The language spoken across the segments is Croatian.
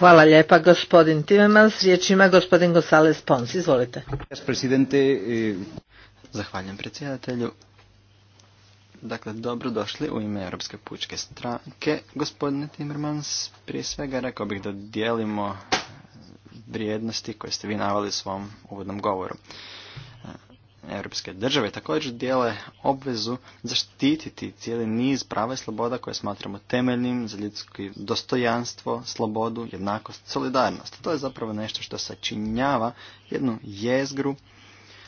Hvala lijepa gospodin Timemans. Riječ ima gospodin Gosales Pons. Izvolite. Eh. Zahvaljujem predsjedatelju. Dakle, dobro došli u ime Europske pučke stranke. Gospodine Timmermans, prije svega rekao bih da dijelimo vrijednosti koje ste vi navali u svom uvodnom govoru. Europske države također dijele obvezu zaštititi cijeli niz prava i sloboda koje smatramo temeljnim za ljudsko dostojanstvo, slobodu, jednakost, solidarnost. To je zapravo nešto što sačinjava jednu jezgru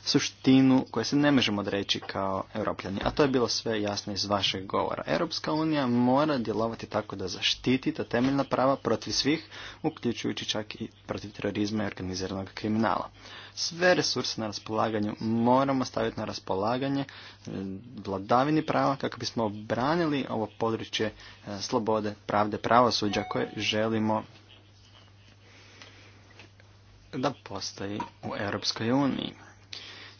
suštinu koje se ne možemo odreći kao europljani. A to je bilo sve jasno iz vašeg govora. Europska unija mora djelovati tako da zaštiti ta temeljna prava protiv svih, uključujući čak i protiv terorizma i organiziranog kriminala. Sve resurse na raspolaganju moramo staviti na raspolaganje e, vladavini prava kako bismo obranili ovo područje e, slobode, pravde, pravosuđa koje želimo da postoji u Europskoj uniji.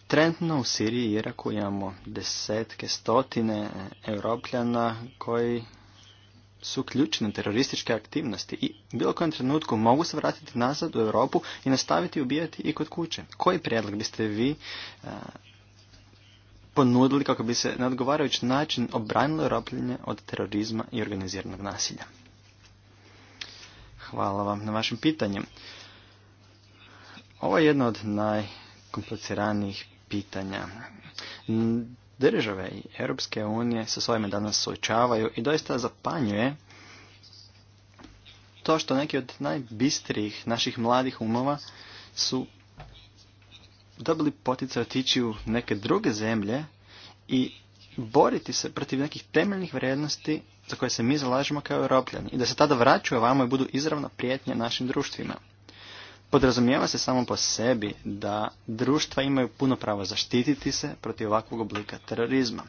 Trenutno u Siriji i Iraku imamo desetke, stotine e, europljana koji su ključne terorističke aktivnosti i bilo kojem trenutku mogu se vratiti nazad u Europu i nastaviti ubijati i kod kuće. Koji prijedlog biste vi e, ponudili kako bi se na odgovarajući način obranilo Europljenje od terorizma i organiziranog nasilja? Hvala vam na vašem pitanju. Ovo je jedno od najkompliciranijih pitanja. Države i Europske unije sa s danas suočavaju i doista zapanjuje to što neki od najbistrijih naših mladih umova su dobili poticaj otići u neke druge zemlje i boriti se protiv nekih temeljnih vrijednosti za koje se mi zalažemo kao europljani i da se tada vraćaju ovamo i budu izravno prijetnje našim društvima. Podrazumijeva se samo po sebi da društva imaju puno pravo zaštititi se protiv ovakvog oblika terorizma.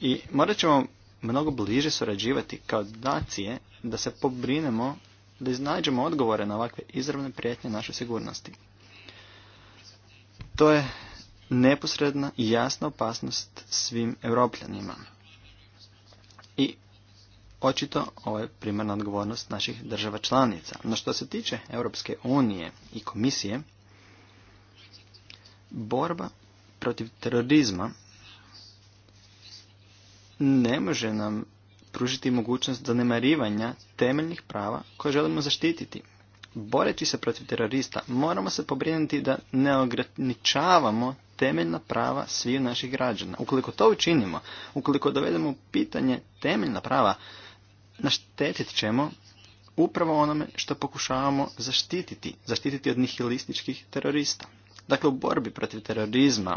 I morat ćemo mnogo bliže surađivati kao nacije da se pobrinemo da iznađemo odgovore na ovakve izravne prijetnje našoj sigurnosti. To je neposredna i jasna opasnost svim europljanima. I Očito ovo je primarna odgovornost naših država članica. No što se tiče Europske unije i komisije, borba protiv terorizma ne može nam pružiti mogućnost zanemarivanja temeljnih prava koje želimo zaštititi. Boreći se protiv terorista, moramo se pobrinuti da ne ograničavamo temeljna prava svih naših građana. Ukoliko to učinimo, ukoliko dovedemo pitanje temeljna prava, naštetit ćemo upravo onome što pokušavamo zaštititi, zaštititi od nihilističkih terorista. Dakle, u borbi protiv terorizma,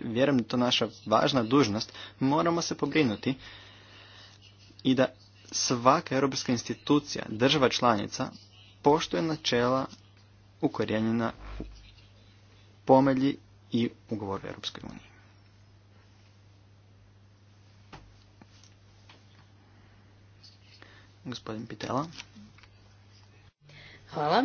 vjerujem da to naša važna dužnost, moramo se pobrinuti i da svaka europska institucija, država članica, poštuje načela ukorijenjena u pomelji i ugovoru Europskoj uniji. Gospodin Pitela. Hvala.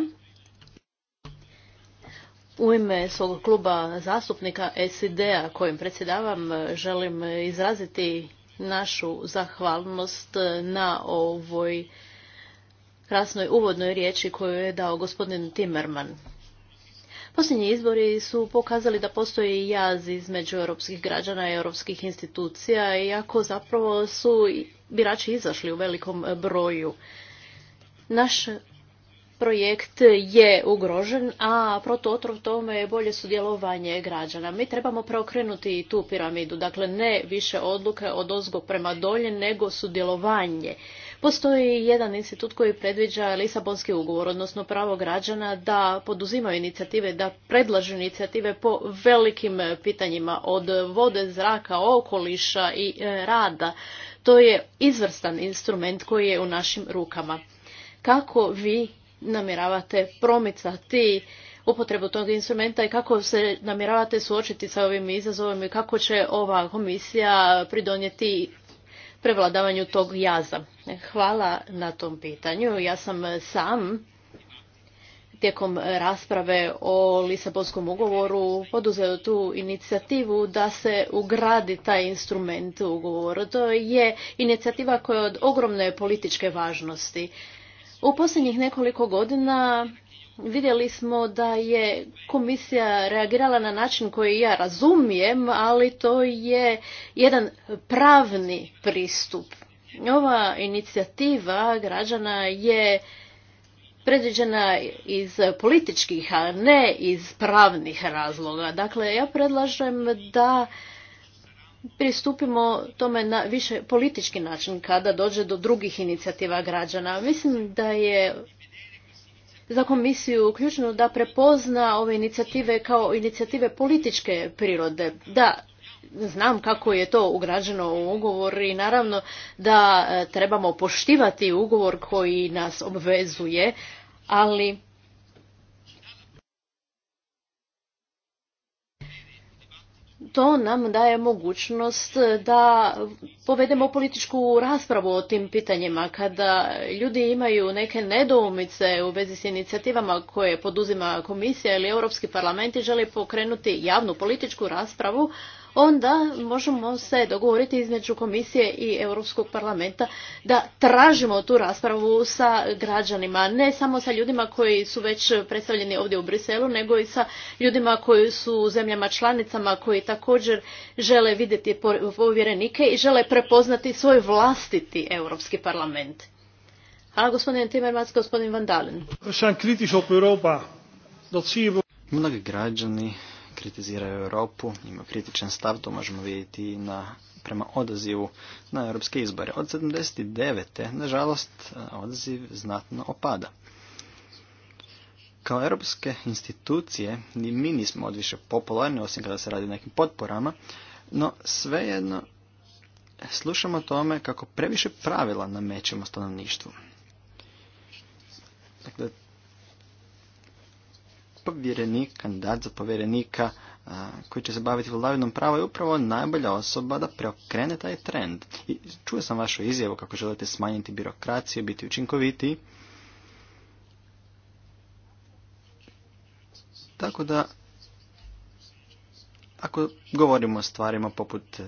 U ime svog kluba zastupnika SID-a kojim predsjedavam želim izraziti našu zahvalnost na ovoj krasnoj uvodnoj riječi koju je dao gospodin Timmerman. Posljednji izbori su pokazali da postoji jaz između europskih građana i europskih institucija, iako zapravo su birači izašli u velikom e, broju. Naš projekt je ugrožen, a prototrov tome je bolje sudjelovanje građana. Mi trebamo preokrenuti tu piramidu, dakle ne više odluke od ozgo prema dolje, nego sudjelovanje. Postoji jedan institut koji predviđa Lisabonski ugovor, odnosno pravo građana da poduzimaju inicijative, da predlažu inicijative po velikim pitanjima od vode, zraka, okoliša i e, rada. To je izvrstan instrument koji je u našim rukama. Kako vi namjeravate promicati upotrebu tog instrumenta i kako se namjeravate suočiti sa ovim izazovima i kako će ova komisija pridonijeti prevladavanju tog jaza? Hvala na tom pitanju. Ja sam sam tijekom rasprave o Lisabonskom ugovoru poduzeo tu inicijativu da se ugradi taj instrument u ugovor. To je inicijativa koja je od ogromne političke važnosti. U posljednjih nekoliko godina vidjeli smo da je komisija reagirala na način koji ja razumijem, ali to je jedan pravni pristup. Ova inicijativa građana je predviđena iz političkih, a ne iz pravnih razloga. Dakle, ja predlažem da pristupimo tome na više politički način kada dođe do drugih inicijativa građana. Mislim da je za komisiju ključno da prepozna ove inicijative kao inicijative političke prirode. Da, znam kako je to ugrađeno u ugovor i naravno da e, trebamo poštivati ugovor koji nas obvezuje, ali to nam daje mogućnost da povedemo političku raspravu o tim pitanjima. Kada ljudi imaju neke nedoumice u vezi s inicijativama koje poduzima komisija ili Europski parlament i želi pokrenuti javnu političku raspravu, onda možemo se dogovoriti između komisije i Europskog parlamenta da tražimo tu raspravu sa građanima, ne samo sa ljudima koji su već predstavljeni ovdje u Briselu, nego i sa ljudima koji su u zemljama članicama koji također žele vidjeti povjerenike i žele prepoznati svoj vlastiti Europski parlament. Hvala gospodine Timmermans, gospodin Van Mnogi građani kritiziraju Europu, ima kritičan stav, to možemo vidjeti na, prema odazivu na europske izbore. Od 79. nažalost odaziv znatno opada. Kao europske institucije ni mi nismo odviše popularni, osim kada se radi o nekim potporama, no svejedno slušamo o tome kako previše pravila namećemo stanovništvu. Dakle, povjerenik, kandidat za povjerenika koji će se baviti vladavinom prava je upravo najbolja osoba da preokrene taj trend. I čuo sam vašu izjavu kako želite smanjiti birokraciju, biti učinkovitiji. Tako da, ako govorimo o stvarima poput e,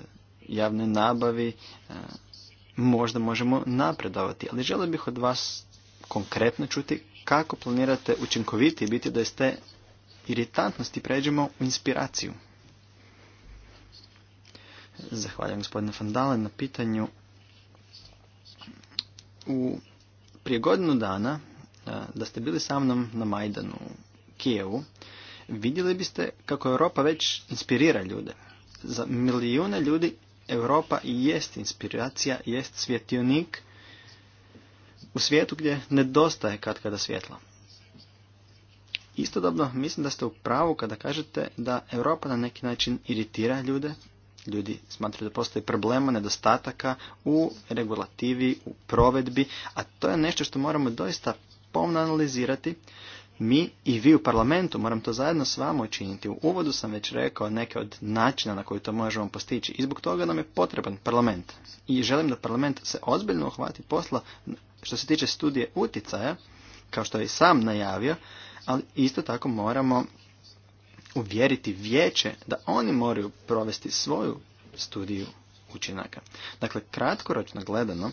javne nabavi, e, možda možemo napredovati. Ali želio bih od vas konkretno čuti kako planirate učinkovitiji biti da ste iritantnosti pređemo u inspiraciju. Zahvaljujem gospodine Fandale na pitanju. U prije godinu dana, da ste bili sa mnom na Majdanu Kijevu, vidjeli biste kako Europa već inspirira ljude. Za milijune ljudi Europa i jest inspiracija, jest svjetionik u svijetu gdje nedostaje kad kada svjetla. Istodobno mislim da ste u pravu kada kažete da Europa na neki način iritira ljude. Ljudi smatraju da postoji problema, nedostataka u regulativi, u provedbi, a to je nešto što moramo doista pomno analizirati. Mi i vi u parlamentu moram to zajedno s vama učiniti. U uvodu sam već rekao neke od načina na koji to možemo postići i zbog toga nam je potreban parlament. I želim da parlament se ozbiljno uhvati posla što se tiče studije utjecaja, kao što je i sam najavio, ali isto tako moramo uvjeriti vijeće da oni moraju provesti svoju studiju učinaka. Dakle, kratkoročno gledano,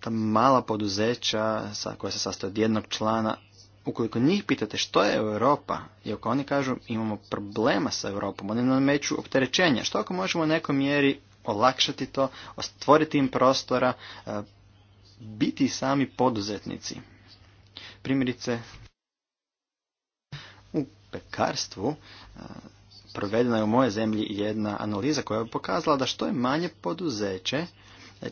ta mala poduzeća sa, koja se sastoje od jednog člana, ukoliko njih pitate što je Europa, i ako oni kažu imamo problema sa Europom, oni nameću opterećenja, što ako možemo u nekoj mjeri olakšati to, ostvoriti im prostora, e, biti sami poduzetnici. Primjerice, u pekarstvu provedena je u moje zemlji jedna analiza koja je pokazala da što je manje poduzeće,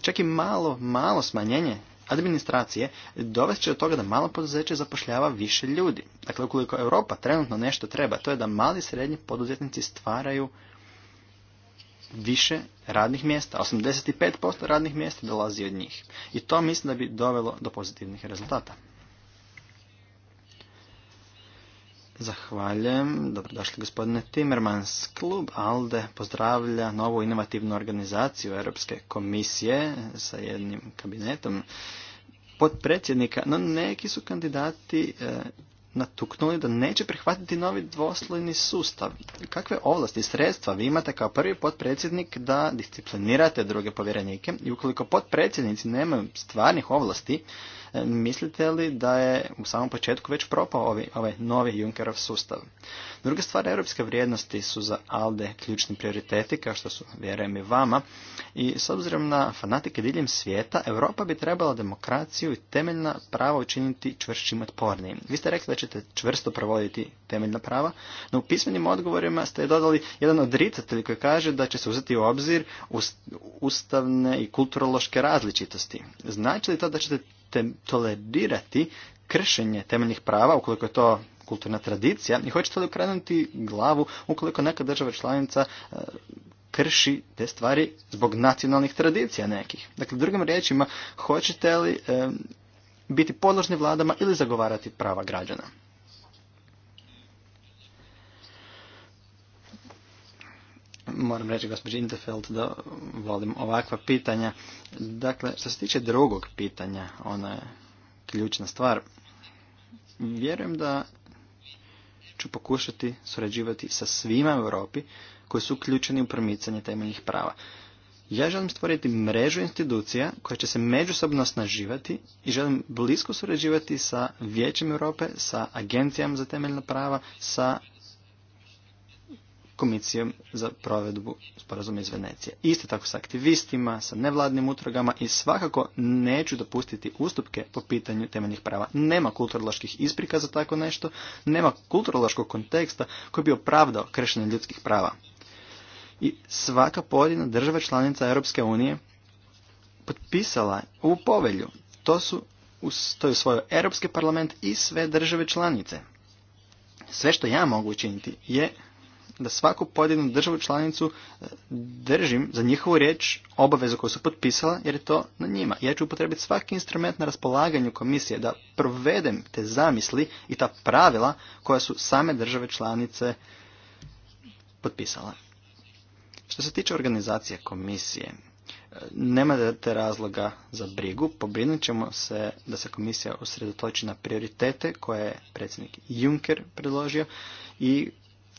čak i malo, malo smanjenje administracije dovest će do toga da malo poduzeće zapošljava više ljudi. Dakle, ukoliko Europa trenutno nešto treba, to je da mali i srednji poduzetnici stvaraju više radnih mjesta. 85% radnih mjesta dolazi od njih. I to mislim da bi dovelo do pozitivnih rezultata. Zahvaljujem. Dobrodošli gospodine Timmermans. Klub ALDE pozdravlja novu inovativnu organizaciju Europske komisije sa jednim kabinetom potpredsjednika, no neki su kandidati e, natuknuli da neće prihvatiti novi dvoslojni sustav. Kakve ovlasti i sredstva vi imate kao prvi potpredsjednik da disciplinirate druge povjerenike i ukoliko potpredsjednici nemaju stvarnih ovlasti, mislite li da je u samom početku već propao ovaj, ovaj novi Junkerov sustav? Druga stvar, europske vrijednosti su za ALDE ključni prioriteti, kao što su, vjerujem i vama, i s obzirom na fanatike diljem svijeta, Europa bi trebala demokraciju i temeljna prava učiniti čvršćim otpornijim. Vi ste rekli da ćete čvrsto provoditi temeljna prava, no u pismenim odgovorima ste dodali jedan odricatelj koji kaže da će se uzeti u obzir ustavne i kulturološke različitosti. Znači li to da ćete tolerirati kršenje temeljnih prava ukoliko je to kulturna tradicija i hoćete li okrenuti glavu ukoliko neka država članica e, krši te stvari zbog nacionalnih tradicija nekih. Dakle, drugim riječima, hoćete li e, biti podložni vladama ili zagovarati prava građana? Moram reći gospođi Interfeld da volim ovakva pitanja. Dakle, što se tiče drugog pitanja, ona je ključna stvar. Vjerujem da ću pokušati surađivati sa svima u Europi koji su uključeni u promicanje temeljnih prava. Ja želim stvoriti mrežu institucija koja će se međusobno osnaživati i želim blisko surađivati sa Vijećem Europe, sa Agencijama za temeljna prava, sa komisijom za provedbu sporazuma iz Venecije. Isto tako sa aktivistima, sa nevladnim utrogama i svakako neću dopustiti ustupke po pitanju temeljnih prava. Nema kulturoloških isprika za tako nešto, nema kulturološkog konteksta koji bi opravdao kršenje ljudskih prava. I svaka pojedina država članica Europske unije potpisala u povelju. To su to je svoj Europski parlament i sve države članice. Sve što ja mogu učiniti je da svaku pojedinu državu članicu e, držim za njihovu riječ obavezu koju su potpisala jer je to na njima. Ja ću upotrebiti svaki instrument na raspolaganju komisije da provedem te zamisli i ta pravila koja su same države članice potpisala. Što se tiče organizacije komisije, e, nema nemate razloga za brigu, pobrinut ćemo se da se komisija usredotoči na prioritete koje je predsjednik Juncker predložio i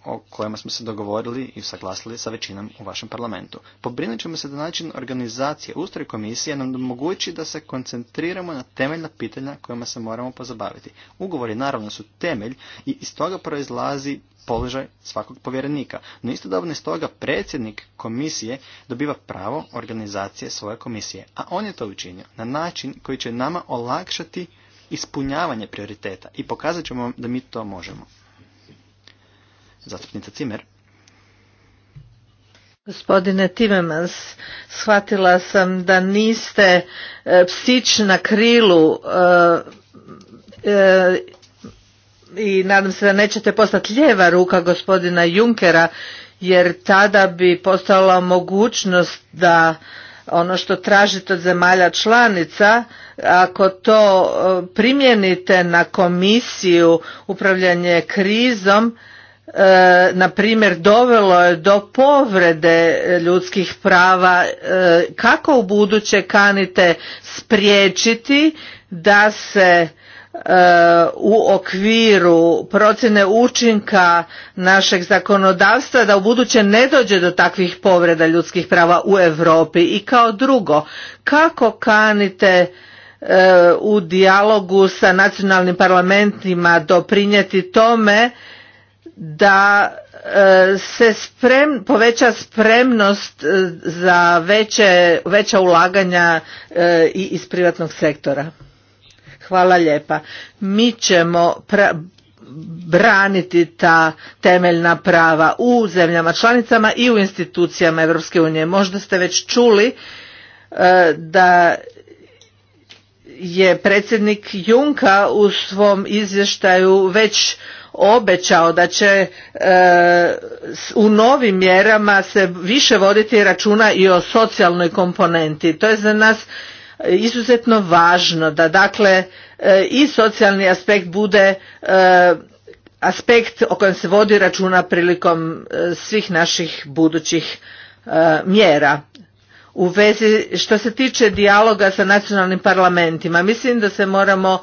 o kojima smo se dogovorili i usaglasili sa većinom u vašem parlamentu. Pobrinut ćemo se da način organizacije ustroj komisije nam omogući da se koncentriramo na temeljna pitanja kojima se moramo pozabaviti. Ugovori naravno su temelj i iz toga proizlazi položaj svakog povjerenika. No istodobno iz toga predsjednik komisije dobiva pravo organizacije svoje komisije. A on je to učinio na način koji će nama olakšati ispunjavanje prioriteta i pokazat ćemo vam da mi to možemo. Zastupnica Cimer. Gospodine Timemans, shvatila sam da niste e, psić na krilu e, e, i nadam se da nećete postati ljeva ruka gospodina Junkera jer tada bi postala mogućnost da ono što tražite od zemalja članica, ako to primijenite na komisiju upravljanje krizom, E, na primjer dovelo je do povrede ljudskih prava e, kako u buduće kanite spriječiti da se e, u okviru procjene učinka našeg zakonodavstva da u buduće ne dođe do takvih povreda ljudskih prava u Europi i kao drugo kako kanite u dijalogu sa nacionalnim parlamentima doprinijeti tome da e, se sprem, poveća spremnost e, za veće, veća ulaganja e, i iz privatnog sektora. Hvala lijepa. Mi ćemo braniti ta temeljna prava u zemljama članicama i u institucijama Europske unije. Možda ste već čuli da je predsjednik Junka u svom izvještaju već obećao da će e, u novim mjerama se više voditi računa i o socijalnoj komponenti. To je za nas izuzetno važno da dakle e, i socijalni aspekt bude e, aspekt o kojem se vodi računa prilikom e, svih naših budućih mjera u vezi što se tiče dijaloga sa nacionalnim parlamentima mislim da se moramo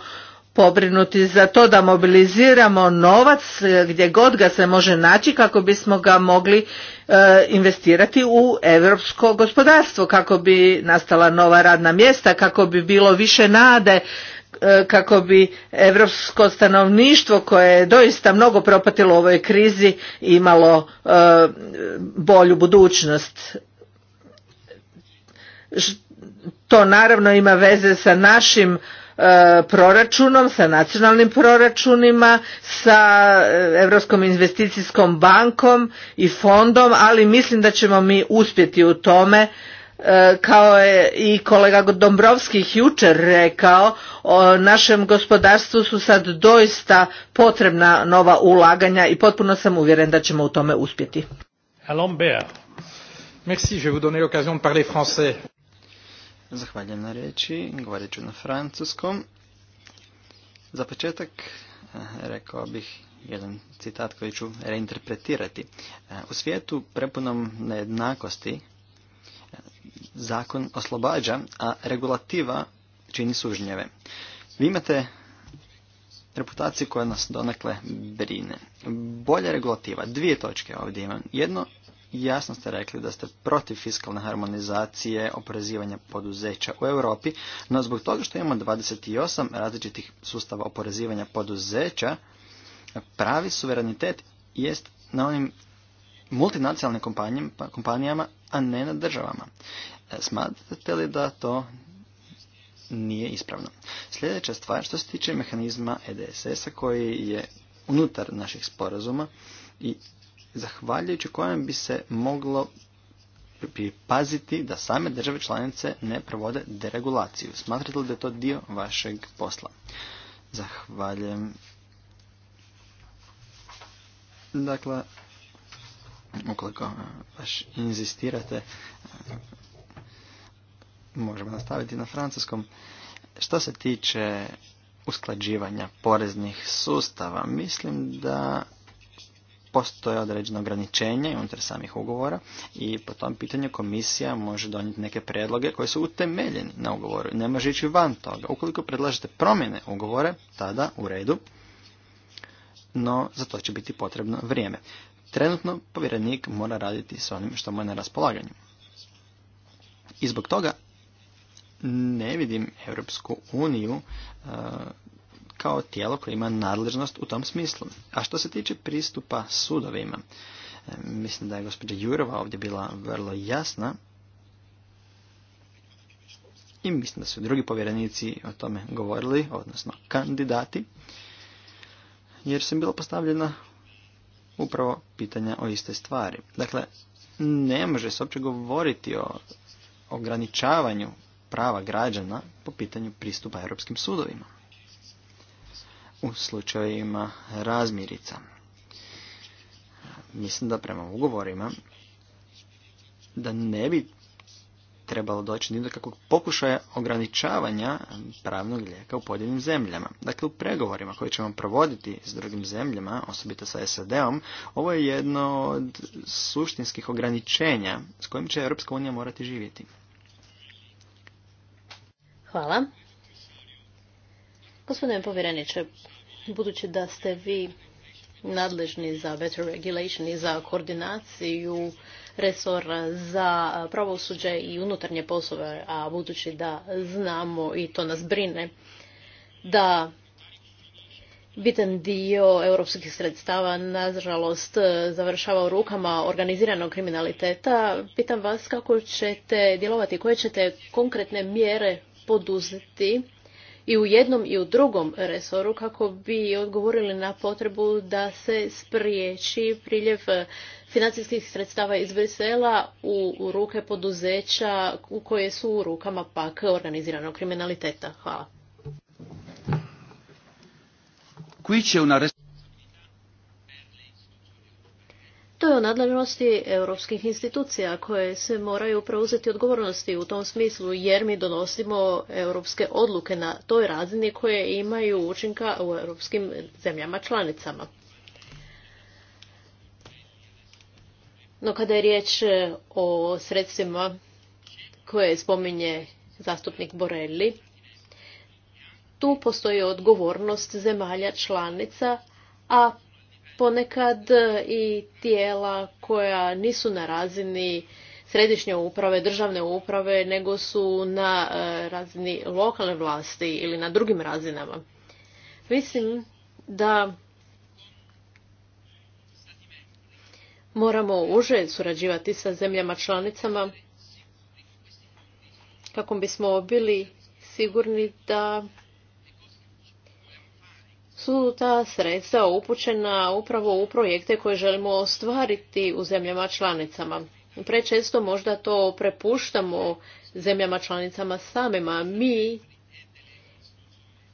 pobrinuti za to da mobiliziramo novac e, gdje god ga se može naći kako bismo ga mogli e, investirati u europsko gospodarstvo kako bi nastala nova radna mjesta kako bi bilo više nade e, kako bi europsko stanovništvo koje je doista mnogo propatilo u ovoj krizi imalo bolju budućnost to naravno ima veze sa našim E, proračunom, sa nacionalnim proračunima, sa Europskom investicijskom bankom i fondom, ali mislim da ćemo mi uspjeti u tome e, kao je i kolega Dombrovskih jučer rekao, o našem gospodarstvu su sad doista potrebna nova ulaganja i potpuno sam uvjeren da ćemo u tome uspjeti. Bear. Merci, je vous donner l'occasion de parler français. Zahvaljujem na riječi, govorit ću na francuskom. Za početak eh, rekao bih jedan citat koji ću reinterpretirati. Eh, u svijetu prepunom nejednakosti eh, zakon oslobađa, a regulativa čini sužnjeve. Vi imate reputaciju koja nas donekle brine. Bolja regulativa, dvije točke ovdje imam. Jedno jasno ste rekli da ste protiv fiskalne harmonizacije oporezivanja poduzeća u Europi, no zbog toga što imamo 28 različitih sustava oporezivanja poduzeća, pravi suverenitet jest na onim multinacionalnim kompanijama, a ne na državama. E, smatrate li da to nije ispravno? Sljedeća stvar što se tiče mehanizma EDSS-a koji je unutar naših sporazuma i zahvaljujući kojem bi se moglo pripaziti da same države članice ne provode deregulaciju. Smatrate li da je to dio vašeg posla? Zahvaljujem. Dakle, ukoliko e, baš inzistirate, e, možemo nastaviti na francuskom. Što se tiče usklađivanja poreznih sustava, mislim da postoje određeno ograničenje unutar samih ugovora i po tom pitanju komisija može donijeti neke predloge koji su utemeljeni na ugovoru ne može ići van toga. Ukoliko predlažete promjene ugovore, tada u redu, no za to će biti potrebno vrijeme. Trenutno povjerenik mora raditi s onim što mu je na raspolaganju. I zbog toga ne vidim Europsku uniju kao tijelo koje ima nadležnost u tom smislu. A što se tiče pristupa sudovima, e, mislim da je gospođa Jurova ovdje bila vrlo jasna i mislim da su drugi povjerenici o tome govorili, odnosno kandidati, jer im bilo postavljena upravo pitanja o istoj stvari. Dakle, ne može se uopće govoriti o ograničavanju prava građana po pitanju pristupa europskim sudovima u slučajima razmirica. Mislim da prema ugovorima da ne bi trebalo doći ni do kakvog pokušaja ograničavanja pravnog lijeka u pojedinim zemljama. Dakle, u pregovorima koje ćemo provoditi s drugim zemljama, osobito sa SAD-om, ovo je jedno od suštinskih ograničenja s kojim će Europska unija morati živjeti. Hvala. Gospodine povjereniče, budući da ste vi nadležni za better regulation i za koordinaciju resora za pravosuđe i unutarnje poslove, a budući da znamo i to nas brine, da bitan dio europskih sredstava nažalost završava u rukama organiziranog kriminaliteta. Pitam vas kako ćete djelovati, koje ćete konkretne mjere poduzeti i u jednom i u drugom resoru kako bi odgovorili na potrebu da se spriječi priljev financijskih sredstava iz Brisela u ruke poduzeća u koje su u rukama pak organiziranog kriminaliteta. Hvala. To je u nadležnosti europskih institucija koje se moraju preuzeti odgovornosti u tom smislu jer mi donosimo europske odluke na toj razini koje imaju učinka u europskim zemljama članicama. No kada je riječ eh, o sredstvima koje spominje zastupnik Borelli, tu postoji odgovornost zemalja članica, a ponekad e, i tijela koja nisu na razini središnje uprave, državne uprave, nego su na e, razini lokalne vlasti ili na drugim razinama. Mislim da moramo uže surađivati sa zemljama članicama kako bismo bili sigurni da su ta sredstva upućena upravo u projekte koje želimo ostvariti u zemljama članicama. Prečesto možda to prepuštamo zemljama članicama samima. Mi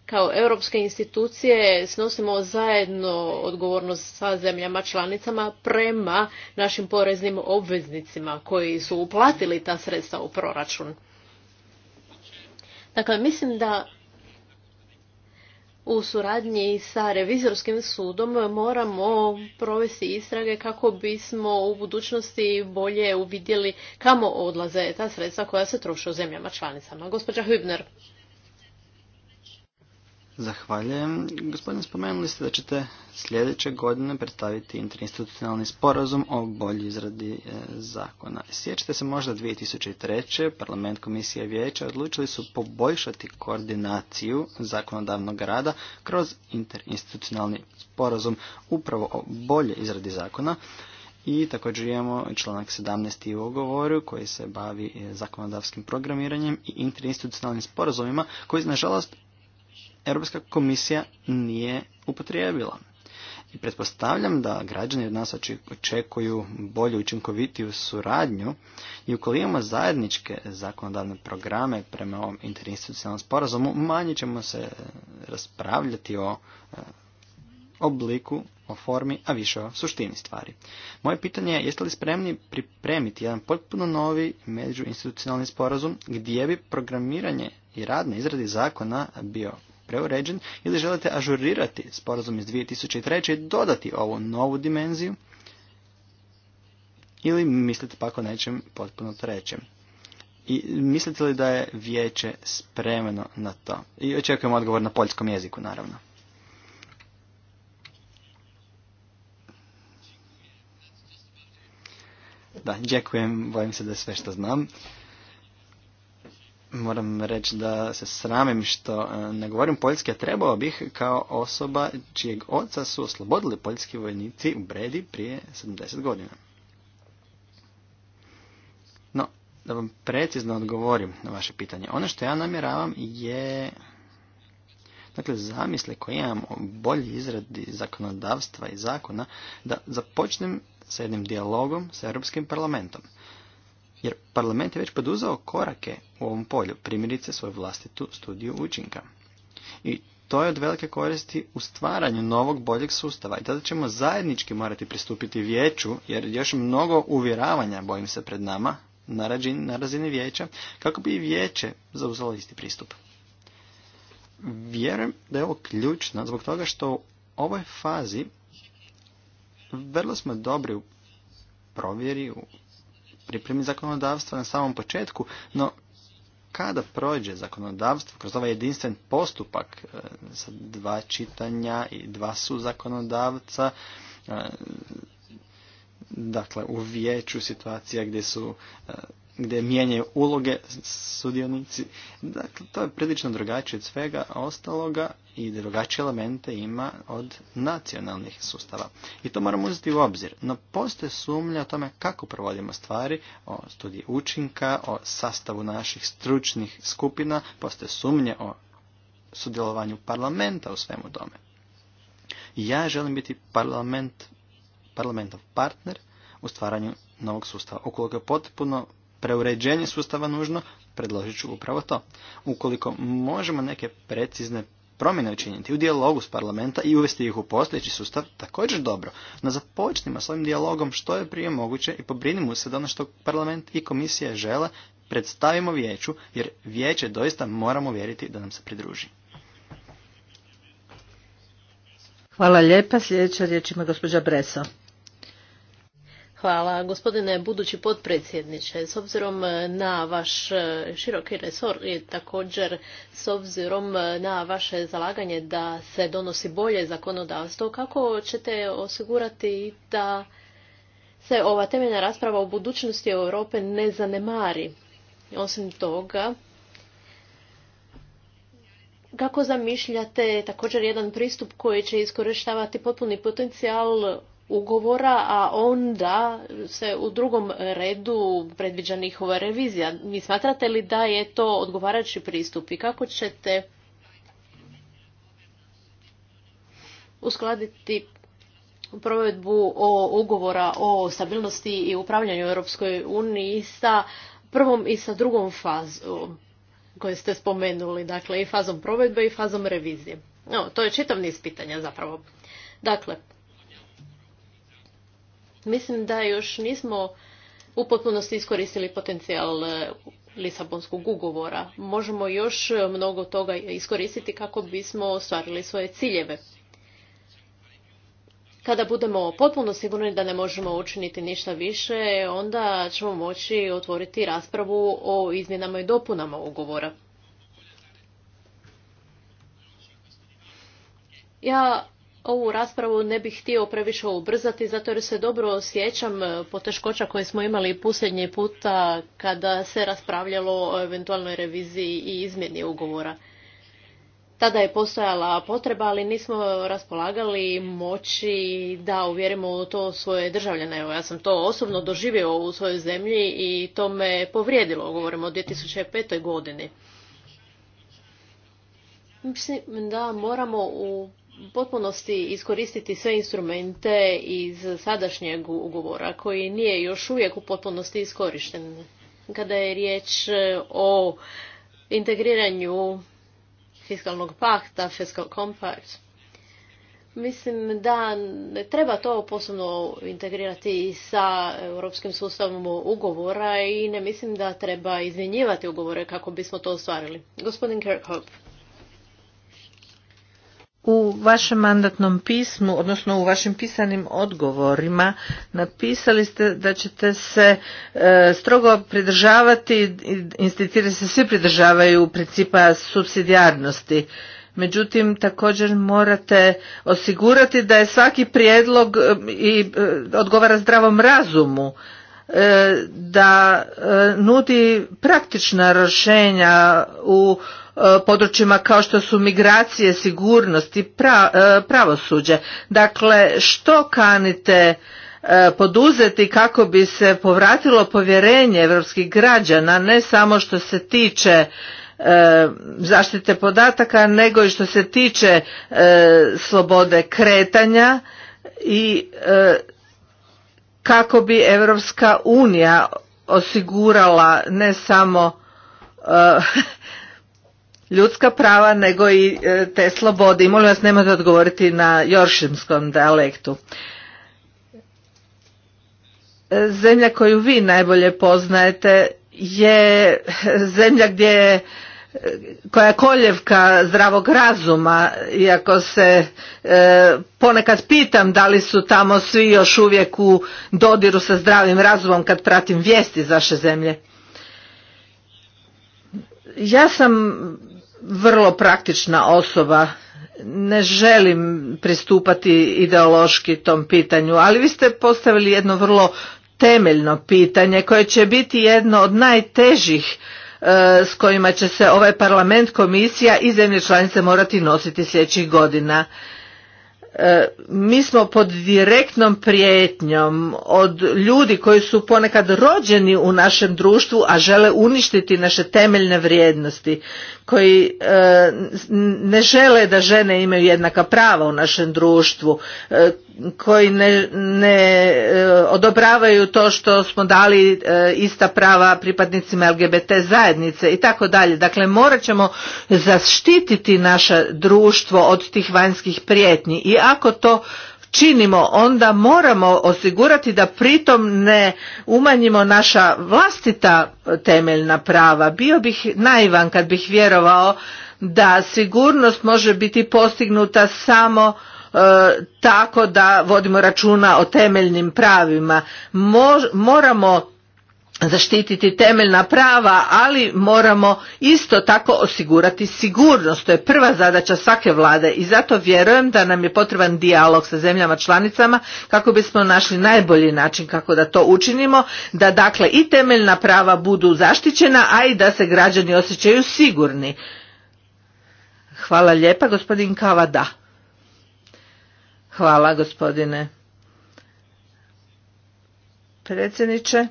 kao europske institucije snosimo zajedno odgovornost sa zemljama članicama prema našim poreznim obveznicima koji su uplatili ta sredstva u proračun. Dakle, mislim da u suradnji sa revizorskim sudom moramo provesti istrage kako bismo u budućnosti bolje uvidjeli kamo odlaze ta sredstva koja se troše u zemljama članicama. Gospođa Hübner. Zahvaljujem. Gospodine spomenuli ste da ćete sljedeće godine predstaviti interinstitucionalni sporazum o bolji izradi e, zakona. Sjećate se možda 2003. parlament komisije vijeća odlučili su poboljšati koordinaciju zakonodavnog rada kroz interinstitucionalni sporazum upravo o bolje izradi zakona. I također imamo članak 17. u ugovoru koji se bavi e, zakonodavskim programiranjem i interinstitucionalnim sporazumima koji nažalost Europska komisija nije upotrijebila. I pretpostavljam da građani od nas očekuju bolju učinkovitiju suradnju i ukoliko imamo zajedničke zakonodavne programe prema ovom interinstitucionalnom sporazumu, manje ćemo se raspravljati o eh, obliku, o formi, a više o suštini stvari. Moje pitanje je jeste li spremni pripremiti jedan potpuno novi međuinstitucionalni sporazum gdje bi programiranje i rad na izradi zakona bio preuređen ili želite ažurirati sporazum iz 2003. i dodati ovu novu dimenziju ili mislite pak o nečem potpuno trećem. I mislite li da je vijeće spremno na to? I očekujemo odgovor na poljskom jeziku, naravno. Da, džekujem, bojim se da sve što znam moram reći da se sramim što e, ne govorim poljski, a trebao bih kao osoba čijeg oca su oslobodili poljski vojnici u Bredi prije 70 godina. No, da vam precizno odgovorim na vaše pitanje. Ono što ja namjeravam je... Dakle, zamisle koje imam o bolji izradi zakonodavstva i zakona, da započnem sa jednim dijalogom sa Europskim parlamentom. Jer parlament je već poduzao korake u ovom polju, primjerice svoju vlastitu studiju učinka. I to je od velike koristi u stvaranju novog boljeg sustava i tada ćemo zajednički morati pristupiti vijeću jer još mnogo uvjeravanja bojim se pred nama na, razini, na razini vijeća kako bi i vijeće zauzelo isti pristup. Vjerujem da je ovo ključno zbog toga što u ovoj fazi vrlo smo dobri u provjeri, u pripremi zakonodavstva na samom početku, no kada prođe zakonodavstvo kroz ovaj jedinstven postupak e, sa dva čitanja i dva su zakonodavca, e, dakle u vijeću situacija gdje su e, gdje mijenjaju uloge sudionici. Dakle, to je prilično drugačije od svega ostaloga i drugačije elemente ima od nacionalnih sustava. I to moramo uzeti u obzir. No postoje sumnja o tome kako provodimo stvari, o studiji učinka, o sastavu naših stručnih skupina, postoje sumnje o sudjelovanju parlamenta u svemu tome. Ja želim biti parlament, parlamentov partner u stvaranju novog sustava. Ukoliko je potpuno preuređenje sustava nužno, predložit ću upravo to. Ukoliko možemo neke precizne promjene učiniti u dijalogu s parlamenta i uvesti ih u postojeći sustav, također dobro. No započnimo s ovim dijalogom što je prije moguće i pobrinimo se da ono što parlament i komisija žele predstavimo vijeću, jer vijeće doista moramo vjeriti da nam se pridruži. Hvala lijepa. Sljedeća riječ ima gospođa Breso. Hvala. Gospodine budući potpredsjedniče, s obzirom na vaš e, široki resor i također s obzirom na vaše zalaganje da se donosi bolje zakonodavstvo, kako ćete osigurati da se ova temeljna rasprava o budućnosti Europe ne zanemari? Osim toga, kako zamišljate također jedan pristup koji će iskorištavati potpuni potencijal ugovora, a onda se u drugom redu predviđa njihova revizija. Mi smatrate li da je to odgovarajući pristup i kako ćete uskladiti provedbu o ugovora o stabilnosti i upravljanju Europskoj uniji sa prvom i sa drugom fazom koje ste spomenuli, dakle i fazom provedbe i fazom revizije. to je čitav niz pitanja zapravo. Dakle, Mislim da još nismo u potpunosti iskoristili potencijal e, Lisabonskog ugovora. Možemo još e, mnogo toga iskoristiti kako bismo ostvarili svoje ciljeve. Kada budemo potpuno sigurni da ne možemo učiniti ništa više, onda ćemo moći otvoriti raspravu o izmjenama i dopunama ugovora. Ja ovu raspravu ne bih htio previše ubrzati zato jer se dobro sjećam e, poteškoća koje smo imali posljednji puta kada se raspravljalo o eventualnoj reviziji i izmjeni ugovora. Tada je postojala potreba, ali nismo raspolagali moći da uvjerimo u to svoje državljane. Evo, ja sam to osobno doživio u svojoj zemlji i to me povrijedilo, govorimo o 2005. godini. Mislim da moramo u potpunosti iskoristiti sve instrumente iz sadašnjeg ugovora koji nije još uvijek u potpunosti iskorišten. Kada je riječ eh, o integriranju fiskalnog pakta, fiscal compact, Mislim da ne treba to posebno integrirati sa europskim sustavom ugovora i ne mislim da treba izmjenjivati ugovore kako bismo to ostvarili. Gospodin Kirkhope u vašem mandatnom pismu, odnosno u vašim pisanim odgovorima, napisali ste da ćete se e, strogo pridržavati, institucije se svi pridržavaju principa subsidijarnosti. Međutim, također morate osigurati da je svaki prijedlog e, i e, odgovara zdravom razumu da nudi praktična rješenja u E, područjima kao što su migracije, sigurnost i e, pravosuđe. Dakle, što kanite e, poduzeti kako bi se povratilo povjerenje europskih građana, ne samo što se tiče zaštite podataka, nego i što se tiče slobode kretanja i kako bi Europska unija osigurala ne samo ljudska prava nego i e, te slobode. I molim vas nemojte odgovoriti na joršimskom dijalektu. E, zemlja koju vi najbolje poznajete je zemlja gdje e, koja je koljevka zdravog razuma, iako se ponekad pitam da li su tamo svi još uvijek u dodiru sa zdravim razumom kad pratim vijesti iz zemlje. Ja sam vrlo praktična osoba ne želim pristupati ideološki tom pitanju, ali vi ste postavili jedno vrlo temeljno pitanje koje će biti jedno od najtežih e, s kojima će se ovaj parlament, komisija i zemlje članice morati nositi sljedećih godina. E, mi smo pod direktnom prijetnjom od ljudi koji su ponekad rođeni u našem društvu, a žele uništiti naše temeljne vrijednosti, koji e, ne žele da žene imaju jednaka prava u našem društvu, e, koji ne, ne odobravaju to što smo dali ista prava pripadnicima LGBT zajednice i tako dalje. Dakle, morat ćemo zaštititi naše društvo od tih vanjskih prijetnji i ako to činimo onda moramo osigurati da pritom ne umanjimo naša vlastita temeljna prava bio bih naivan kad bih vjerovao da sigurnost može biti postignuta samo e, tako da vodimo računa o temeljnim pravima moramo zaštititi temeljna prava, ali moramo isto tako osigurati sigurnost. To je prva zadaća svake vlade i zato vjerujem da nam je potreban dijalog sa zemljama članicama kako bismo našli najbolji način kako da to učinimo, da dakle i temeljna prava budu zaštićena, a i da se građani osjećaju sigurni. Hvala lijepa gospodin Kavada. Hvala gospodine predsjedniče.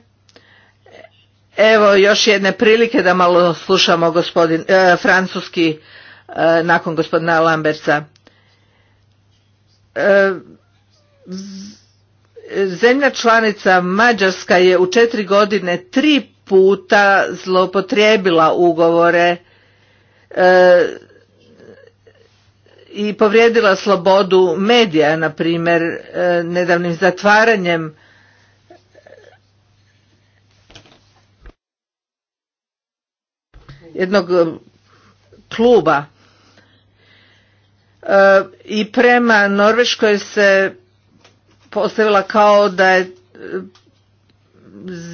Evo još jedne prilike da malo slušamo gospodin, e, francuski e, nakon gospodina Lamberca. E, zemlja članica Mađarska je u četiri godine tri puta zloupotrijebila ugovore i povrijedila slobodu medija, na primjer, nedavnim zatvaranjem jednog e, kluba e, i prema Norveškoj se postavila kao da je e,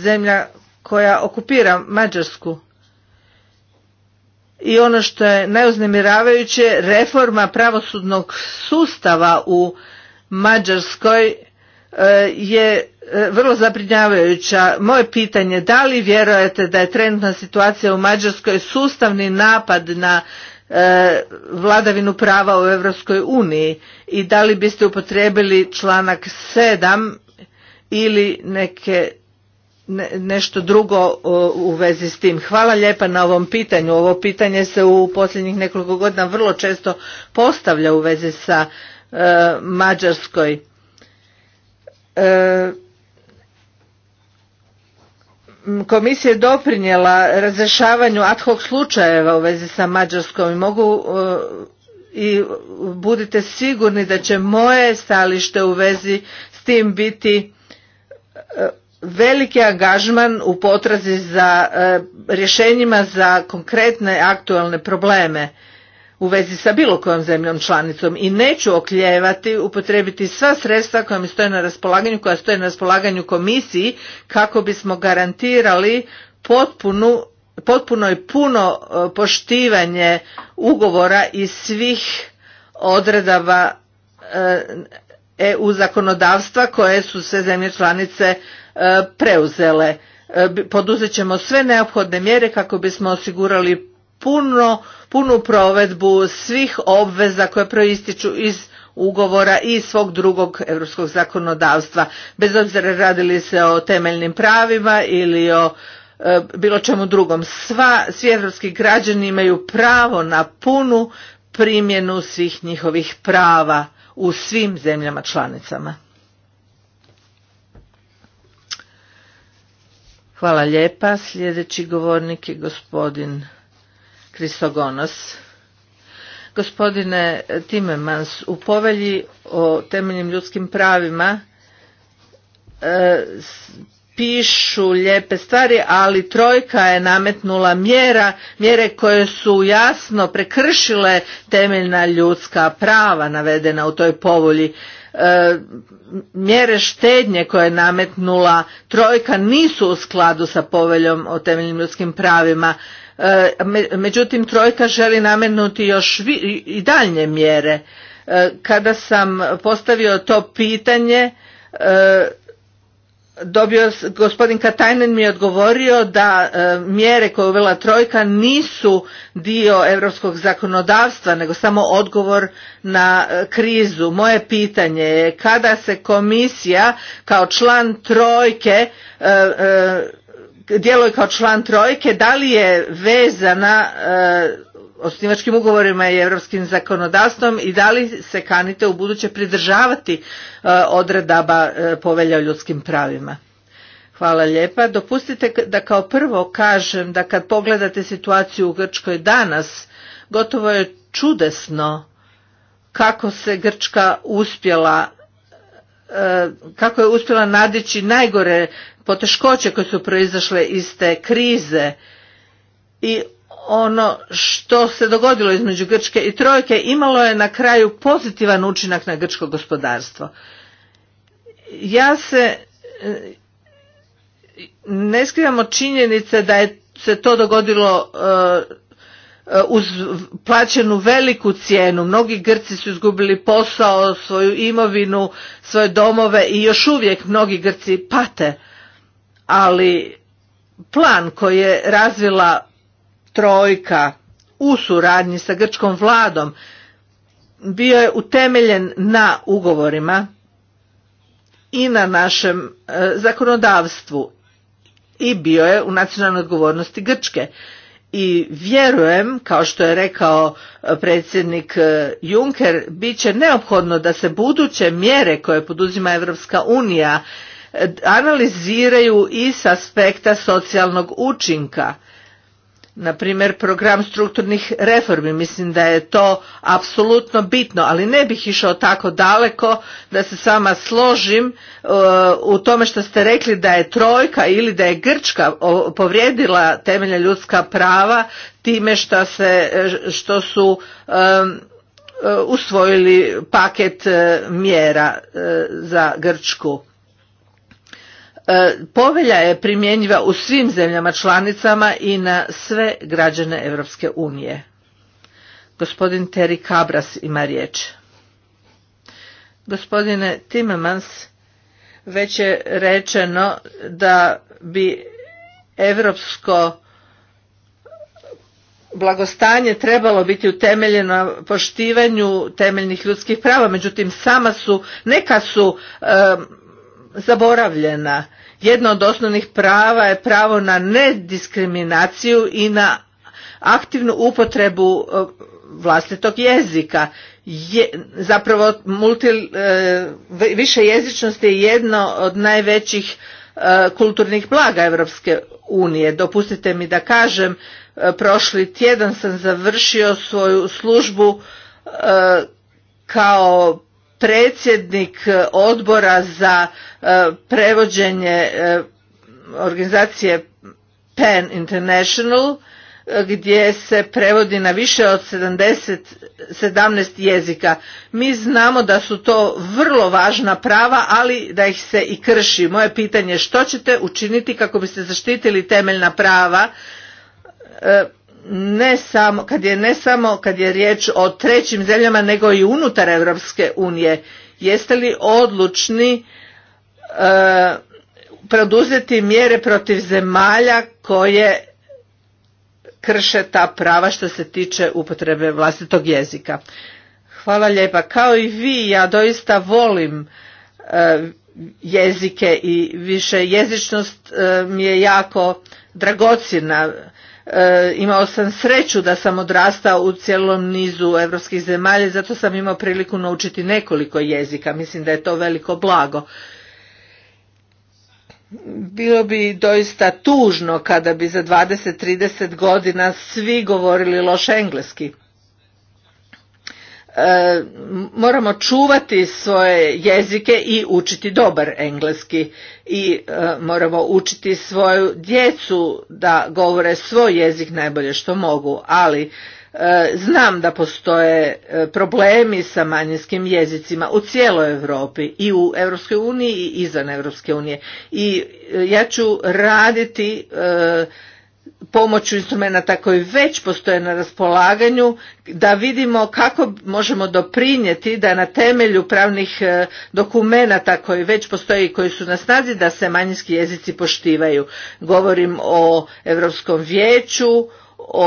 zemlja koja okupira Mađarsku. I ono što je najuznemiravajuće, reforma pravosudnog sustava u Mađarskoj je e, vrlo zabrinjavajuća. Moje pitanje da li vjerujete da je trenutna situacija u Mađarskoj sustavni napad na e, vladavinu prava u Europskoj uniji i da li biste upotrijebili članak 7 ili neke nešto drugo u vezi s tim. Hvala lijepa na ovom pitanju. Ovo pitanje se u posljednjih nekoliko godina vrlo često postavlja u vezi sa e, Mađarskoj E, komisija je doprinijela razrješavanju ad hoc slučajeva u vezi sa Mađarskom i mogu e, i budite sigurni da će moje stalište u vezi s tim biti e, veliki angažman u potrazi za rješenjima za konkretne aktualne probleme u vezi sa bilo kojom zemljom članicom i neću okljevati upotrebiti sva sredstva koja mi stoje na raspolaganju, koja stoje na raspolaganju komisiji kako bismo garantirali potpuno i puno e, poštivanje ugovora i svih odredaba EU e zakonodavstva koje su sve zemlje članice e, preuzele. Poduzet ćemo sve neophodne mjere kako bismo osigurali puno, punu provedbu svih obveza koje proističu iz ugovora i svog drugog europskog zakonodavstva. Bez obzira radili se o temeljnim pravima ili o e, bilo čemu drugom. Sva, svi europski građani imaju pravo na punu primjenu svih njihovih prava u svim zemljama članicama. Hvala lijepa. Sljedeći govornik je gospodin Kristogonos. Gospodine Timemans, u povelji o temeljnim ljudskim pravima e, pišu lijepe stvari, ali trojka je nametnula mjera, mjere koje su jasno prekršile temeljna ljudska prava navedena u toj povolji. E, mjere štednje koje je nametnula trojka nisu u skladu sa poveljom o temeljnim ljudskim pravima E, međutim trojka želi namenuti još i daljnje mjere. E, kada sam postavio to pitanje, e, dobio, gospodin Katajnen mi je odgovorio da mjere koje uvela trojka nisu dio europskog zakonodavstva nego samo odgovor na krizu. Moje pitanje je kada se komisija kao član trojke djeluje kao član trojke, da li je vezana e, osnivačkim ugovorima i europskim zakonodavstvom i da li se kanite u buduće pridržavati e, odredaba e, povelja o ljudskim pravima? Hvala lijepa. Dopustite da kao prvo kažem da kad pogledate situaciju u Grčkoj danas, gotovo je čudesno kako se Grčka uspjela kako je uspjela nadići najgore poteškoće koje su proizašle iz te krize i ono što se dogodilo između Grčke i Trojke imalo je na kraju pozitivan učinak na grčko gospodarstvo. Ja se e, ne skrivamo činjenice da je se to dogodilo e, e, uz plaćenu veliku cijenu. Mnogi Grci su izgubili posao, svoju imovinu, svoje domove i još uvijek mnogi Grci pate ali plan koji je razvila trojka u suradnji sa grčkom vladom bio je utemeljen na ugovorima i na našem e, zakonodavstvu i bio je u nacionalnoj odgovornosti Grčke. I vjerujem, kao što je rekao e, predsjednik e, Juncker, bit će neophodno da se buduće mjere koje poduzima Europska unija analiziraju i s aspekta socijalnog učinka. Na primjer, program strukturnih reformi, mislim da je to apsolutno bitno, ali ne bih išao tako daleko da se sama složim e, u tome što ste rekli da je Trojka ili da je Grčka povrijedila temelja ljudska prava time što, se, e, što su e, usvojili paket mjera za Grčku. E, povelja je primjenjiva u svim zemljama članicama i na sve građane Europske unije. Gospodin Terry Cabras ima riječ. Gospodine Timmermans, već je rečeno da bi europsko blagostanje trebalo biti utemeljeno na poštivanju temeljnih ljudskih prava, međutim sama su, neka su e, zaboravljena jedno od osnovnih prava je pravo na nediskriminaciju i na aktivnu upotrebu e, vlastitog jezika. Je, zapravo multi, e, više je jedno od najvećih e, kulturnih blaga Europske unije. Dopustite mi da kažem, prošli tjedan sam završio svoju službu kao predsjednik e, odbora za e, prevođenje e, organizacije Pan International gdje se prevodi na više od 70, 17 jezika. Mi znamo da su to vrlo važna prava, ali da ih se i krši. Moje pitanje je što ćete učiniti kako biste zaštitili temeljna prava ne samo, kad je ne samo kad je riječ o trećim zemljama nego i unutar Europske unije. Jeste li odlučni e, produzeti mjere protiv zemalja koje krše ta prava što se tiče upotrebe vlastitog jezika? Hvala lijepa. Kao i vi, ja doista volim e, jezike i više jezičnost e, mi je jako dragocjena E, imao sam sreću da sam odrastao u cijelom nizu europskih zemalja, zato sam imao priliku naučiti nekoliko jezika. Mislim da je to veliko blago. Bilo bi doista tužno kada bi za 20-30 godina svi govorili loš engleski. E, moramo čuvati svoje jezike i učiti dobar engleski i e, moramo učiti svoju djecu da govore svoj jezik najbolje što mogu ali e, znam da postoje problemi sa manjinskim jezicima u cijeloj Europi i u Europskoj uniji i izvan Europske unije i ja ću raditi pomoću instrumenta koji već postoje na raspolaganju da vidimo kako možemo doprinijeti da na temelju pravnih e, dokumenata koji već postoje i koji su na snazi da se manjinski jezici poštivaju. Govorim o Europskom vijeću, o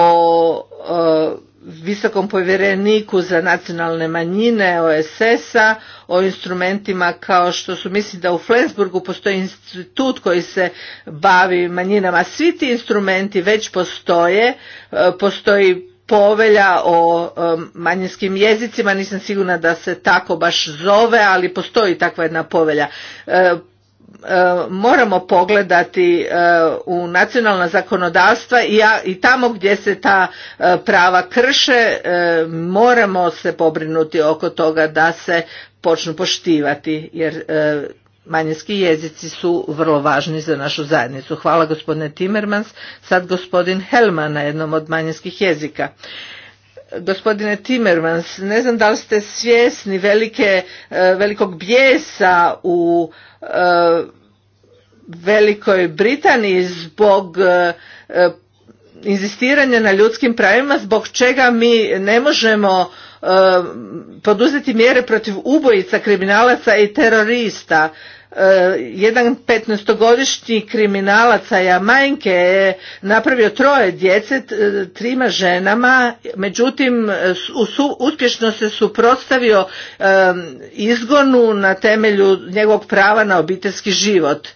e, visokom povjereniku za nacionalne manjine OSS-a, o instrumentima kao što su, mislim da u Flensburgu postoji institut koji se bavi manjinama. Svi ti instrumenti već postoje, e, postoji povelja o e, manjinskim jezicima, nisam sigurna da se tako baš zove, ali postoji takva jedna povelja. E, E, moramo pogledati e, u nacionalna zakonodavstva i tamo gdje se ta e, prava krše moramo se pobrinuti oko toga da se počnu poštivati jer manjinski jezici su vrlo važni za našu zajednicu. Hvala gospodine Timmermans, sad gospodin Helman na jednom od manjinskih jezika. Gospodine Timmermans, ne znam da li ste svjesni velike, e, velikog bijesa u e, Velikoj Britaniji zbog e, inzistiranja na ljudskim pravima zbog čega mi ne možemo poduzeti mjere protiv ubojica, kriminalaca i terorista Eh, jedan 15-godišnji kriminalac Jamajnke je napravio troje djece, trima ženama, međutim uspješno se suprotstavio izgonu na temelju njegovog prava na obiteljski život.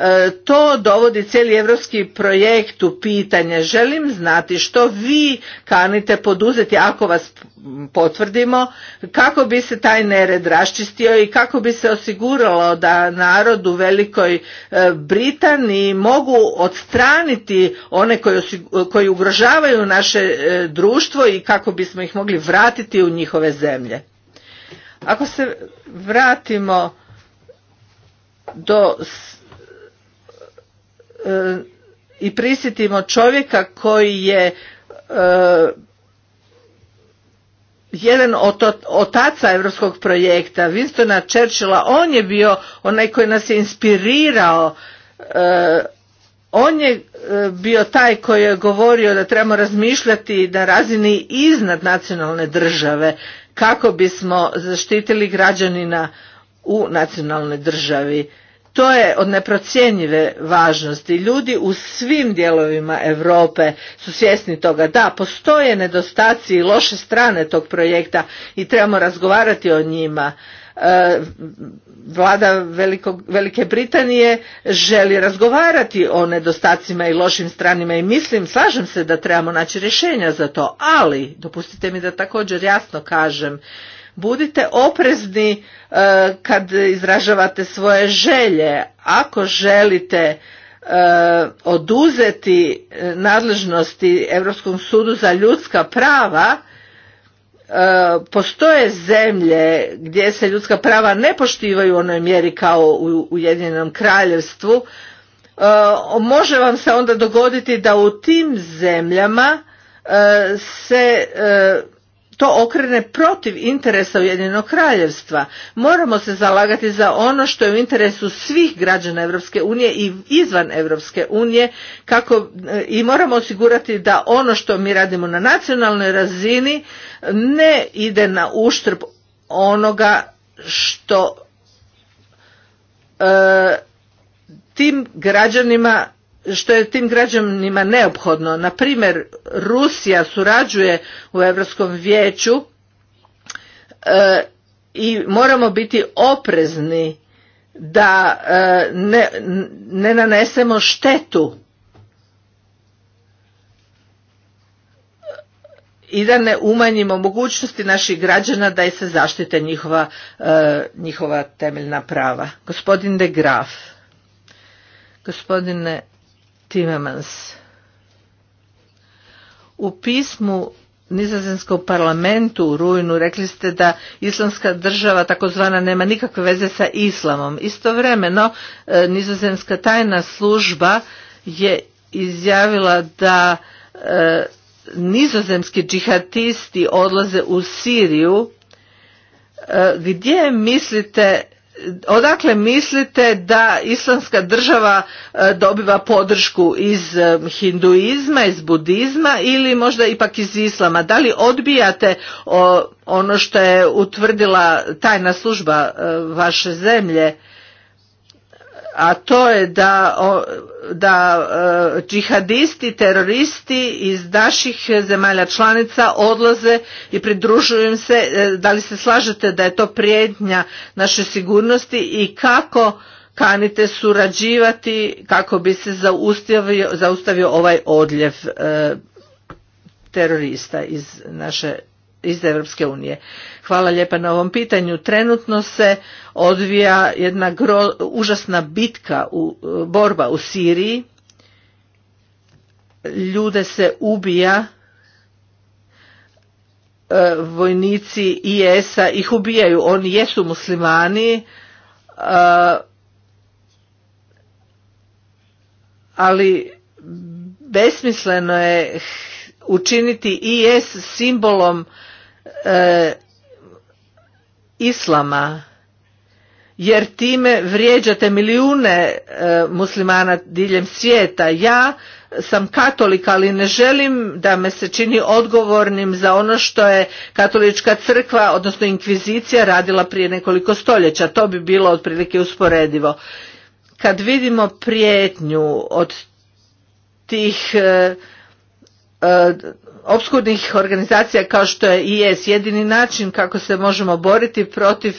E, to dovodi cijeli europski projekt u pitanje. Želim znati što vi kanite poduzeti ako vas potvrdimo kako bi se taj nered raščistio i kako bi se osiguralo da narod u Velikoj e, Britaniji mogu odstraniti one koji, koji ugrožavaju naše e, društvo i kako bismo ih mogli vratiti u njihove zemlje. Ako se vratimo do i prisjetimo čovjeka koji je e, jedan od otaca europskog projekta, Winstona Churchilla, on je bio onaj koji nas je inspirirao, e, on je e, bio taj koji je govorio da trebamo razmišljati na razini iznad nacionalne države kako bismo zaštitili građanina u nacionalnoj državi to je od neprocjenjive važnosti. Ljudi u svim dijelovima Europe su svjesni toga. Da, postoje nedostaci i loše strane tog projekta i trebamo razgovarati o njima. E, vlada Velike Britanije želi razgovarati o nedostacima i lošim stranima i mislim, slažem se da trebamo naći rješenja za to, ali dopustite mi da također jasno kažem budite oprezni e, kad izražavate svoje želje ako želite e, oduzeti e, nadležnosti europskom sudu za ljudska prava postoje zemlje gdje se ljudska prava ne poštivaju u onoj mjeri kao u ujedinjenom kraljevstvu može vam se onda dogoditi da u tim zemljama se to okrene protiv interesa Ujedinjenog kraljevstva. Moramo se zalagati za ono što je u interesu svih građana Europske unije i izvan Europske unije kako e, i moramo osigurati da ono što mi radimo na nacionalnoj razini ne ide na uštrb onoga što e, tim građanima što je tim građanima neophodno. Na primjer, Rusija surađuje u Europskom vijeću e, i moramo biti oprezni da e, ne, ne nanesemo štetu i da ne umanjimo mogućnosti naših građana da i se zaštite njihova, e, njihova temeljna prava. Gospodin de Graf. Gospodine Timmermans. U pismu Nizozemskom parlamentu u rujnu rekli ste da islamska država takozvana nema nikakve veze sa islamom. Istovremeno e, Nizozemska tajna služba je izjavila da e, nizozemski džihatisti odlaze u Siriju. E, gdje mislite odakle mislite da islamska država e, dobiva podršku iz e, hinduizma, iz budizma ili možda ipak iz islama? Da li odbijate ono što je utvrdila tajna služba e, vaše zemlje? a to je da, da e, džihadisti, teroristi iz naših zemalja članica odlaze i pridružuju im se. E, da li se slažete da je to prijetnja našoj sigurnosti i kako kanite surađivati kako bi se zaustavio, zaustavio ovaj odljev e, terorista iz naše iz Europske unije. Hvala lijepa na ovom pitanju. Trenutno se odvija jedna užasna bitka, u, borba u Siriji. Ljude se ubija, e, vojnici IS-a ih ubijaju, oni jesu muslimani, e, ali besmisleno je učiniti IS simbolom E, islama jer time vrijeđate milijune e, muslimana diljem svijeta ja sam katolik ali ne želim da me se čini odgovornim za ono što je katolička crkva odnosno inkvizicija radila prije nekoliko stoljeća to bi bilo otprilike usporedivo kad vidimo prijetnju od tih e, e obskurnih organizacija kao što je IS. Jedini način kako se možemo boriti protiv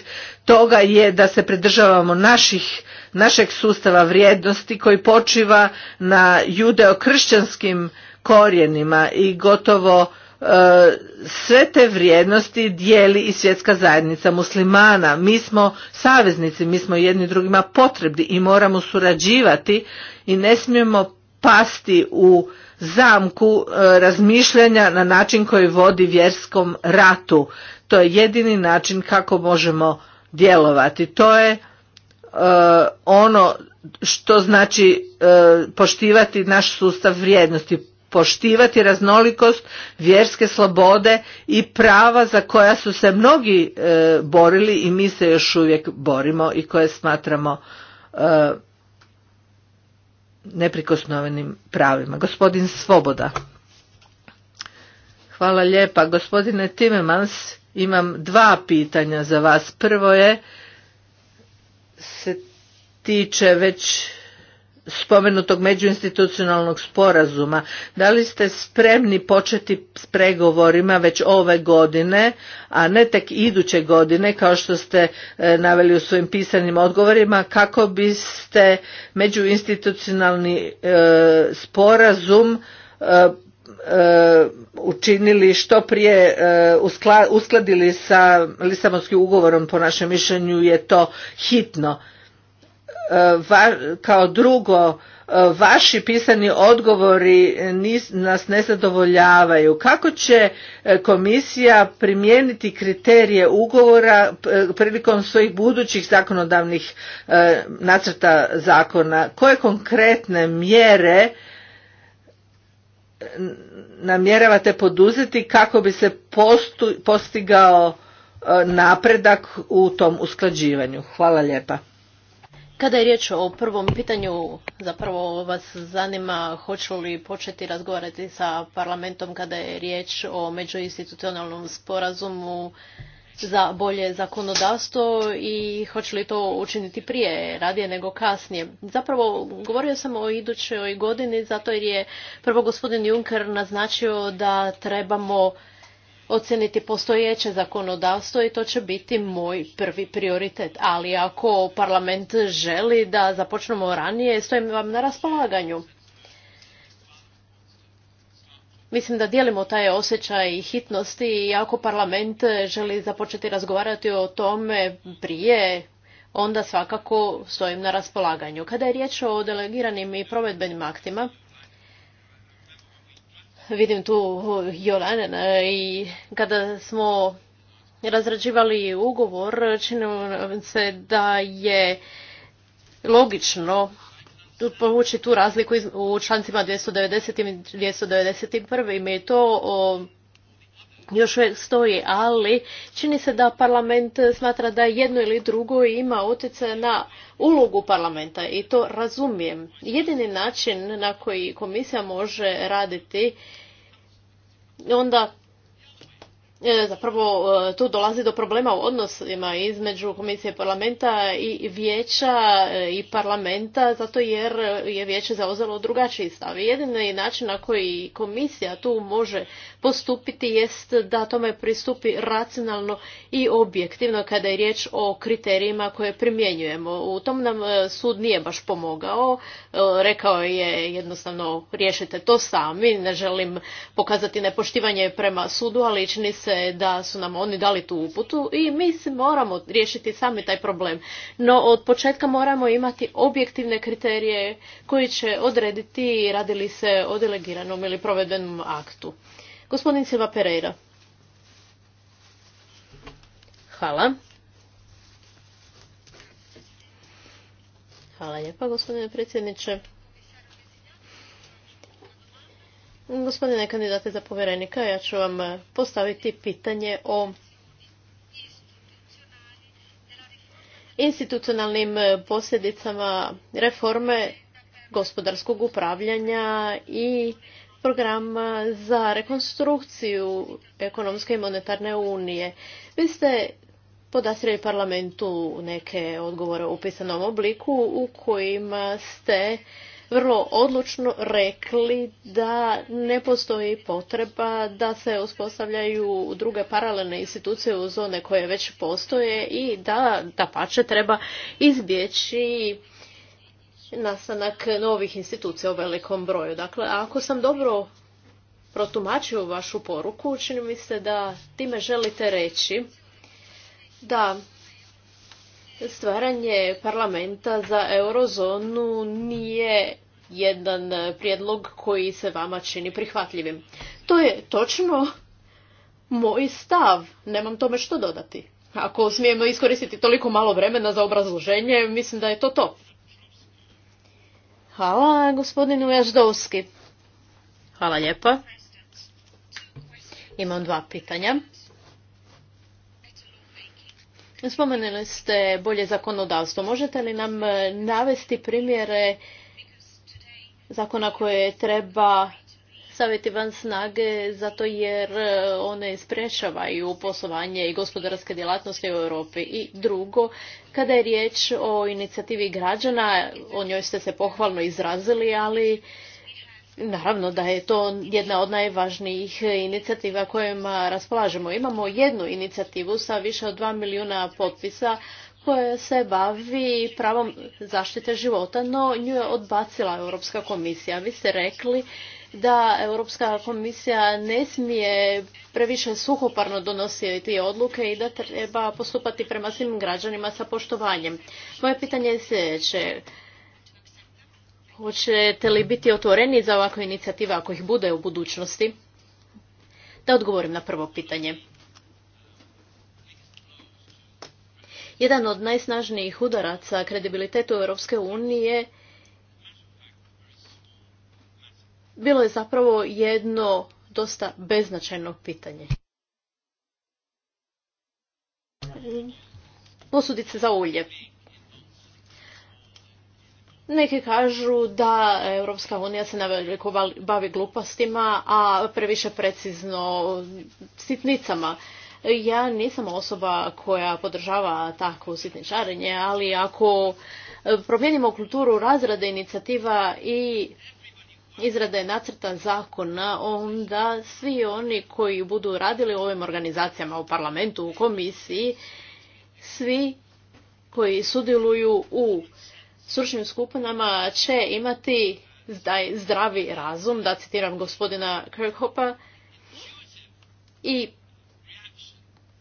toga je da se pridržavamo naših našeg sustava vrijednosti koji počiva na judeokršćanskim korijenima i gotovo e, sve te vrijednosti dijeli i svjetska zajednica muslimana. Mi smo saveznici, mi smo jedni drugima potrebni i moramo surađivati i ne smijemo pasti u zamku e, razmišljanja na način koji vodi vjerskom ratu. To je jedini način kako možemo djelovati. To je e, ono što znači e, poštivati naš sustav vrijednosti, poštivati raznolikost vjerske slobode i prava za koja su se mnogi borili i mi se još uvijek borimo i koje smatramo neprikosnovenim pravima. Gospodin Svoboda. Hvala lijepa. Gospodine Timemans, imam dva pitanja za vas. Prvo je, se tiče već spomenutog međuinstitucionalnog sporazuma. Da li ste spremni početi s pregovorima već ove godine, a ne tek iduće godine kao što ste e, naveli u svojim pisanim odgovorima, kako biste međuinstitucionalni e, sporazum e, učinili što prije uskladili sa Lisabonskim ugovorom po našem mišljenju je to hitno E, kao drugo e, vaši pisani odgovori nas ne zadovoljavaju. Kako će e, komisija primijeniti kriterije ugovora prilikom svojih budućih zakonodavnih nacrta zakona? Koje konkretne mjere namjeravate poduzeti kako bi se postigao napredak u tom usklađivanju? Hvala lijepa. Kada je riječ o prvom pitanju, zapravo vas zanima hoću li početi razgovarati sa parlamentom kada je riječ o međuinstitucionalnom sporazumu za bolje zakonodavstvo i hoću li to učiniti prije, radije nego kasnije. Zapravo, govorio sam o idućoj godini zato jer je prvo gospodin Juncker naznačio da trebamo ocijeniti postojeće zakonodavstvo i to će biti moj prvi prioritet. Ali ako parlament želi da započnemo ranije, stojim vam na raspolaganju. Mislim da dijelimo taj osjećaj hitnosti i ako parlament želi započeti razgovarati o tome prije, onda svakako stojim na raspolaganju. Kada je riječ o delegiranim i provedbenim aktima, vidim tu Jolanena e, i kada smo razrađivali ugovor, čini se da je logično povući tu razliku u člancima 290. i 291. i to još uvijek stoji, ali čini se da parlament smatra da jedno ili drugo ima utjecaj na ulogu parlamenta i to razumijem. Jedini način na koji komisija može raditi onda e, zapravo e, tu dolazi do problema u odnosima između komisije parlamenta i vijeća e, i parlamenta zato jer je vijeće zauzelo drugačiji stav. Jedini način na koji komisija tu može postupiti jest da tome pristupi racionalno i objektivno kada je riječ o kriterijima koje primjenjujemo. U tom nam e, sud nije baš pomogao, e, rekao je jednostavno riješite to sami, ne želim pokazati nepoštivanje prema sudu, ali čini se da su nam oni dali tu uputu i mi se moramo riješiti sami taj problem. No od početka moramo imati objektivne kriterije koji će odrediti radi li se o delegiranom ili provedenom aktu. Gospodin Silva Pereira. Hvala. Hvala lijepa, gospodine predsjedniče. Gospodine kandidate za povjerenika, ja ću vam postaviti pitanje o institucionalnim posljedicama reforme gospodarskog upravljanja i programa za rekonstrukciju ekonomske i monetarne unije. Vi ste podastrijeli parlamentu neke odgovore u pisanom obliku u kojima ste vrlo odlučno rekli da ne postoji potreba da se uspostavljaju druge paralelne institucije u zone koje već postoje i da, da pače, treba izbjeći nastanak novih institucija u velikom broju. Dakle, ako sam dobro protumačio vašu poruku, čini mi se da time želite reći da stvaranje parlamenta za eurozonu nije jedan prijedlog koji se vama čini prihvatljivim. To je točno moj stav. Nemam tome što dodati. Ako smijemo iskoristiti toliko malo vremena za obrazloženje, mislim da je to to. Hvala gospodinu Jaždovski. Hvala lijepa. Imam dva pitanja. Spomenuli ste bolje zakonodavstvo. Možete li nam navesti primjere zakona koje treba staviti van snage zato jer e, one i poslovanje i gospodarske djelatnosti u Europi. I drugo, kada je riječ o inicijativi građana, o njoj ste se pohvalno izrazili, ali Naravno da je to jedna od najvažnijih inicijativa kojima raspolažemo. Imamo jednu inicijativu sa više od dva milijuna potpisa koja se bavi pravom zaštite života, no nju je odbacila Europska komisija. Vi ste rekli da Europska komisija ne smije previše suhoparno donositi odluke i da treba postupati prema svim građanima sa poštovanjem. Moje pitanje je sljedeće. Hoćete li biti otvoreni za ovakve inicijative ako ih bude u budućnosti? Da odgovorim na prvo pitanje. Jedan od najsnažnijih udaraca kredibilitetu Europske unije bilo je zapravo jedno dosta beznačajno pitanje. Posudice za ulje. Neki kažu da Europska unija se naveliko bavi glupostima, a previše precizno sitnicama. Ja nisam osoba koja podržava takvo sitničarenje, ali ako promijenimo kulturu razrade inicijativa i izrade nacrta zakona, onda svi oni koji budu radili u ovim organizacijama u parlamentu, u komisiji, svi koji sudjeluju u stručnim skupinama će imati zdravi razum, da citiram gospodina Kirkhopa, i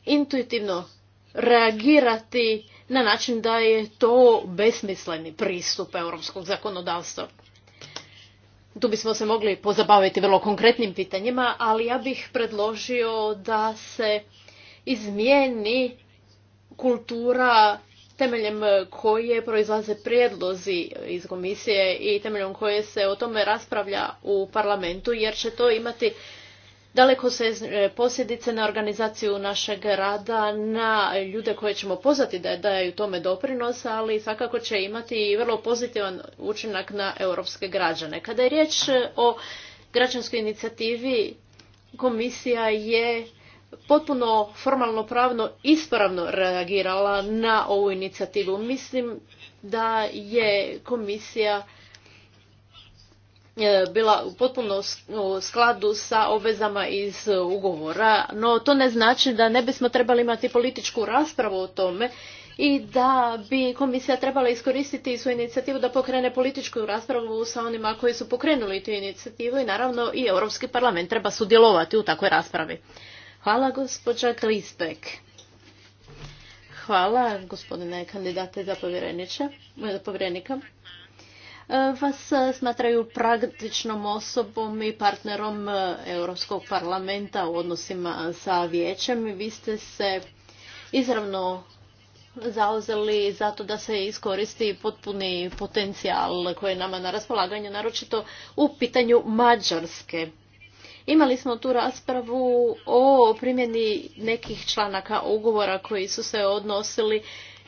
intuitivno reagirati na način da je to besmisleni pristup europskog zakonodavstva. Tu bismo se mogli pozabaviti vrlo konkretnim pitanjima, ali ja bih predložio da se izmijeni kultura temeljem koje proizlaze prijedlozi iz komisije i temeljem koje se o tome raspravlja u parlamentu jer će to imati daleko se e, posljedice na organizaciju našeg rada, na ljude koje ćemo pozvati da daju tome doprinos, ali svakako će imati i vrlo pozitivan učinak na europske građane. Kada je riječ e, o građanskoj inicijativi, komisija je potpuno formalno pravno ispravno reagirala na ovu inicijativu. Mislim da je komisija E, bila u potpuno u skladu sa obvezama iz ugovora, no to ne znači da ne bismo trebali imati političku raspravu o tome i da bi komisija trebala iskoristiti svoju inicijativu da pokrene političku raspravu sa onima koji su pokrenuli tu inicijativu i naravno i Europski parlament treba sudjelovati u takvoj raspravi. Hvala gospođa Hvala gospodine kandidate za povjereniče, povjerenika vas e, smatraju praktičnom osobom i partnerom e, Europskog parlamenta u odnosima sa vijećem vi ste se izravno zauzeli zato da se iskoristi potpuni potencijal koji je nama na raspolaganju, naročito u pitanju Mađarske. Imali smo tu raspravu o primjeni nekih članaka ugovora koji su se odnosili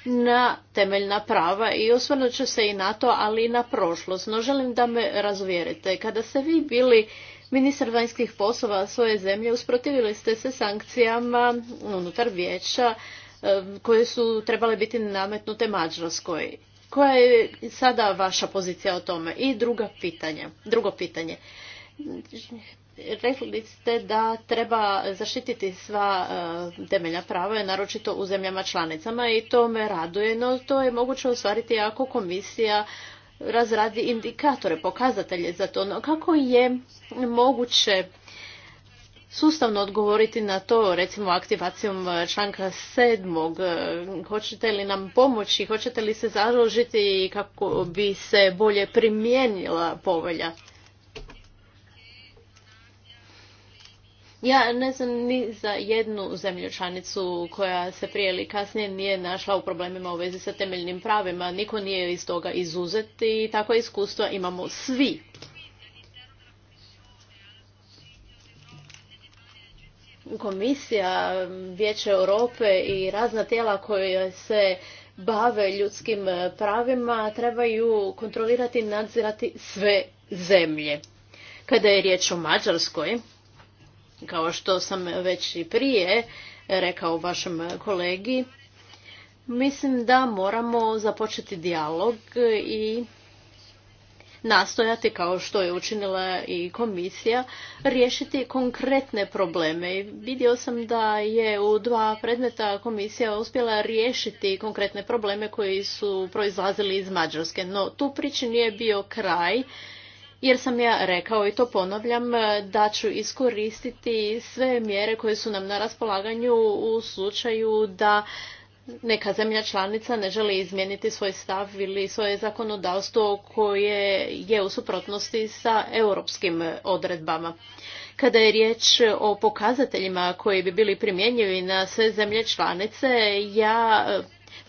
na temeljna prava i osvrnut ću se i na to, ali i na prošlost. No želim da me razvjerite. Kada ste vi bili ministar vanjskih poslova svoje zemlje, usprotivili ste se sankcijama unutar vijeća e, koje su trebale biti nametnute Mađarskoj. Koja je sada vaša pozicija o tome? I druga pitanja, drugo pitanje rekli ste da treba zaštititi sva e, temeljna prava, naročito u zemljama članicama i to me raduje, no to je moguće ostvariti ako komisija razradi indikatore, pokazatelje za to. kako je moguće sustavno odgovoriti na to, recimo aktivacijom članka sedmog, e, hoćete li nam pomoći, hoćete li se založiti kako bi se bolje primijenila povelja? Ja ne znam ni za jednu zemlju članicu koja se prije ili kasnije nije našla u problemima u vezi sa temeljnim pravima. Niko nije iz toga izuzet i takva iskustva imamo svi. Komisija, Vijeće Europe i razna tijela koje se bave ljudskim pravima trebaju kontrolirati i nadzirati sve zemlje. Kada je riječ o Mađarskoj, kao što sam već i prije rekao vašem kolegi, mislim da moramo započeti dijalog i nastojati, kao što je učinila i komisija, riješiti konkretne probleme. Vidio sam da je u dva predmeta komisija uspjela riješiti konkretne probleme koji su proizlazili iz Mađarske, no tu priči nije bio kraj jer sam ja rekao i to ponavljam e, da ću iskoristiti sve mjere koje su nam na raspolaganju u slučaju da neka zemlja članica ne želi izmijeniti svoj stav ili svoje zakonodavstvo koje je u suprotnosti sa europskim odredbama. Kada je riječ o pokazateljima koji bi bili primjenjivi na sve zemlje članice, ja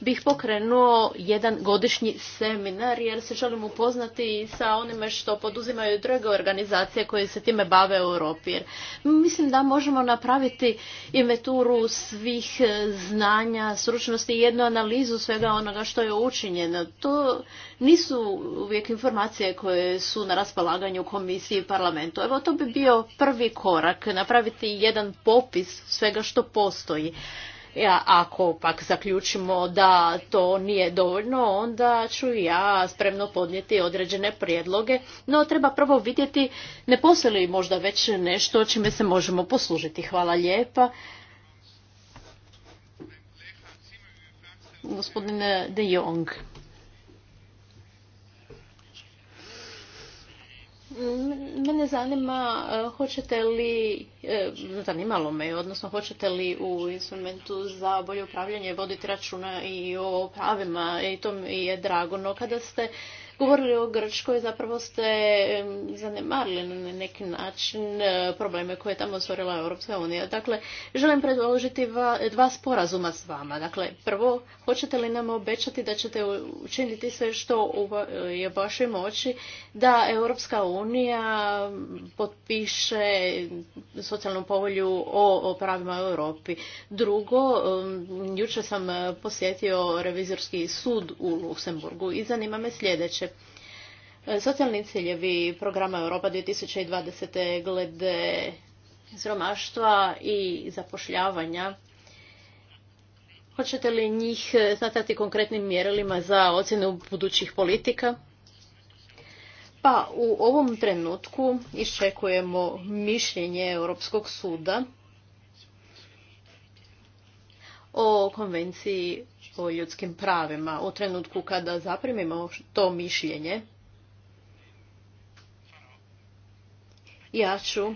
bih pokrenuo jedan godišnji seminar jer se želim upoznati sa onime što poduzimaju druge organizacije koje se time bave u Europi. Jer mislim da možemo napraviti inventuru svih e, znanja, stručnosti i jednu analizu svega onoga što je učinjeno. To nisu uvijek informacije koje su na raspolaganju komisiji i parlamentu. Evo to bi bio prvi korak, napraviti jedan popis svega što postoji. E, ako pak zaključimo da to nije dovoljno, onda ću ja spremno podnijeti određene prijedloge, no treba prvo vidjeti ne postoji li možda već nešto čime se možemo poslužiti. Hvala lijepa. Gospodine De Jong. Mene zanima, e, hoćete li, e, zanimalo me, odnosno hoćete li u instrumentu za bolje upravljanje voditi računa i o pravima, i to mi je drago, no kada ste govorili o Grčkoj, zapravo ste zanemarili na neki način e, probleme koje je tamo stvorila Europska unija. Dakle, želim predložiti dva sporazuma s vama. Dakle, prvo, hoćete li nam obećati da ćete učiniti sve što je u vašoj moći da Europska unija potpiše socijalnu povolju o pravima Europi? Drugo, jučer sam posjetio revizorski sud u Luksemburgu i zanima me sljedeće. E, socijalni ciljevi programa Europa 2020. glede zromaštva i zapošljavanja. Hoćete li njih znatati konkretnim mjerilima za ocjenu budućih politika? Pa u ovom trenutku iščekujemo mišljenje Europskog suda o konvenciji o ljudskim pravima. U trenutku kada zaprimimo to mišljenje, Ja ću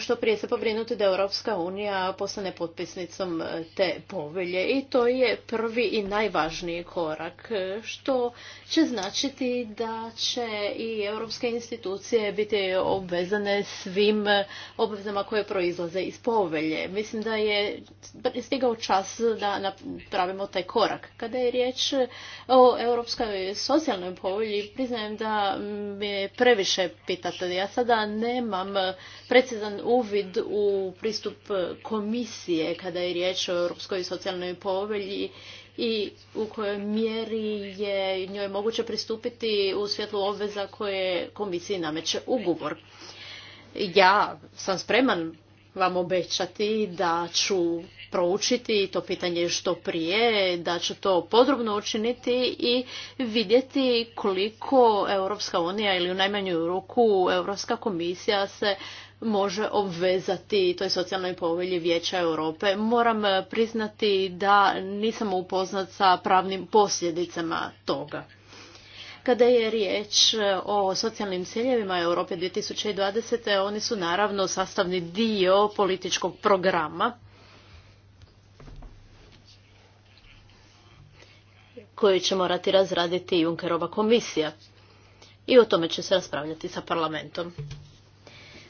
što prije se pobrinuti da Europska unija postane potpisnicom e, te povelje i to je prvi i najvažniji korak e, što će značiti da će i europske institucije biti obvezane svim e, obvezama koje proizlaze iz povelje. Mislim da je stigao čas da napravimo taj korak. Kada je riječ o europskoj socijalnoj povelji priznajem da me previše pitate. Ja sada nemam precizan uvid u pristup komisije kada je riječ o Europskoj socijalnoj povelji i u kojoj mjeri je njoj moguće pristupiti u svjetlu obveza koje komisiji nameće ugovor. Ja sam spreman vam obećati da ću proučiti to pitanje što prije, da ću to podrobno učiniti i vidjeti koliko Europska unija ili u najmanju ruku Europska komisija se može obvezati toj socijalnoj povelji Vijeća Europe. Moram e, priznati da nisam upoznat sa pravnim posljedicama toga. Kada je riječ e, o socijalnim ciljevima Europe 2020. oni su naravno sastavni dio političkog programa koji će morati razraditi Junckerova komisija. I o tome će se raspravljati sa parlamentom.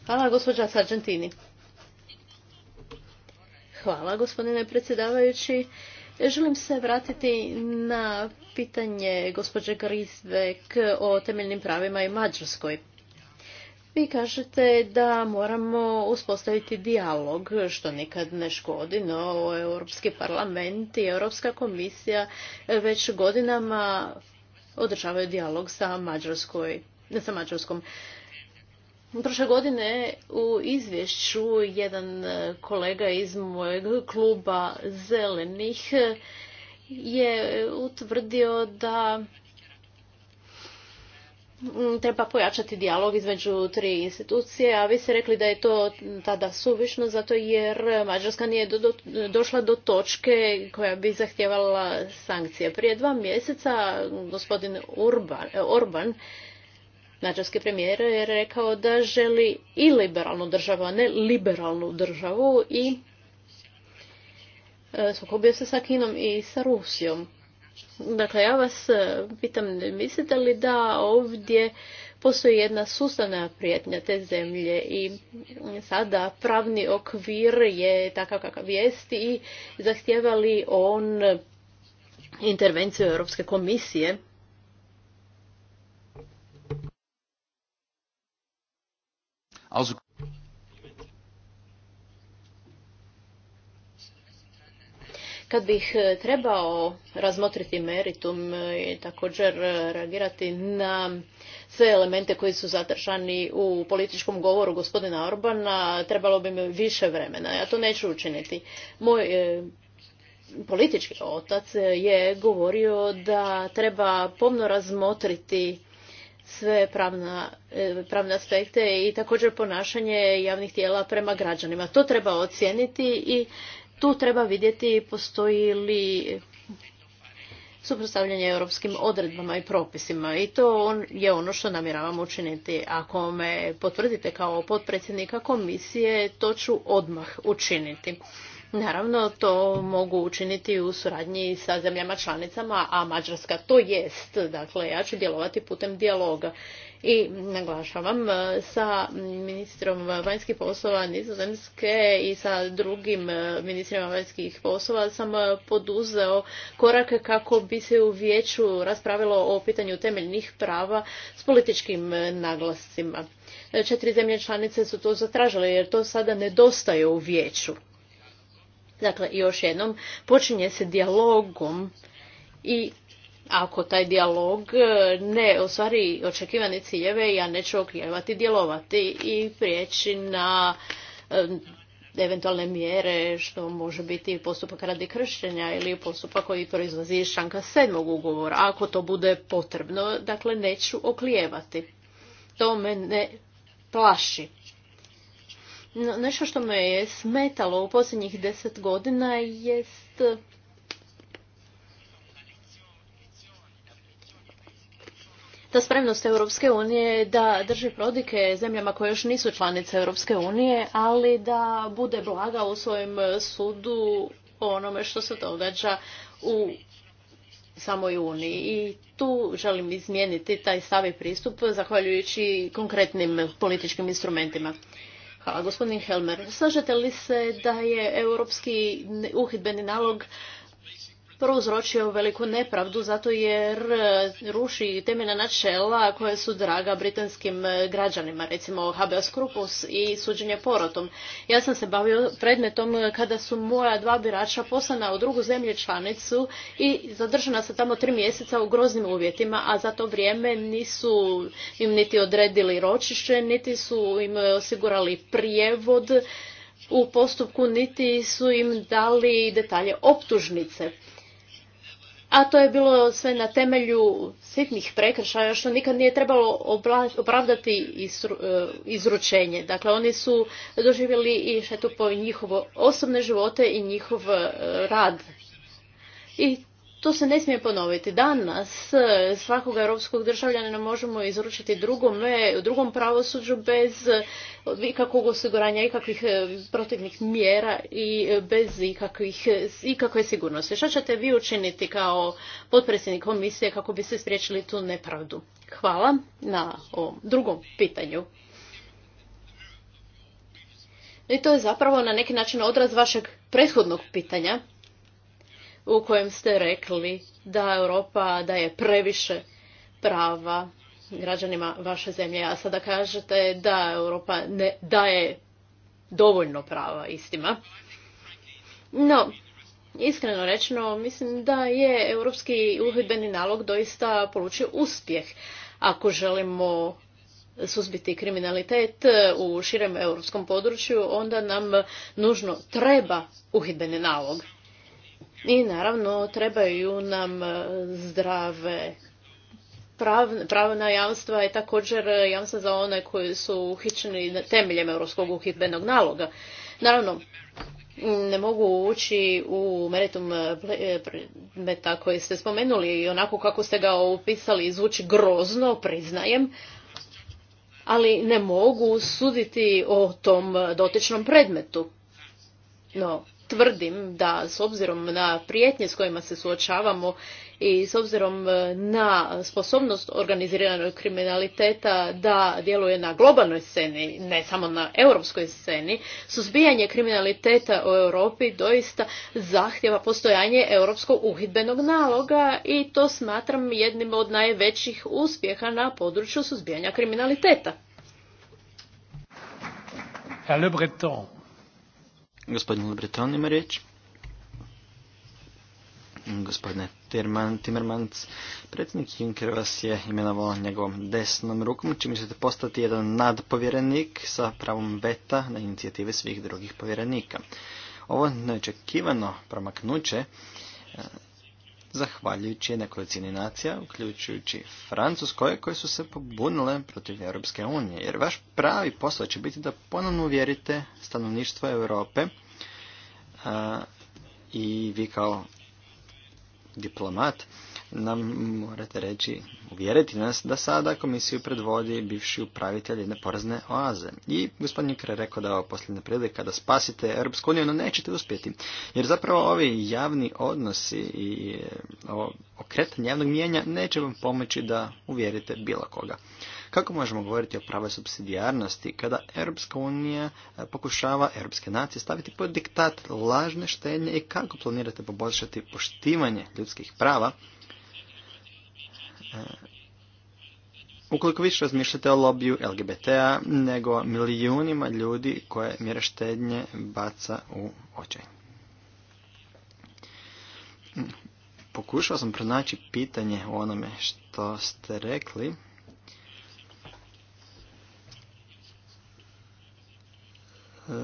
Hvala, gospođa Hvala, gospodine predsjedavajući. Želim se vratiti na pitanje gospođe Grisbek o temeljnim pravima i Mađarskoj. Vi kažete da moramo uspostaviti dijalog, što nikad ne škodi, no Europski parlament i Europska komisija već godinama održavaju dijalog sa, sa Mađarskom. Prošle godine u izvješću jedan e, kolega iz mojeg kluba zelenih e, je utvrdio da mm, treba pojačati dijalog između tri institucije, a vi ste rekli da je to tada suvišno zato jer Mađarska nije do, došla do točke koja bi zahtijevala sankcije. Prije dva mjeseca gospodin Urban, Orban Mađarski premijer je rekao da želi i liberalnu državu, a ne liberalnu državu i e, sukobio se sa Kinom i sa Rusijom. Dakle, ja vas e, pitam, mislite li da ovdje postoji jedna sustavna prijetnja te zemlje i sada pravni okvir je takav kakav jest i zahtjeva li on intervenciju Europske komisije Kad bih e, trebao razmotriti meritum e, i također e, reagirati na sve elemente koji su zadržani u političkom govoru gospodina Orbana, trebalo bi mi više vremena. Ja to neću učiniti. Moj politički otac je govorio da treba pomno razmotriti sve pravna, e, pravne aspekte i također ponašanje javnih tijela prema građanima. To treba ocijeniti i tu treba vidjeti postoji li suprotstavljanje europskim odredbama i propisima i to je ono što namjeravamo učiniti. Ako me potvrdite kao potpredsjednika komisije, to ću odmah učiniti. Naravno, to mogu učiniti u suradnji sa zemljama članicama, a Mađarska to jest. Dakle, ja ću djelovati putem dijaloga. I naglašavam e, sa ministrom vanjskih poslova Nizozemske i sa drugim e, ministrima vanjskih poslova sam poduzeo korake kako bi se u vijeću raspravilo o pitanju temeljnih prava s političkim naglascima. E, četiri zemlje članice su to zatražile jer to sada nedostaje u vijeću. Dakle, još jednom, počinje se dijalogom i ako taj dijalog e, ne ostvari očekivane ciljeve, ja neću oklijevati djelovati i prijeći na e, eventualne mjere što može biti postupak radi kršenja ili postupak koji proizlazi iz članka sedmog ugovora. Ako to bude potrebno, dakle neću oklijevati. To me ne plaši. Nešto što me je smetalo u posljednjih deset godina jest ta spremnost Europske unije da drži prodike zemljama koje još nisu članice Europske unije, ali da bude blaga u svojem sudu o onome što se događa u samoj Uniji. I tu želim izmijeniti taj stavi pristup zahvaljujući konkretnim političkim instrumentima. Hvala, gospodin Helmer. Slažete li se da je europski uhidbeni nalog prouzročio veliku nepravdu zato jer e, ruši temeljna načela koje su draga britanskim e, građanima, recimo habeas corpus i suđenje porotom. Ja sam se bavio predmetom kada su moja dva birača poslana u drugu zemlju članicu i zadržana su tamo tri mjeseca u groznim uvjetima, a za to vrijeme nisu im niti odredili ročišće, niti su im osigurali prijevod u postupku, niti su im dali detalje optužnice a to je bilo sve na temelju sitnih prekršaja što nikad nije trebalo opravdati e, izručenje. Dakle, oni su doživjeli i štetu po njihovo osobne živote i njihov e, rad. I to se ne smije ponoviti. Danas e, svakog europskog državljanina možemo izručiti drugome, drugom pravosuđu bez e, ikakvog osiguranja, ikakvih e, protivnih mjera i bez ikakvih, ikakve sigurnosti. Što ćete vi učiniti kao potpredsjednik komisije kako biste spriječili tu nepravdu? Hvala na ovom drugom pitanju. I to je zapravo na neki način odraz vašeg prethodnog pitanja u kojem ste rekli da Europa daje previše prava građanima vaše zemlje, a sada kažete da Europa ne daje dovoljno prava istima. No, iskreno rečeno, mislim da je europski uhidbeni nalog doista polučio uspjeh. Ako želimo suzbiti kriminalitet u širem europskom području, onda nam nužno treba uhidbeni nalog. I naravno trebaju nam e, zdrave pravna jamstva i također e, jamstva za one koji su uhičeni temeljem Europskog uhidbenog naloga. Naravno, ne mogu ući u meritum e, predmeta koji ste spomenuli i onako kako ste ga opisali zvuči grozno, priznajem, ali ne mogu suditi o tom dotičnom predmetu. No, tvrdim da s obzirom na prijetnje s kojima se suočavamo i s obzirom e, na sposobnost organiziranog kriminaliteta da djeluje na globalnoj sceni, ne samo na europskoj sceni, suzbijanje kriminaliteta u Europi doista zahtjeva postojanje europskog uhidbenog naloga i to smatram jednim od najvećih uspjeha na području suzbijanja kriminaliteta. Gospodin Lebreton ima riječ. Gospodine Tirman, Timmermans, predsjednik Juncker vas je imenovao njegovom desnom rukom, Čim ćete postati jedan nadpovjerenik sa pravom beta na inicijative svih drugih povjerenika. Ovo neočekivano promaknuće zahvaljujući nekolicini nacija, uključujući Francuskoj, koje su se pobunile protiv Europske unije. Jer vaš pravi posao će biti da ponovno uvjerite stanovništvo Europe i vi kao diplomat nam morate reći, uvjeriti nas da sada komisiju predvodi bivši upravitelj jedne porezne oaze. I gospodin Juncker je rekao da je ovo posljedna prilika da spasite Europsku uniju, no nećete uspjeti. Jer zapravo ovi javni odnosi i e, okretanje javnog mijenja neće vam pomoći da uvjerite bilo koga. Kako možemo govoriti o pravoj subsidijarnosti kada Europska unija e, pokušava europske nacije staviti pod diktat lažne štenje i kako planirate poboljšati poštivanje ljudskih prava ukoliko više razmišljate o lobiju LGBT-a nego milijunima ljudi koje mjere štednje baca u očaj. Pokušao sam pronaći pitanje o onome što ste rekli.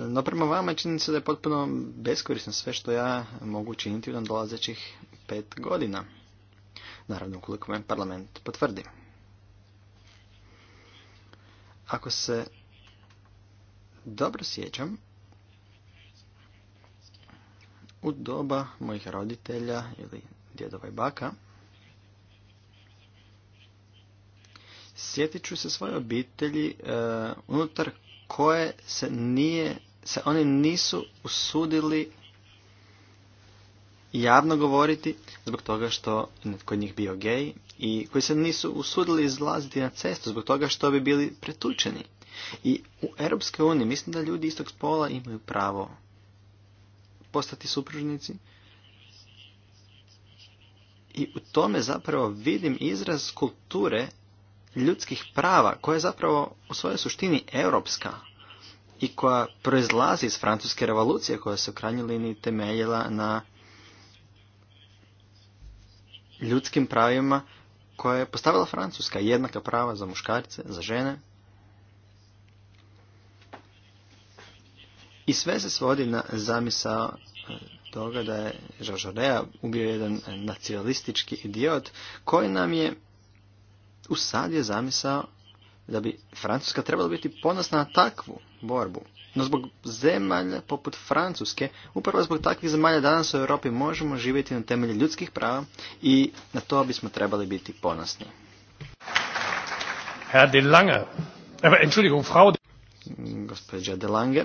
No prema vama čini se da je potpuno beskorisno sve što ja mogu učiniti u dolazećih pet godina naravno ukoliko me parlament potvrdi. Ako se dobro sjećam, u doba mojih roditelja ili djedova i baka, sjetit ću se svoje obitelji e, unutar koje se nije, se oni nisu usudili javno govoriti zbog toga što netko od njih bio gej i koji se nisu usudili izlaziti na cestu zbog toga što bi bili pretučeni. I u Europske uniji mislim da ljudi istog spola imaju pravo postati supružnici. I u tome zapravo vidim izraz kulture ljudskih prava koja je zapravo u svojoj suštini europska i koja proizlazi iz francuske revolucije koja se u krajnjoj liniji temeljila na ljudskim pravima koje je postavila Francuska, jednaka prava za muškarce, za žene. I sve se svodi na zamisao e, toga da je Žažorea ubio jedan nacionalistički idiot koji nam je usadio zamisao da bi Francuska trebala biti ponosna na takvu borbu. No zbog zemalja poput Francuske, upravo zbog takvih zemalja danas u Europi možemo živjeti na temelju ljudskih prava i na to bismo trebali biti ponosni. Herr de Lange, Entschuldigung, Frau de... de Lange.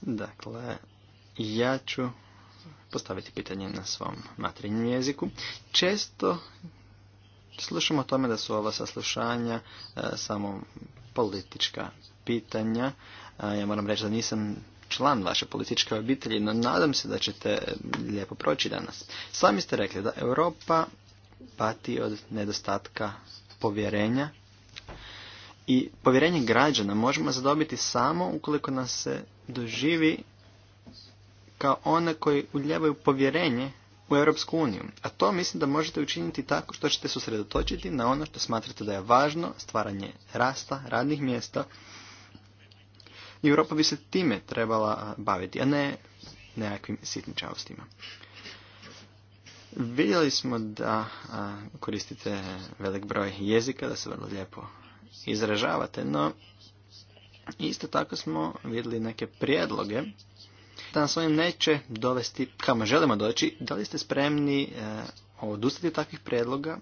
Dakle, ja ću postaviti pitanje na svom materinjem jeziku. Često slušamo o tome da su ova saslušanja e, samo politička pitanja. E, ja moram reći da nisam član vaše političke obitelji, no nadam se da ćete lijepo proći danas. Sami ste rekli da Europa pati od nedostatka povjerenja i povjerenje građana možemo zadobiti samo ukoliko nas se doživi kao one koji uljevaju povjerenje u Europsku uniju. A to mislim da možete učiniti tako što ćete se usredotočiti na ono što smatrate da je važno, stvaranje rasta, radnih mjesta. I Europa bi se time trebala baviti, a ne nekakvim sitničavostima. Vidjeli smo da koristite velik broj jezika, da se vrlo lijepo izražavate, no isto tako smo vidjeli neke prijedloge da nas ovim neće dovesti kamo želimo doći, da li ste spremni e, odustati od takvih predloga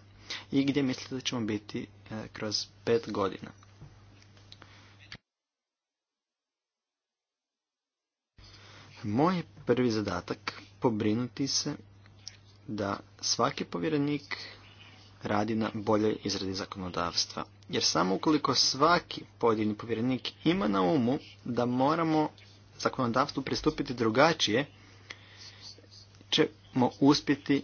i gdje mislite da ćemo biti e, kroz pet godina. Moj prvi zadatak pobrinuti se da svaki povjerenik radi na boljoj izradi zakonodavstva. Jer samo ukoliko svaki pojedini povjerenik ima na umu da moramo zakonodavstvu pristupiti drugačije, ćemo uspjeti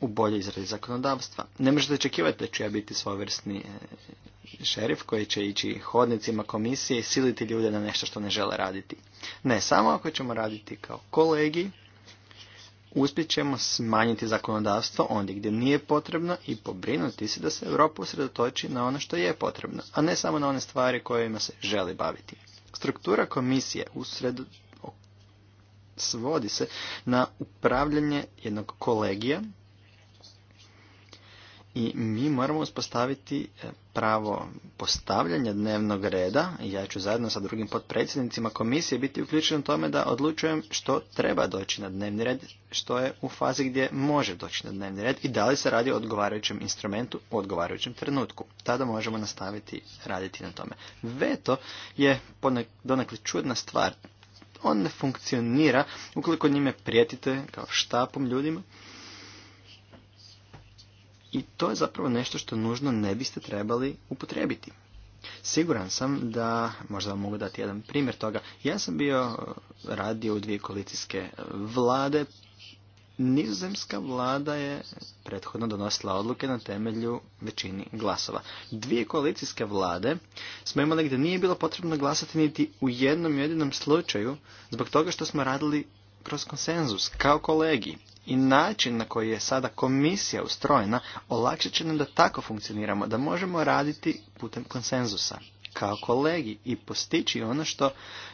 u bolje izradi zakonodavstva. Ne možete očekivati da ću ja biti svojevrsni e, šerif koji će ići hodnicima komisije i siliti ljude na nešto što ne žele raditi. Ne, samo ako ćemo raditi kao kolegi, uspjet ćemo smanjiti zakonodavstvo ondje gdje nije potrebno i pobrinuti se da se Europa usredotoči na ono što je potrebno, a ne samo na one stvari kojima se želi baviti. Struktura komisije usred svodi se na upravljanje jednog kolegija i mi moramo uspostaviti e, pravo postavljanja dnevnog reda i ja ću zajedno sa drugim potpredsjednicima komisije biti uključen u tome da odlučujem što treba doći na dnevni red, što je u fazi gdje može doći na dnevni red i da li se radi o odgovarajućem instrumentu u odgovarajućem trenutku. Tada možemo nastaviti raditi na tome. Veto je donekle čudna stvar. On ne funkcionira ukoliko njime prijetite kao štapom ljudima i to je zapravo nešto što nužno ne biste trebali upotrebiti. Siguran sam da, možda vam mogu dati jedan primjer toga, ja sam bio e, radio u dvije koalicijske vlade, nizozemska vlada je prethodno donosila odluke na temelju većini glasova. Dvije koalicijske vlade smo imali gdje nije bilo potrebno glasati niti u jednom jedinom slučaju zbog toga što smo radili kroz konsenzus, kao kolegi i način na koji je sada komisija ustrojena olakšat će nam da tako funkcioniramo, da možemo raditi putem konsenzusa kao kolegi i postići ono što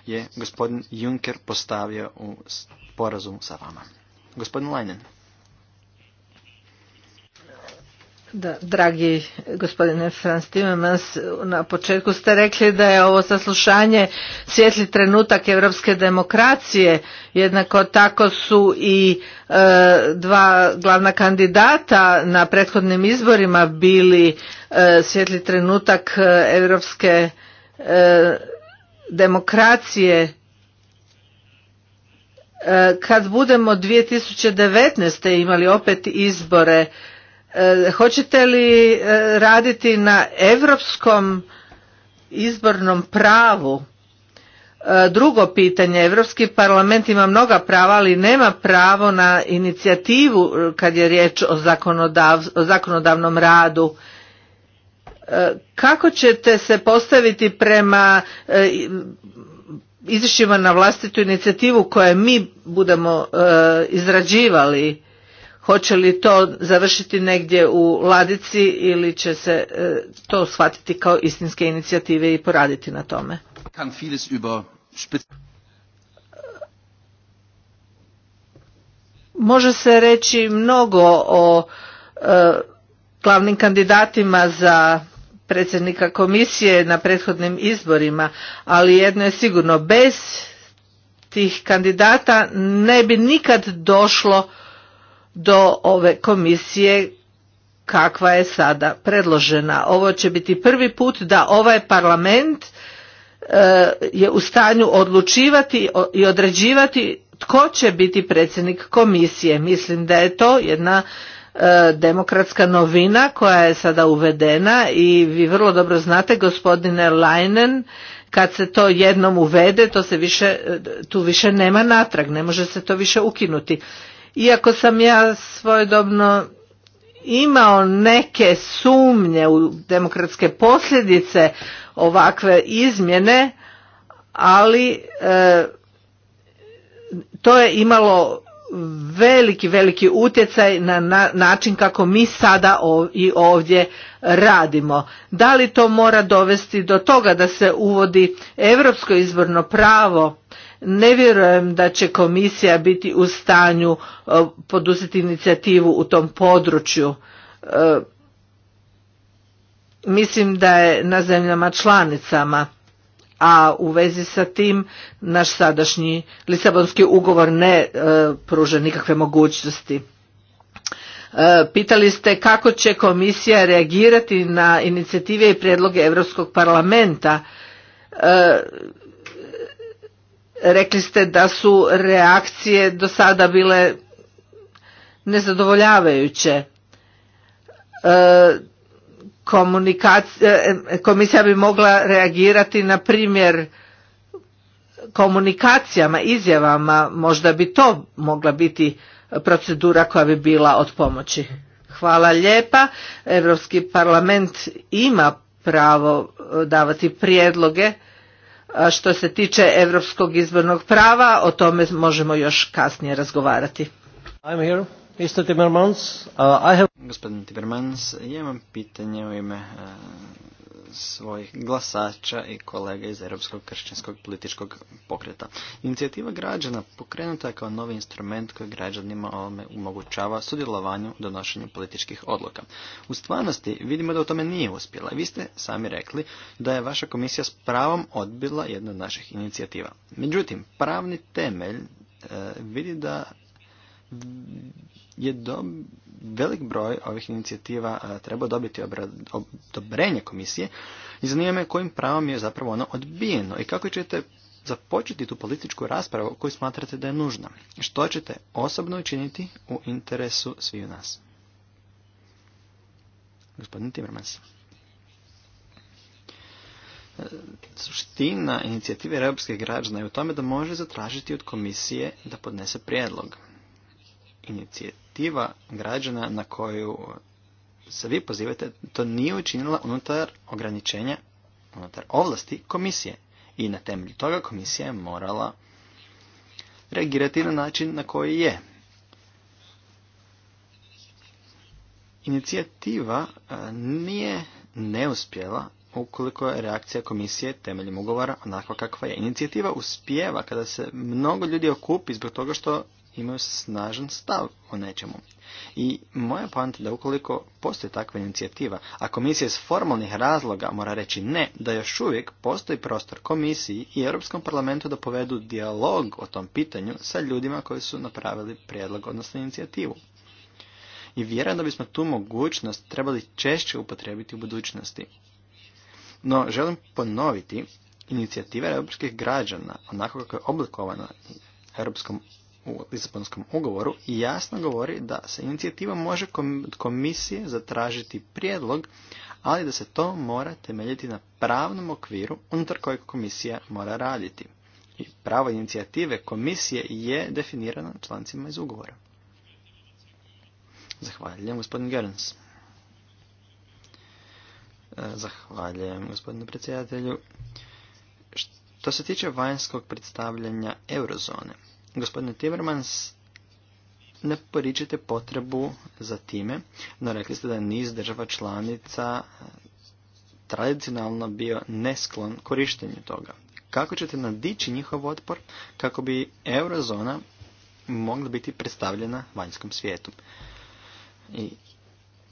je gospodin Juncker postavio u sporazumu sa vama. Gospodin Leinen. dragi gospodine Franz Timmermans, na početku ste rekli da je ovo saslušanje svjetli trenutak europske demokracije. Jednako tako su i e, dva glavna kandidata na prethodnim izborima bili e, svjetli trenutak europske e, demokracije e, kad budemo 2019. imali opet izbore E, hoćete li e, raditi na europskom izbornom pravu? E, drugo pitanje, Europski parlament ima mnoga prava, ali nema pravo na inicijativu kad je riječ o, zakonodavnom radu. Kako ćete se postaviti prema izvješćima na vlastitu inicijativu koje mi budemo izrađivali? hoće li to završiti negdje u ladici ili će se e, to shvatiti kao istinske inicijative i poraditi na tome. Može se reći mnogo o e, glavnim kandidatima za predsjednika komisije na prethodnim izborima, ali jedno je sigurno bez tih kandidata ne bi nikad došlo do ove komisije kakva je sada predložena. Ovo će biti prvi put da ovaj parlament e, je u stanju odlučivati i određivati tko će biti predsjednik komisije. Mislim da je to jedna e, demokratska novina koja je sada uvedena i vi vrlo dobro znate gospodine Leinen kad se to jednom uvede to se više, e, tu više nema natrag, ne može se to više ukinuti. Iako sam ja svojedobno imao neke sumnje u demokratske posljedice ovakve izmjene, ali e, to je imalo veliki, veliki utjecaj na, način kako mi sada i ovdje radimo. Da li to mora dovesti do toga da se uvodi europsko izborno pravo ne vjerujem da će komisija biti u stanju e, poduzeti inicijativu u tom području. E, mislim da je na zemljama članicama, a u vezi sa tim naš sadašnji Lisabonski ugovor ne e, pruža nikakve mogućnosti. Pitali ste kako će komisija reagirati na inicijative i prijedloge Europskog parlamenta Rekli ste da su reakcije do sada bile nezadovoljavajuće. E, e, e, komisija bi mogla reagirati na primjer komunikacijama, izjavama, možda bi to mogla biti procedura koja bi bila od pomoći. Hvala lijepa. Europski parlament ima pravo davati prijedloge što se tiče europskog izbornog prava, o tome možemo još kasnije razgovarati. I'm here. Uh, Gospodin Timmermans, ja imam pitanje u ime svojih glasača i kolega iz Europskog kršćanskog političkog pokreta. Inicijativa građana pokrenuta je kao novi instrument koji građanima ovome omogućava sudjelovanju u donošenju političkih odluka. U stvarnosti vidimo da u tome nije uspjela. Vi ste sami rekli da je vaša komisija s pravom odbila jednu od naših inicijativa. Međutim, pravni temelj e, vidi da je dob velik broj ovih inicijativa e, treba dobiti odobrenje komisije i zanima me kojim pravom je zapravo ono odbijeno i kako ćete započeti tu političku raspravu koju smatrate da je nužna. Što ćete osobno učiniti u interesu sviju nas? Gospodin Timmermans. E, suština inicijative Europske građana je u tome da može zatražiti od komisije da podnese prijedlog inicijativa građana na koju se vi pozivate, to nije učinila unutar ograničenja, unutar ovlasti komisije. I na temelju toga komisija je morala reagirati na način na koji je. Inicijativa e, nije neuspjela ukoliko je reakcija komisije temeljem ugovora onako kakva je. Inicijativa uspjeva kada se mnogo ljudi okupi zbog toga što imaju snažan stav o nečemu. I moja poanta da ukoliko postoji takva inicijativa, a komisija iz formalnih razloga mora reći ne, da još uvijek postoji prostor komisiji i Europskom parlamentu da povedu dijalog o tom pitanju sa ljudima koji su napravili prijedlog, odnosno inicijativu. I vjerujem da bismo tu mogućnost trebali češće upotrebiti u budućnosti. No, želim ponoviti, inicijativa europskih građana, onako kako je oblikovana Europskom u Lisabonskom ugovoru jasno govori da se inicijativa može od komisije zatražiti prijedlog, ali da se to mora temeljiti na pravnom okviru unutar kojeg komisija mora raditi. I pravo inicijative komisije je definirano člancima iz ugovora. Zahvaljujem, gospodin Gerns. E, zahvaljujem, gospodine predsjedatelju. Što se tiče vanjskog predstavljanja eurozone, Gospodine Timmermans, ne poričite potrebu za time, no rekli ste da niz država članica tradicionalno bio nesklon korištenju toga. Kako ćete nadići njihov otpor kako bi eurozona mogla biti predstavljena vanjskom svijetu? I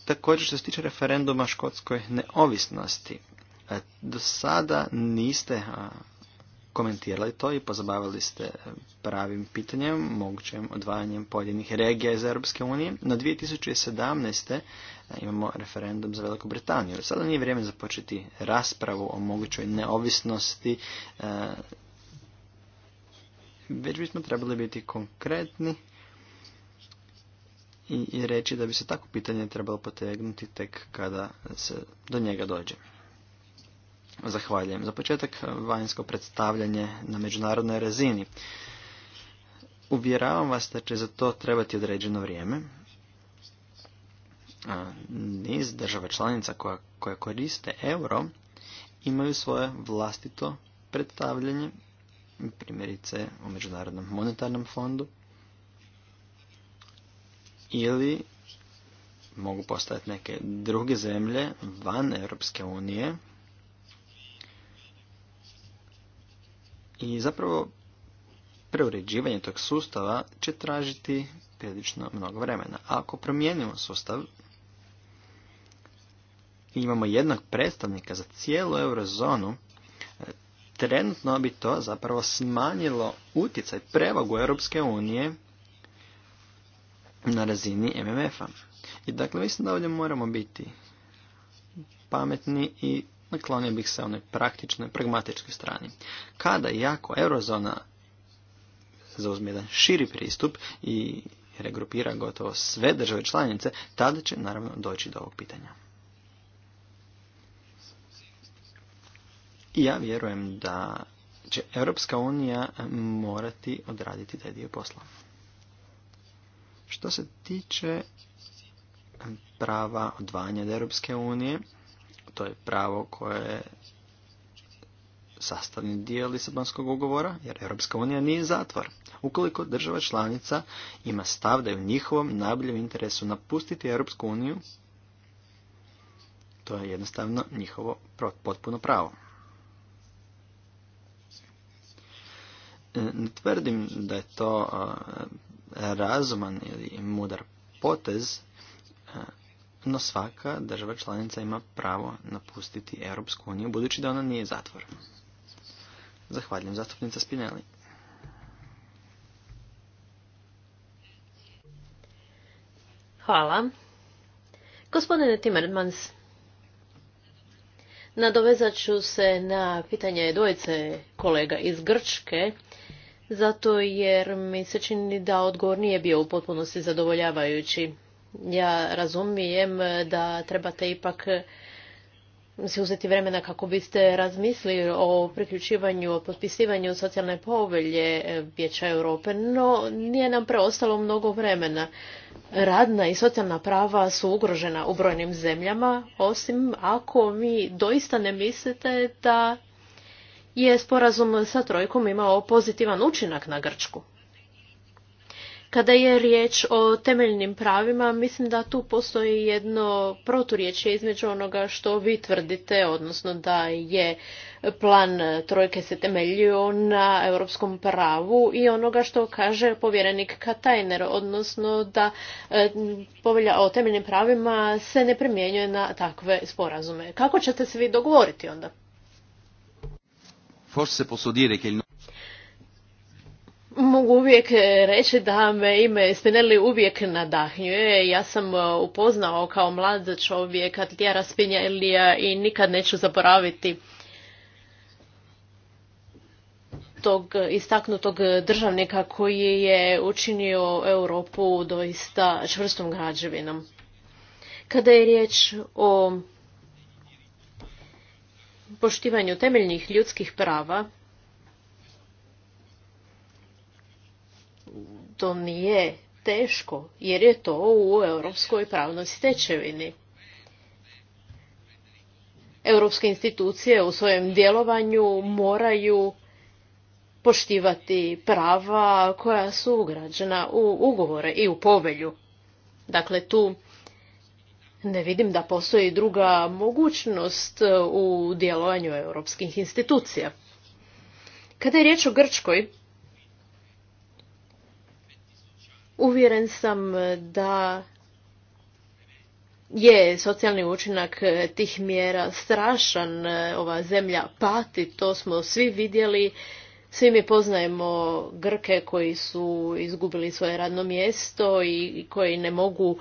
također što se tiče referenduma škotskoj neovisnosti, e, do sada niste komentirali to i pozabavili ste pravim pitanjem, mogućem odvajanjem pojedinih regija iz Europske unije. Na 2017. E, imamo referendum za Veliku Britaniju. Sada nije vrijeme započeti raspravu o mogućoj neovisnosti, e, već bismo trebali biti konkretni i reći da bi se tako pitanje trebalo potegnuti tek kada se do njega dođe. Zahvaljujem. Za početak eh, vanjsko predstavljanje na međunarodnoj razini. Uvjeravam vas da će za to trebati određeno vrijeme. Eh, niz država članica koja, koja koriste euro imaju svoje vlastito predstavljanje, primjerice u Međunarodnom monetarnom fondu, ili mogu postaviti neke druge zemlje van Europske unije I zapravo preuređivanje tog sustava će tražiti prilično mnogo vremena. ako promijenimo sustav i imamo jednog predstavnika za cijelu eurozonu, e, trenutno bi to zapravo smanjilo utjecaj prevagu Europske unije na razini MMF-a. I dakle, mislim da ovdje moramo biti pametni i naklonio bih se onoj praktičnoj, pragmatičkoj strani. Kada i ako eurozona zauzme jedan širi pristup i regrupira gotovo sve države članice, tada će naravno doći do ovog pitanja. I ja vjerujem da će Europska unija morati odraditi taj dio posla. Što se tiče prava odvanja od Europske unije, to je pravo koje je sastavni dio Lisabonskog ugovora, jer Europska unija nije zatvor. Ukoliko država članica ima stav da je u njihovom najboljem interesu napustiti Europsku uniju, to je jednostavno njihovo potpuno pravo. Ne tvrdim da je to razuman ili mudar potez, no svaka država članica ima pravo napustiti Europsku uniju budući da ona nije zatvor. Zahvaljujem zastupnica Spinelli. Hvala. Gospodine Timmermans, nadovezat ću se na pitanje dvojice kolega iz Grčke, zato jer mi se čini da odgovor nije bio u potpunosti zadovoljavajući. Ja razumijem da trebate ipak se uzeti vremena kako biste razmislili o priključivanju, o potpisivanju socijalne povelje Vijeća Europe, no nije nam preostalo mnogo vremena. Radna i socijalna prava su ugrožena u brojnim zemljama, osim ako mi doista ne mislite da je sporazum sa Trojkom imao pozitivan učinak na Grčku. Kada je riječ o temeljnim pravima, mislim da tu postoji jedno proturječje između onoga što vi tvrdite, odnosno da je plan trojke se temeljio na europskom pravu i onoga što kaže povjerenik Katajner, odnosno da e, povelja o temeljnim pravima se ne primjenjuje na takve sporazume. Kako ćete se vi dogovoriti onda? Forse posso dire che Mogu uvijek e, reći da me ime Spinelli uvijek nadahnjuje. Ja sam e, upoznao kao mlad čovjek Atlijara Spinellija i nikad neću zaboraviti tog istaknutog državnika koji je učinio Europu doista čvrstom građevinom. Kada je riječ o poštivanju temeljnih ljudskih prava, to nije teško, jer je to u europskoj pravnoj stečevini. Europske institucije u svojem djelovanju moraju poštivati prava koja su ugrađena u ugovore i u povelju. Dakle, tu ne vidim da postoji druga mogućnost u djelovanju europskih institucija. Kada je riječ o Grčkoj, Uvjeren sam da je socijalni učinak tih mjera strašan, ova zemlja pati, to smo svi vidjeli. Svi mi poznajemo Grke koji su izgubili svoje radno mjesto i koji ne mogu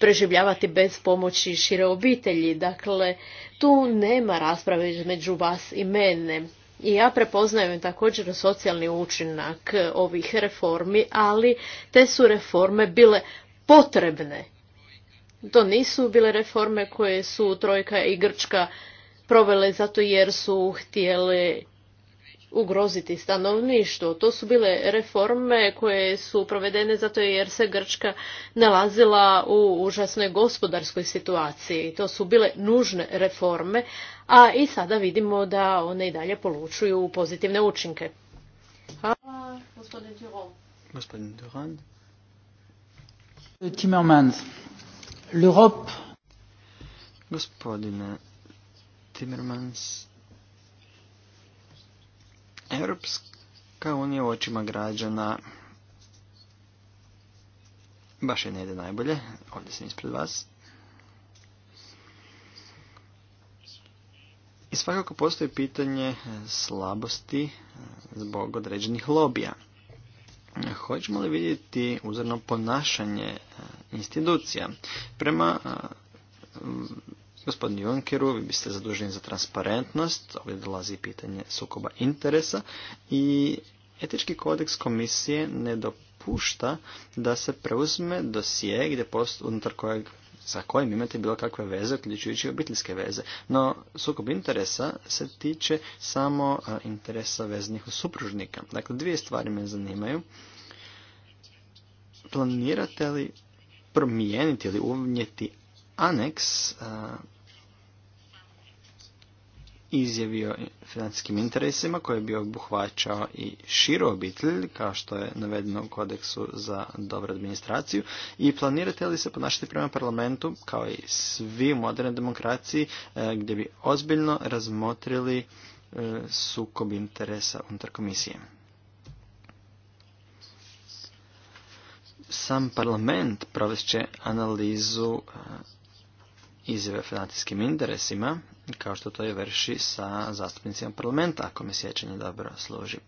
preživljavati bez pomoći šire obitelji. Dakle, tu nema rasprave između vas i mene. I ja prepoznajem također socijalni učinak ovih reformi, ali te su reforme bile potrebne. To nisu bile reforme koje su Trojka i Grčka provele zato jer su htjele ugroziti stanovništvo. To su bile reforme koje su provedene zato jer se Grčka nalazila u užasnoj gospodarskoj situaciji. To su bile nužne reforme, a i sada vidimo da one i dalje polučuju pozitivne učinke. Hvala, Timmermans, l'Europe... Gospodine Timmermans, Europska unija u očima građana baš je ne ide najbolje, ovdje sam ispred vas. I svakako postoji pitanje e, slabosti e, zbog određenih lobija. Hoćemo li vidjeti uzorno ponašanje e, institucija? Prema gospodinu Junkeru, vi biste zaduženi za transparentnost, ovdje dolazi pitanje sukoba interesa i etički kodeks komisije ne dopušta da se preuzme dosije gdje unutar kojeg sa kojim imate bilo kakve veze, uključujući obiteljske veze. No, sukob interesa se tiče samo interesa veznih u supružnika. Dakle, dvije stvari me zanimaju. Planirate li promijeniti ili uvnijeti aneks izjavio o financijskim interesima koji bi obuhvaćao i širu obitelj, kao što je navedeno u kodeksu za dobru administraciju, i planirate li se ponašati prema parlamentu, kao i svi u demokraciji, e, gdje bi ozbiljno razmotrili e, sukob interesa unutar komisije. Sam parlament provest će analizu e, izjave financijskim interesima, kao što to je vrši sa zastupnicima parlamenta, ako me sjećanje dobro služi.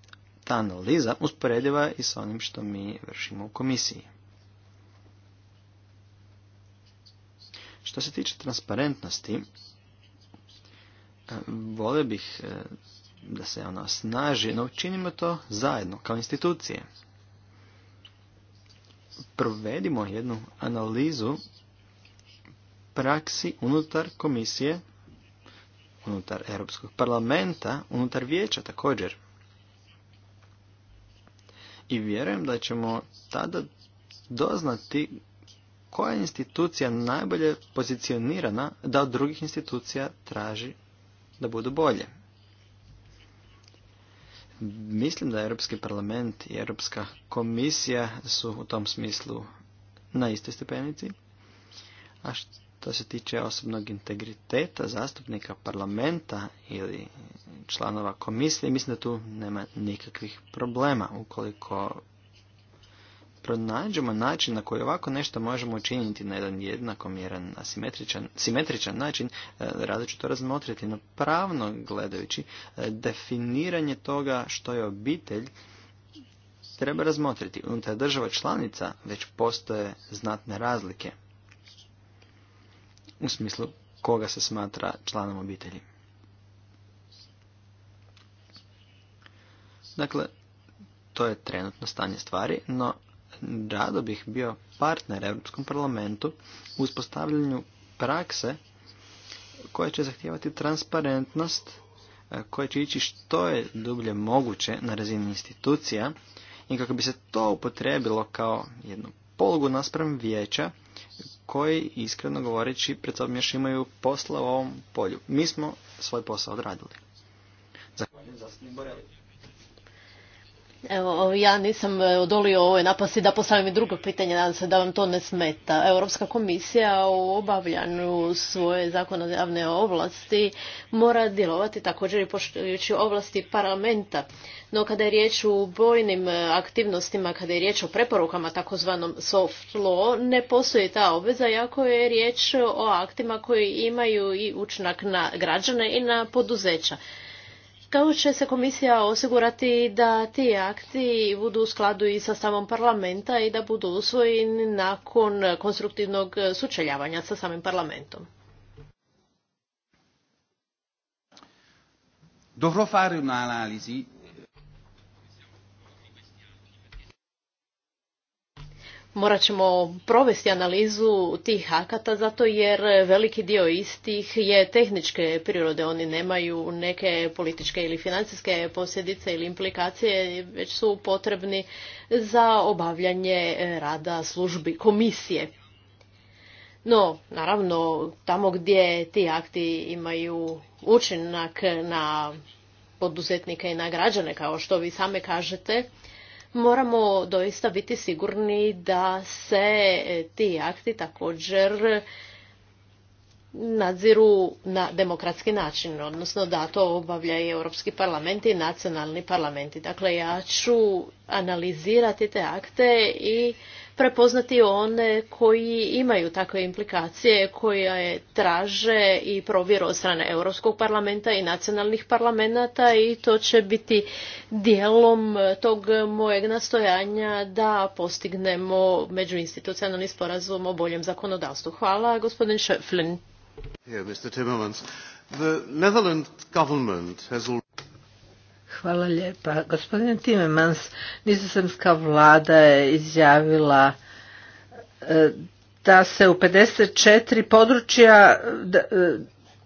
Ta analiza usporedljiva i sa onim što mi vršimo u komisiji. Što se tiče transparentnosti, e, vole bih e, da se ona snaži, no učinimo to zajedno, kao institucije. Provedimo jednu analizu praksi unutar komisije, unutar Europskog parlamenta, unutar vijeća također. I vjerujem da ćemo tada doznati koja je institucija najbolje pozicionirana da od drugih institucija traži da budu bolje. Mislim da Europski parlament i Europska komisija su u tom smislu na istoj stepenici. A što to se tiče osobnog integriteta zastupnika parlamenta ili članova komisije, mislim da tu nema nikakvih problema. Ukoliko pronađemo način na koji ovako nešto možemo učiniti na jedan jednakomjeran, asimetričan, simetričan način, e, to razmotriti. No pravno gledajući, e, definiranje toga što je obitelj treba razmotriti. Unutar država članica već postoje znatne razlike u smislu koga se smatra članom obitelji. Dakle, to je trenutno stanje stvari, no rado bih bio partner Europskom parlamentu u uspostavljanju prakse koja će zahtijevati transparentnost, e, koja će ići što je dublje moguće na razini institucija i kako bi se to upotrebilo kao jednu polugu naspram vijeća koji, iskreno govoreći, pred sobom još imaju posla u ovom polju. Mi smo svoj posao odradili. Zahvaljujem, zastupnik Borelić. Evo, ja nisam e, odolio ovoj napasti da postavim i drugo pitanje, nadam se da vam to ne smeta. Europska komisija u obavljanju svoje zakonodavne ovlasti mora djelovati također i poštujući ovlasti parlamenta. No kada je riječ o bojnim e, aktivnostima, kada je riječ o preporukama takozvanom soft law, ne postoji ta obveza, jako je riječ o aktima koji imaju i učinak na građane i na poduzeća. Kao će se komisija osigurati da ti akti budu u skladu i sa samom parlamenta i da budu usvojeni nakon konstruktivnog sučeljavanja sa samim parlamentom? Dovrò fare un'analisi morat ćemo provesti analizu tih akata zato jer veliki dio istih je tehničke prirode. Oni nemaju neke političke ili financijske posljedice ili implikacije, već su potrebni za obavljanje e, rada službi komisije. No, naravno, tamo gdje ti akti imaju učinak na poduzetnike i na građane, kao što vi same kažete, moramo doista biti sigurni da se e, ti akti također nadziru na demokratski način, odnosno da to obavlja i Europski parlament i nacionalni parlamenti. Dakle, ja ću analizirati te akte i prepoznati one koji imaju takve implikacije koje traže i provjeru od strane Europskog parlamenta i nacionalnih parlamenta i to će biti dijelom tog mojeg nastojanja da postignemo međuinstitucionalni sporazum o boljem zakonodavstvu. Hvala, gospodin Šeflin. Hvala lijepa. Gospodine Timemans, nizozemska vlada je izjavila e, da se u 54 područja e,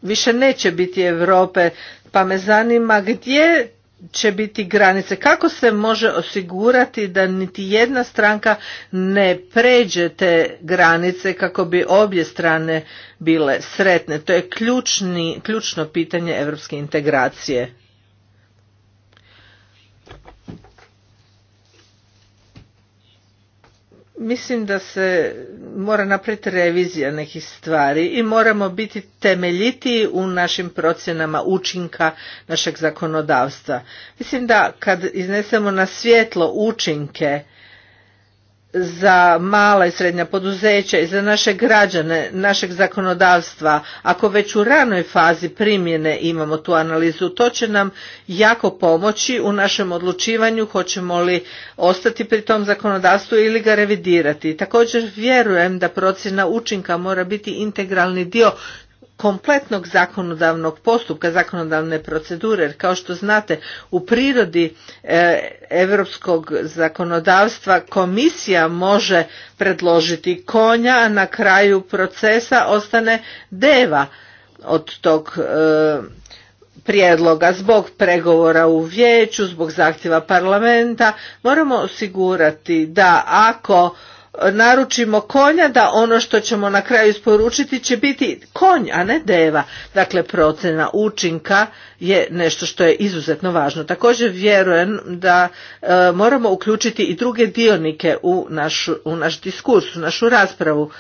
više neće biti Europe, pa me zanima gdje će biti granice. Kako se može osigurati da niti jedna stranka ne pređe te granice kako bi obje strane bile sretne? To je ključno pitanje europske integracije. mislim da se mora napraviti revizija nekih stvari i moramo biti temeljitiji u našim procjenama učinka našeg zakonodavstva. Mislim da kad iznesemo na svjetlo učinke za mala i srednja poduzeća i za naše građane, našeg zakonodavstva, ako već u ranoj fazi primjene imamo tu analizu, to će nam jako pomoći u našem odlučivanju hoćemo li ostati pri tom zakonodavstvu ili ga revidirati. Također vjerujem da procjena učinka mora biti integralni dio kompletnog zakonodavnog postupka, zakonodavne procedure, jer kao što znate u prirodi europskog zakonodavstva komisija može predložiti konja, a na kraju procesa ostane deva od tog e, prijedloga zbog pregovora u vijeću, zbog zahtjeva parlamenta. Moramo osigurati da ako naručimo konja da ono što ćemo na kraju isporučiti će biti konj, a ne deva. Dakle, procena učinka je nešto što je izuzetno važno. Također vjerujem da e, moramo uključiti i druge dionike u, u naš diskurs, u našu raspravu.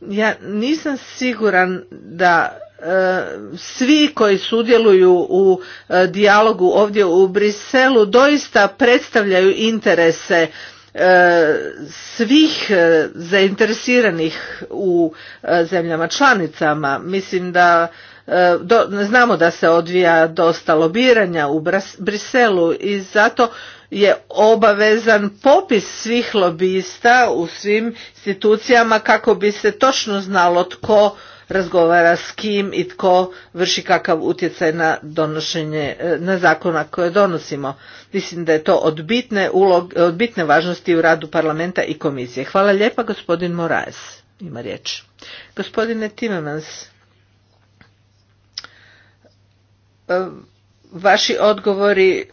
Ja nisam siguran da e, svi koji sudjeluju u e, dijalogu ovdje u Briselu doista predstavljaju interese E, svih e, zainteresiranih u e, zemljama članicama. Mislim da znamo da se odvija dosta lobiranja u Briselu i zato je obavezan popis svih lobista u svim institucijama kako bi se točno znalo tko razgovara s kim i tko vrši kakav utjecaj na donošenje, e, na zakona koje donosimo. Mislim da je to od bitne, ulog, e, od bitne važnosti u radu parlamenta i komisije. Hvala lijepa gospodin Moraes. Ima riječ. Gospodine Timemans, e, vaši odgovori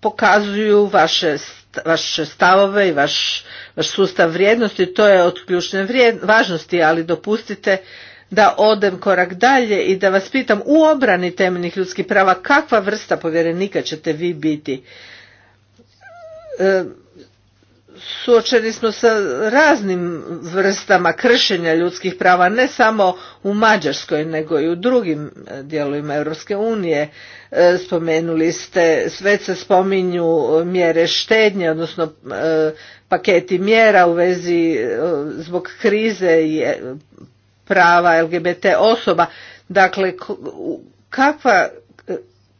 pokazuju vaše vaše stavove i vaš, vaš sustav vrijednosti, to je od ključne važnosti, ali dopustite da odem korak dalje i da vas pitam u obrani temeljnih ljudskih prava kakva vrsta povjerenika ćete vi biti? E, suočeni smo sa raznim vrstama kršenja ljudskih prava ne samo u Mađarskoj nego i u drugim e, dijelovima Europske unije e, spomenuli ste sve se spominju e, mjere štednje odnosno paketi mjera u vezi zbog krize i prava LGBT osoba dakle kakva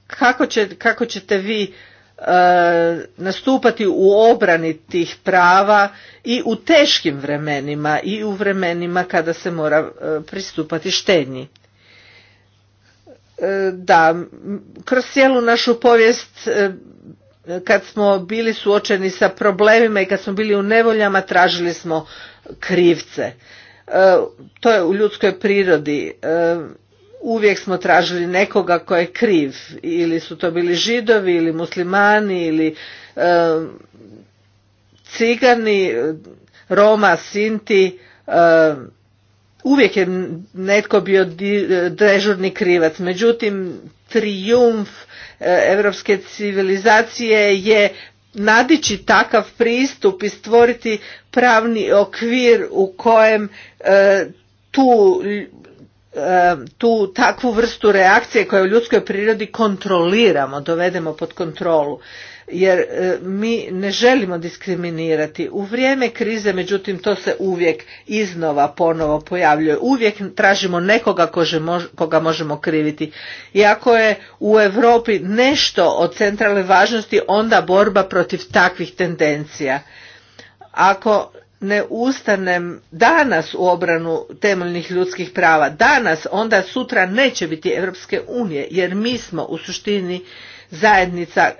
kako, će, kako ćete vi E, nastupati u obrani tih prava i u teškim vremenima i u vremenima kada se mora e, pristupati štenji. E, da, kroz cijelu našu povijest kad smo bili suočeni sa problemima i kad smo bili u nevoljama tražili smo krivce. To je u ljudskoj prirodi uvijek smo tražili nekoga ko je kriv ili su to bili židovi ili muslimani ili cigani roma sinti e, uvijek je netko bio dežurni krivac međutim trijumf europske civilizacije je nadići takav pristup i stvoriti pravni okvir u kojem e, tu E, tu takvu vrstu reakcije koja u ljudskoj prirodi kontroliramo, dovedemo pod kontrolu. Jer e, mi ne želimo diskriminirati. U vrijeme krize, međutim, to se uvijek iznova ponovo pojavljuje. Uvijek tražimo nekoga koga možemo kriviti. I ako je u Europi nešto od centralne važnosti, onda borba protiv takvih tendencija. Ako ne ustanem danas u obranu temeljnih ljudskih prava, danas, onda sutra neće biti Europske unije, jer mi smo u suštini zajednica e,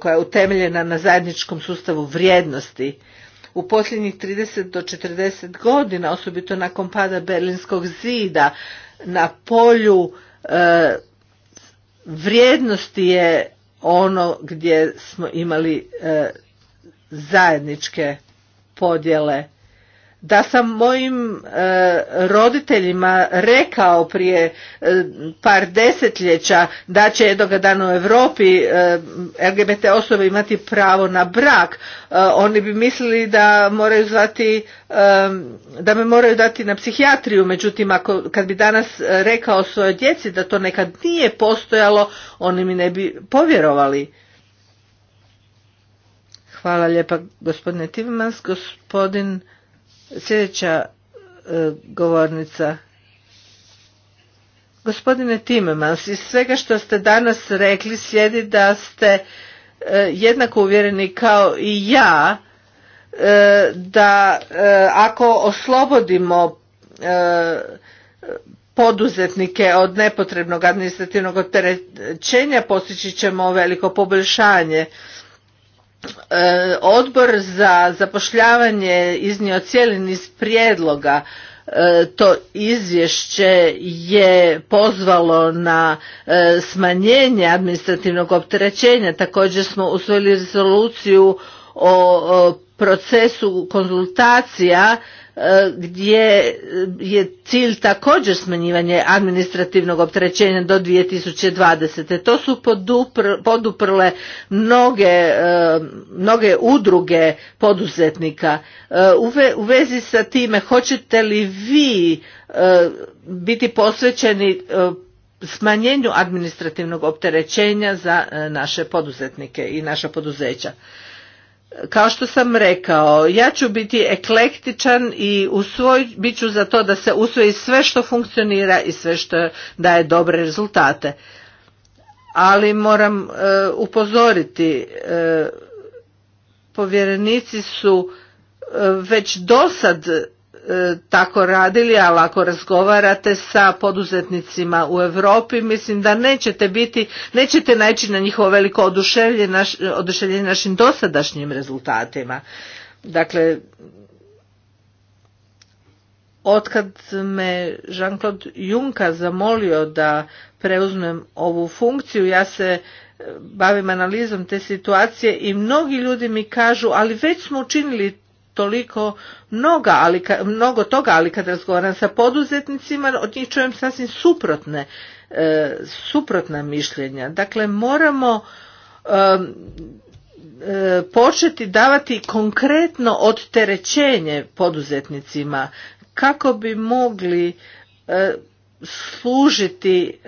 koja je utemeljena na zajedničkom sustavu vrijednosti. U posljednjih 30 do 40 godina, osobito nakon pada Berlinskog zida, na polju e, vrijednosti je ono gdje smo imali e, zajedničke podjele. Da sam mojim e, roditeljima rekao prije e, par desetljeća da će jednog dana u Europi e, LGBT osobe imati pravo na brak, oni bi mislili da moraju zvati, da me moraju dati na psihijatriju, međutim ako kad bi danas rekao svojoj djeci da to nekad nije postojalo, oni mi ne bi povjerovali. Hvala lijepa gospodine Timmermans. Gospodin, sljedeća e, govornica. Gospodine Timemans, iz svega što ste danas rekli slijedi da ste e, jednako uvjereni kao i ja e, da ako oslobodimo poduzetnike od nepotrebnog administrativnog opterećenja postići ćemo veliko poboljšanje E, odbor za zapošljavanje iznio cijeli niz prijedloga e, to izvješće je pozvalo na e, smanjenje administrativnog opterećenja također smo usvojili rezoluciju o procesu konzultacija e, gdje e, je cilj također smanjivanje administrativnog opterećenja do 2020. To su poduprle mnoge, e, mnoge udruge poduzetnika. U vezi sa time hoćete li vi biti posvećeni smanjenju administrativnog opterećenja za naše poduzetnike i naša poduzeća? kao što sam rekao, ja ću biti eklektičan i usvoj, bit ću za to da se usvoji sve što funkcionira i sve što daje dobre rezultate. Ali moram e, upozoriti, e, povjerenici su e, već dosad E, tako radili, ali ako razgovarate sa poduzetnicima u Europi, mislim da nećete biti, nećete naći na njihovo veliko oduševljenje, naš, oduševljenje našim dosadašnjim rezultatima. Dakle, otkad me Jean-Claude Juncker zamolio da preuzmem ovu funkciju, ja se e, bavim analizom te situacije i mnogi ljudi mi kažu, ali već smo učinili toliko mnoga, ali, mnogo toga, ali kad razgovaram sa poduzetnicima, od njih čujem sasvim suprotne, e, suprotna mišljenja. Dakle, moramo e, početi davati konkretno odterećenje poduzetnicima kako bi mogli e, služiti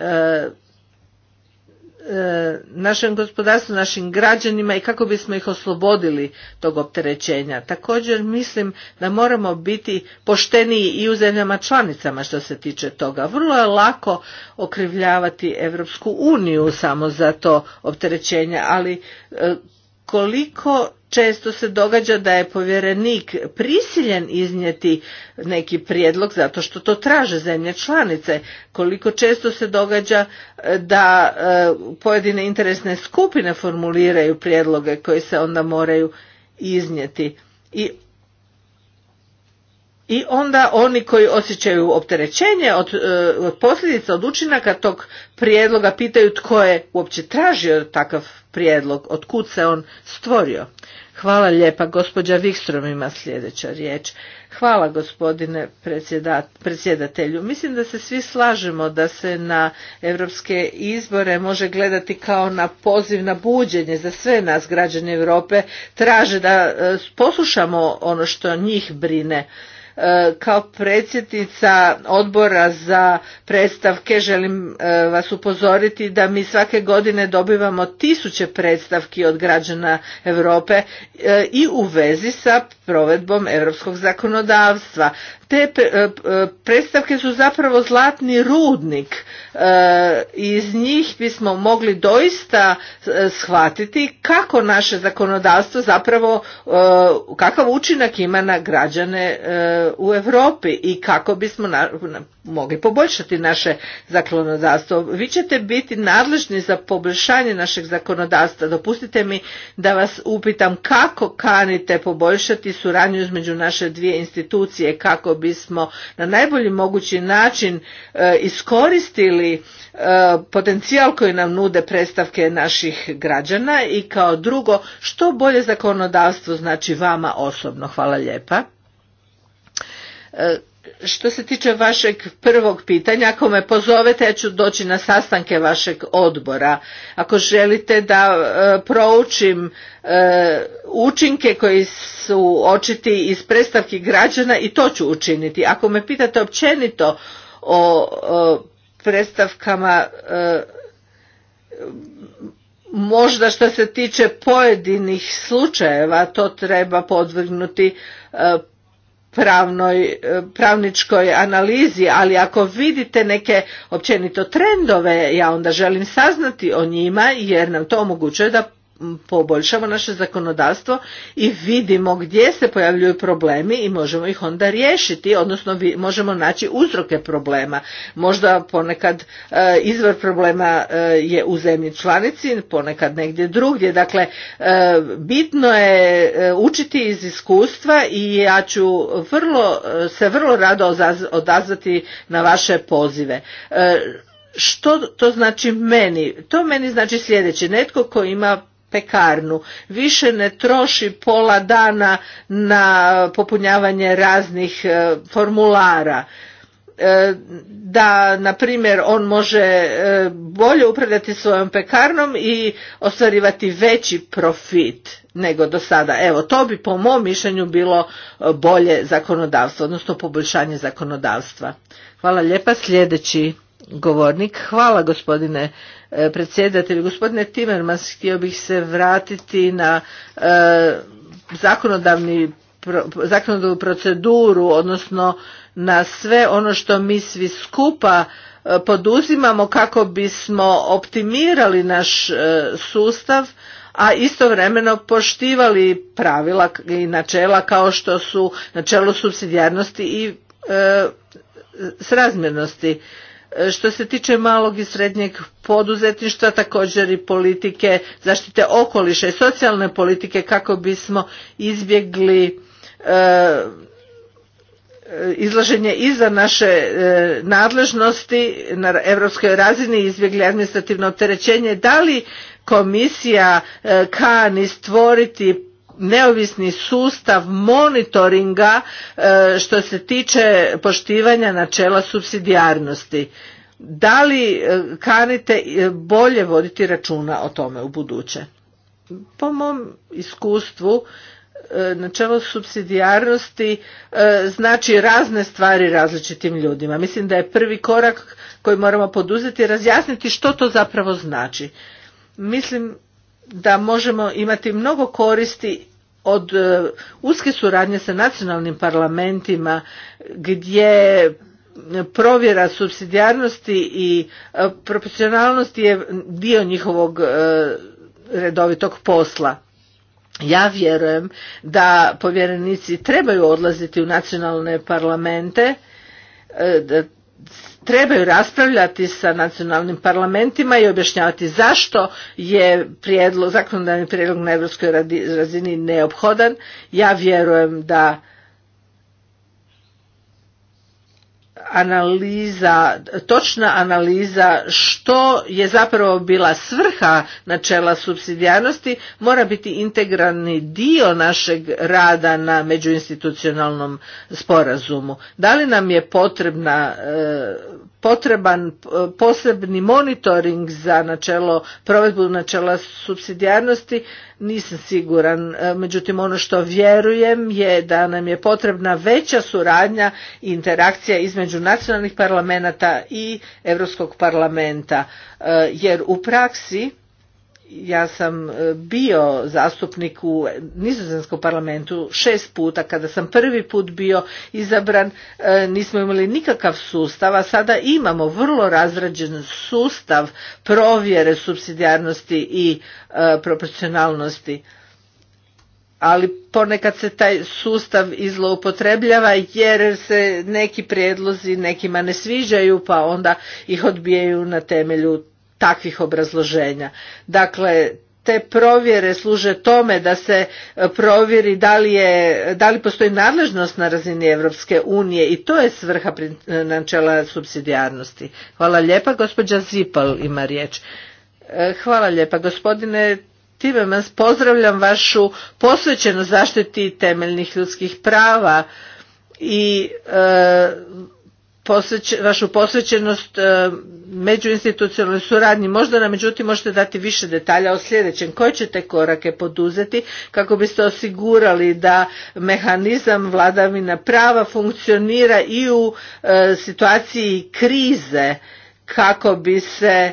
E, našem gospodarstvu, našim građanima i kako bismo ih oslobodili tog opterećenja. Također mislim da moramo biti pošteniji i u zemljama članicama što se tiče toga. Vrlo je lako okrivljavati Europsku uniju samo za to opterećenje, ali e, koliko često se događa da je povjerenik prisiljen iznijeti neki prijedlog zato što to traže zemlje članice koliko često se događa e, da e, pojedine interesne skupine formuliraju prijedloge koji se onda moraju iznijeti i i onda oni koji osjećaju opterećenje od, e, od posljedica, od učinaka tog prijedloga, pitaju tko je uopće tražio takav prijedlog, od kud se on stvorio. Hvala lijepa, gospođa Vikstrom ima sljedeća riječ. Hvala gospodine predsjedatelju. Mislim da se svi slažemo da se na europske izbore može gledati kao na poziv na buđenje za sve nas građane Europe. Traže da e, poslušamo ono što njih brine E, kao predsjednica odbora za predstavke želim e, vas upozoriti da mi svake godine dobivamo tisuće predstavki od građana Europe e, i u vezi sa provedbom europskog zakonodavstva. Te predstavke su zapravo zlatni rudnik. Iz njih bismo mogli doista shvatiti kako naše zakonodavstvo zapravo, kakav učinak ima na građane u Europi i kako bismo mogli poboljšati naše zakonodavstvo. Vi ćete biti nadležni za poboljšanje našeg zakonodavstva. Dopustite mi da vas upitam kako kanite poboljšati suradnju između naše dvije institucije kako bismo na najbolji mogući način e, iskoristili e, potencijal koji nam nude predstavke naših građana i kao drugo što bolje zakonodavstvo znači vama osobno. Hvala lijepa. E, što se tiče vašeg prvog pitanja, ako me pozovete, ja ću doći na sastanke vašeg odbora. Ako želite da e, proučim e, učinke koji su očiti iz predstavki građana i to ću učiniti. Ako me pitate općenito o, predstavkama možda što se tiče pojedinih slučajeva to treba podvrgnuti pravnoj, e, pravničkoj analizi, ali ako vidite neke općenito trendove, ja onda želim saznati o njima jer nam to omogućuje da poboljšamo naše zakonodavstvo i vidimo gdje se pojavljuju problemi i možemo ih onda riješiti, odnosno možemo naći uzroke problema. Možda ponekad e, izvor problema e, je u zemlji članici, ponekad negdje drugdje. Dakle, e, bitno je učiti iz iskustva i ja ću vrlo, se vrlo rado odazvati na vaše pozive. Što to znači meni? To meni znači sljedeće. Netko ko ima pekarnu više ne troši pola dana na popunjavanje raznih e, formulara e, da na primjer on može e, bolje upravljati svojom pekarnom i ostvarivati veći profit nego do sada. Evo to bi po mom mišljenju bilo bolje zakonodavstvo, odnosno poboljšanje zakonodavstva. Hvala lijepa sljedeći govornik. Hvala gospodine E, predsjedatelju. Gospodine Timmermans, htio bih se vratiti na e, zakonodavni zakonodavnu proceduru, odnosno na sve ono što mi svi skupa e, poduzimamo kako bismo optimirali naš sustav, a istovremeno poštivali pravila i načela kao što su načelo subsidijarnosti i srazmjernosti. Što se tiče malog i srednjeg poduzetništva, također i politike zaštite okoliša i socijalne politike kako bismo izbjegli e, izlaženje iza naše e, nadležnosti na europskoj razini i izbjegli administrativno opterećenje. Da li komisija e, kani stvoriti neovisni sustav monitoringa e, što se tiče poštivanja načela subsidijarnosti. Da li e, kanite e, bolje voditi računa o tome u buduće? Po mom iskustvu načelo subsidijarnosti znači razne stvari različitim ljudima. Mislim da je prvi korak koji moramo poduzeti razjasniti što to zapravo znači. Mislim da možemo imati mnogo koristi od e, uske suradnje sa nacionalnim parlamentima gdje provjera subsidijarnosti i e, proporcionalnosti je dio njihovog e, redovitog posla. Ja vjerujem da povjerenici trebaju odlaziti u nacionalne parlamente, da trebaju raspravljati sa nacionalnim parlamentima i objašnjavati zašto je prijedlog, zakonodavni prijedlog na europskoj razini neophodan. Ja vjerujem da analiza, točna analiza što je zapravo bila svrha načela subsidijarnosti mora biti integralni dio našeg rada na međuinstitucionalnom sporazumu. Da li nam je potrebna, e, potreban e, posebni monitoring za načelo, provedbu načela subsidijarnosti? nisam siguran. E, međutim, ono što vjerujem je da nam je potrebna veća suradnja i interakcija između nacionalnih parlamenta i Europskog parlamenta, e, jer u praksi ja sam e, bio zastupnik u nizozemskom parlamentu šest puta. Kada sam prvi put bio izabran e, nismo imali nikakav sustav, a sada imamo vrlo razrađen sustav provjere subsidijarnosti i e, proporcionalnosti. Ali ponekad se taj sustav izloupotrebljava jer se neki prijedlozi nekima ne sviđaju pa onda ih odbijaju na temelju takvih obrazloženja. Dakle, te provjere služe tome da se e, provjeri da li, je, da li postoji nadležnost na razini Europske unije i to je svrha e, načela subsidijarnosti. Hvala lijepa, gospođa Zipal ima riječ. E, hvala lijepa, gospodine Timemans, pozdravljam vašu posvećenost zaštiti temeljnih ljudskih prava i vašu posvećenost e, međuinstitucionalnoj suradnji. Možda nam međutim možete dati više detalja o sljedećem. Koje ćete korake poduzeti kako biste osigurali da mehanizam vladavina prava funkcionira i u e, situaciji krize kako bi se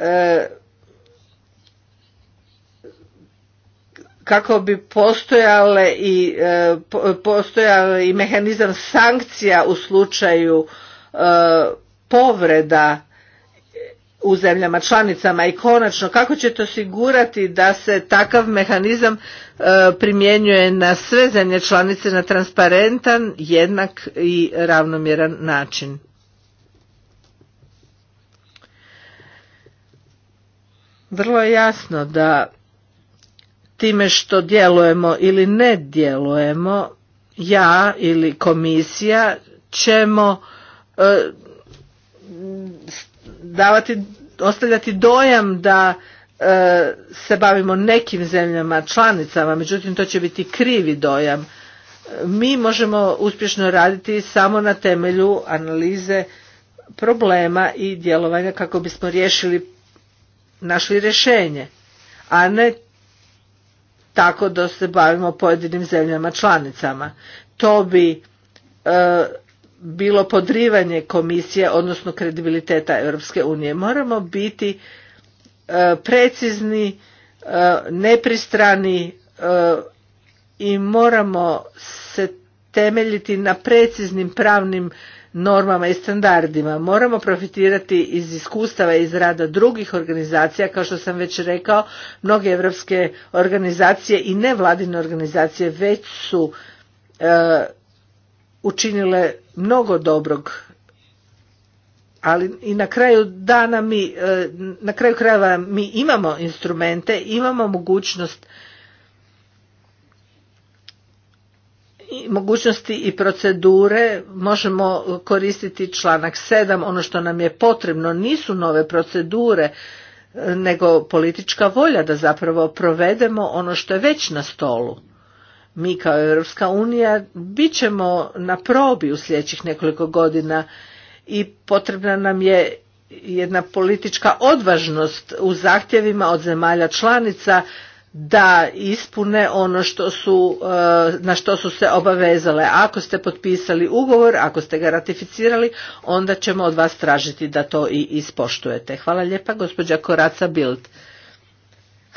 e, kako bi postojale i e, postojao i mehanizam sankcija u slučaju e, povreda u zemljama članicama i konačno kako ćete osigurati da se takav mehanizam e, primjenjuje na sve zemlje članice na transparentan, jednak i ravnomjeran način. Vrlo je jasno da time što djelujemo ili ne djelujemo, ja ili komisija ćemo e, davati, ostavljati dojam da e, se bavimo nekim zemljama članicama, međutim to će biti krivi dojam. Mi možemo uspješno raditi samo na temelju analize problema i djelovanja kako bismo riješili, našli rješenje, a ne tako da se bavimo pojedinim zemljama članicama. To bi e, bilo podrivanje komisije, odnosno kredibiliteta Europske unije. Moramo biti e, precizni, e, nepristrani i moramo se temeljiti na preciznim pravnim normama i standardima. Moramo profitirati iz iskustava iz rada drugih organizacija, kao što sam već rekao, mnoge evropske organizacije i nevladine organizacije već su e, učinile mnogo dobrog ali i na kraju dana mi, e, na kraju krajeva mi imamo instrumente, imamo mogućnost mogućnosti i procedure možemo koristiti članak 7. Ono što nam je potrebno nisu nove procedure, nego politička volja da zapravo provedemo ono što je već na stolu. Mi kao Europska unija bit ćemo na probi u sljedećih nekoliko godina i potrebna nam je jedna politička odvažnost u zahtjevima od zemalja članica da ispune ono što su, eh, na što su se obavezale. Ako ste potpisali ugovor, ako ste ga ratificirali, onda ćemo od vas tražiti da to i ispoštujete. Hvala lijepa, gospođa Koraca Bild.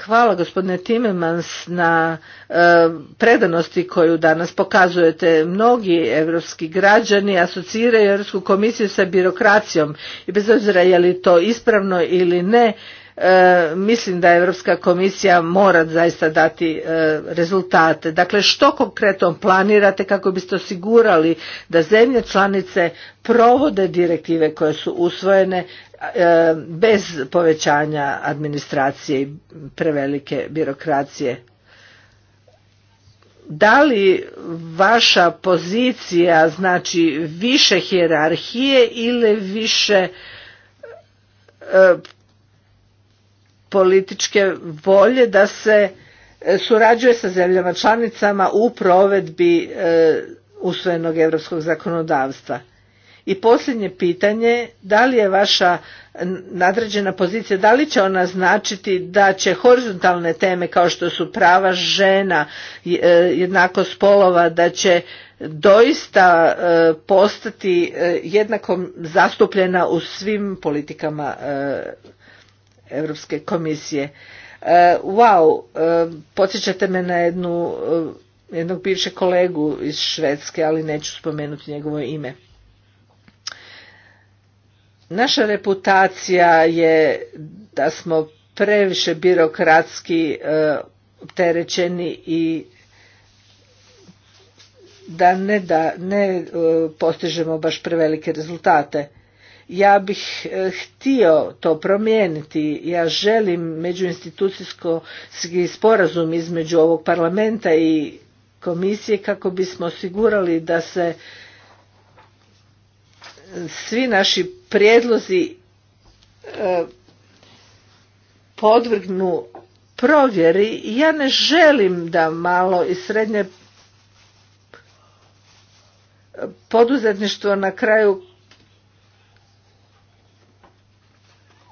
Hvala gospodine Timemans na eh, predanosti koju danas pokazujete. Mnogi europski građani asociraju Europsku komisiju sa birokracijom i bez obzira je li to ispravno ili ne, E, mislim da Europska komisija mora zaista dati e, rezultate. Dakle, što konkretno planirate kako biste osigurali da zemlje članice provode direktive koje su usvojene e, bez povećanja administracije i prevelike birokracije? da li vaša pozicija znači više hijerarhije ili više političke volje da se e, surađuje sa zemljama članicama u provedbi e, usvojenog europskog zakonodavstva. I posljednje pitanje, da li je vaša nadređena pozicija, da li će ona značiti da će horizontalne teme kao što su prava žena, e, jednakost spolova, da će doista postati jednako zastupljena u svim politikama Europske komisije. E, wow, e, podsjećate me na jednu, e, jednog bivšeg kolegu iz Švedske, ali neću spomenuti njegovo ime. Naša reputacija je da smo previše birokratski opterećeni i da ne da ne postižemo baš prevelike rezultate ja bih e, htio to promijeniti. Ja želim međuinstitucijski sporazum između ovog parlamenta i komisije kako bismo osigurali da se svi naši prijedlozi e, podvrgnu provjeri. Ja ne želim da malo i srednje poduzetništvo na kraju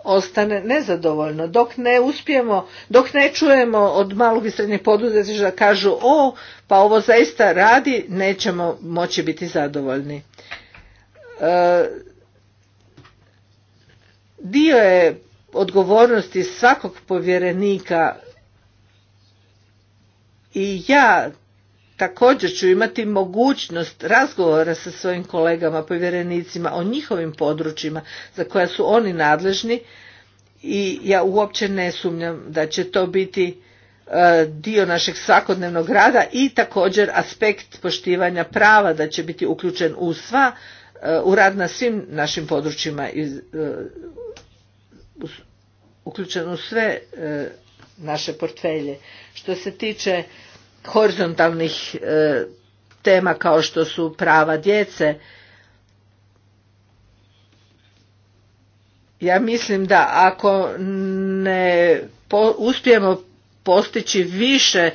ostane nezadovoljno. Dok ne uspijemo, dok ne čujemo od malog i srednjeg poduzeća da kažu o, pa ovo zaista radi, nećemo moći biti zadovoljni. E, dio je odgovornosti svakog povjerenika i ja također ću imati mogućnost razgovora sa svojim kolegama povjerenicima o njihovim područjima za koja su oni nadležni i ja uopće ne sumnjam da će to biti e, dio našeg svakodnevnog rada i također aspekt poštivanja prava da će biti uključen u sva e, u rad na svim našim područjima e, uključen u sve naše portfelje što se tiče horizontalnih e, tema kao što su prava djece. Ja mislim da ako ne uspijemo postići više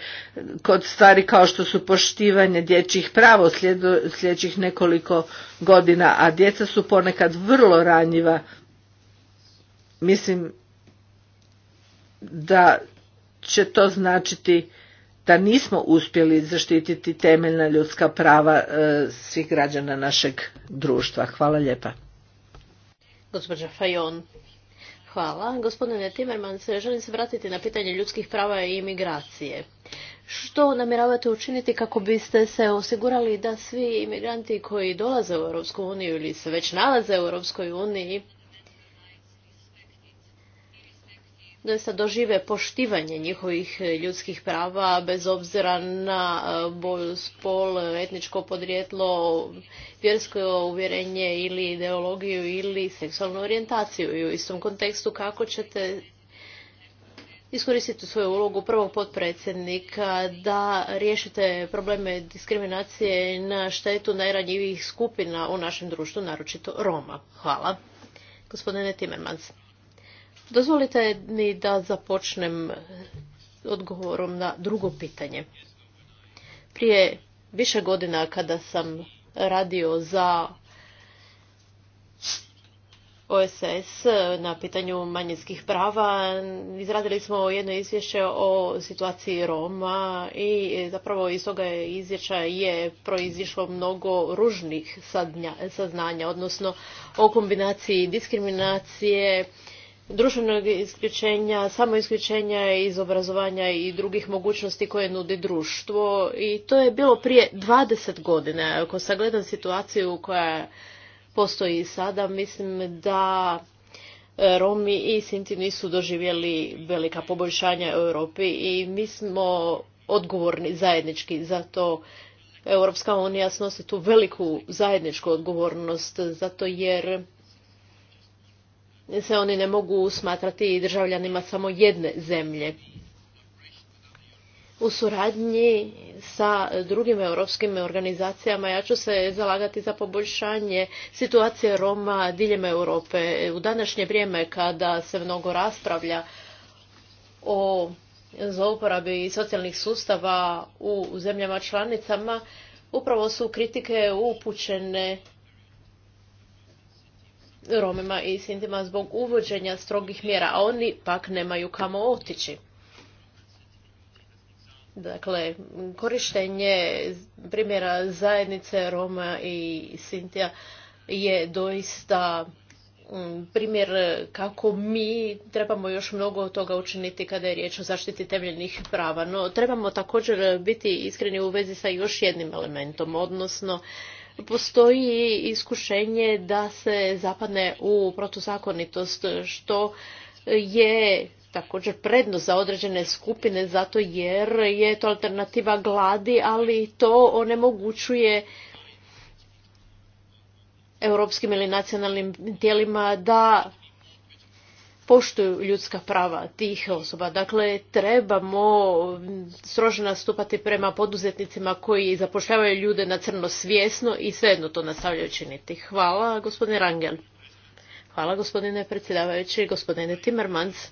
kod stvari kao što su poštivanje dječjih prava u sljedećih nekoliko godina, a djeca su ponekad vrlo ranjiva. Mislim da će to značiti da nismo uspjeli zaštititi temeljna ljudska prava e, svih građana našeg društva. Hvala lijepa. Gospođa Fajon. Hvala. Gospodine se želim se vratiti na pitanje ljudskih prava i imigracije. Što namjeravate učiniti kako biste se osigurali da svi imigranti koji dolaze u Europsku uniju ili se već nalaze u Europskoj uniji doista dožive poštivanje njihovih e, ljudskih prava bez obzira na e, spol, etničko podrijetlo, vjersko uvjerenje ili ideologiju ili seksualnu orijentaciju. I u istom kontekstu kako ćete iskoristiti svoju ulogu prvog potpredsjednika da riješite probleme diskriminacije na štetu najranjivijih skupina u našem društvu, naročito Roma. Hvala. Gospodine Timmermans. Dozvolite mi da započnem odgovorom na drugo pitanje. Prije više godina kada sam radio za OSS na pitanju manjinskih prava. Izradili smo jedno izvješće o situaciji Roma i zapravo iz toga izvješća je proizišlo mnogo ružnih saznanja, odnosno o kombinaciji diskriminacije, društvenog isključenja, samo isključenja iz obrazovanja i drugih mogućnosti koje nudi društvo. I to je bilo prije 20 godina. Ako sagledam situaciju koja postoji sada, mislim da e, Romi i Sinti nisu doživjeli velika poboljšanja u Europi i mi smo odgovorni zajednički za to. Europska unija snosi tu veliku zajedničku odgovornost zato jer se oni ne mogu smatrati državljanima samo jedne zemlje. U suradnji sa drugim europskim organizacijama ja ću se zalagati za poboljšanje situacije Roma diljem Europe. U današnje vrijeme kada se mnogo raspravlja o zlouporabi socijalnih sustava u zemljama članicama, upravo su kritike upućene Romima i Sintima zbog uvođenja strogih mjera, a oni pak nemaju kamo otići. Dakle, korištenje primjera zajednice Roma i Sintija je doista mm, primjer kako mi trebamo još mnogo toga učiniti kada je riječ o zaštiti temeljnih prava. No, trebamo također biti iskreni u vezi sa još jednim elementom, odnosno postoji iskušenje da se zapadne u protuzakonitost, što je također prednost za određene skupine, zato jer je to alternativa gladi, ali to onemogućuje europskim ili nacionalnim tijelima da poštuju ljudska prava tih osoba. Dakle, trebamo mm, strože nastupati prema poduzetnicima koji zapošljavaju ljude na crno svjesno i svejedno to nastavljaju činiti. Hvala, gospodine Rangel. Hvala, gospodine predsjedavajući, gospodine Timmermans.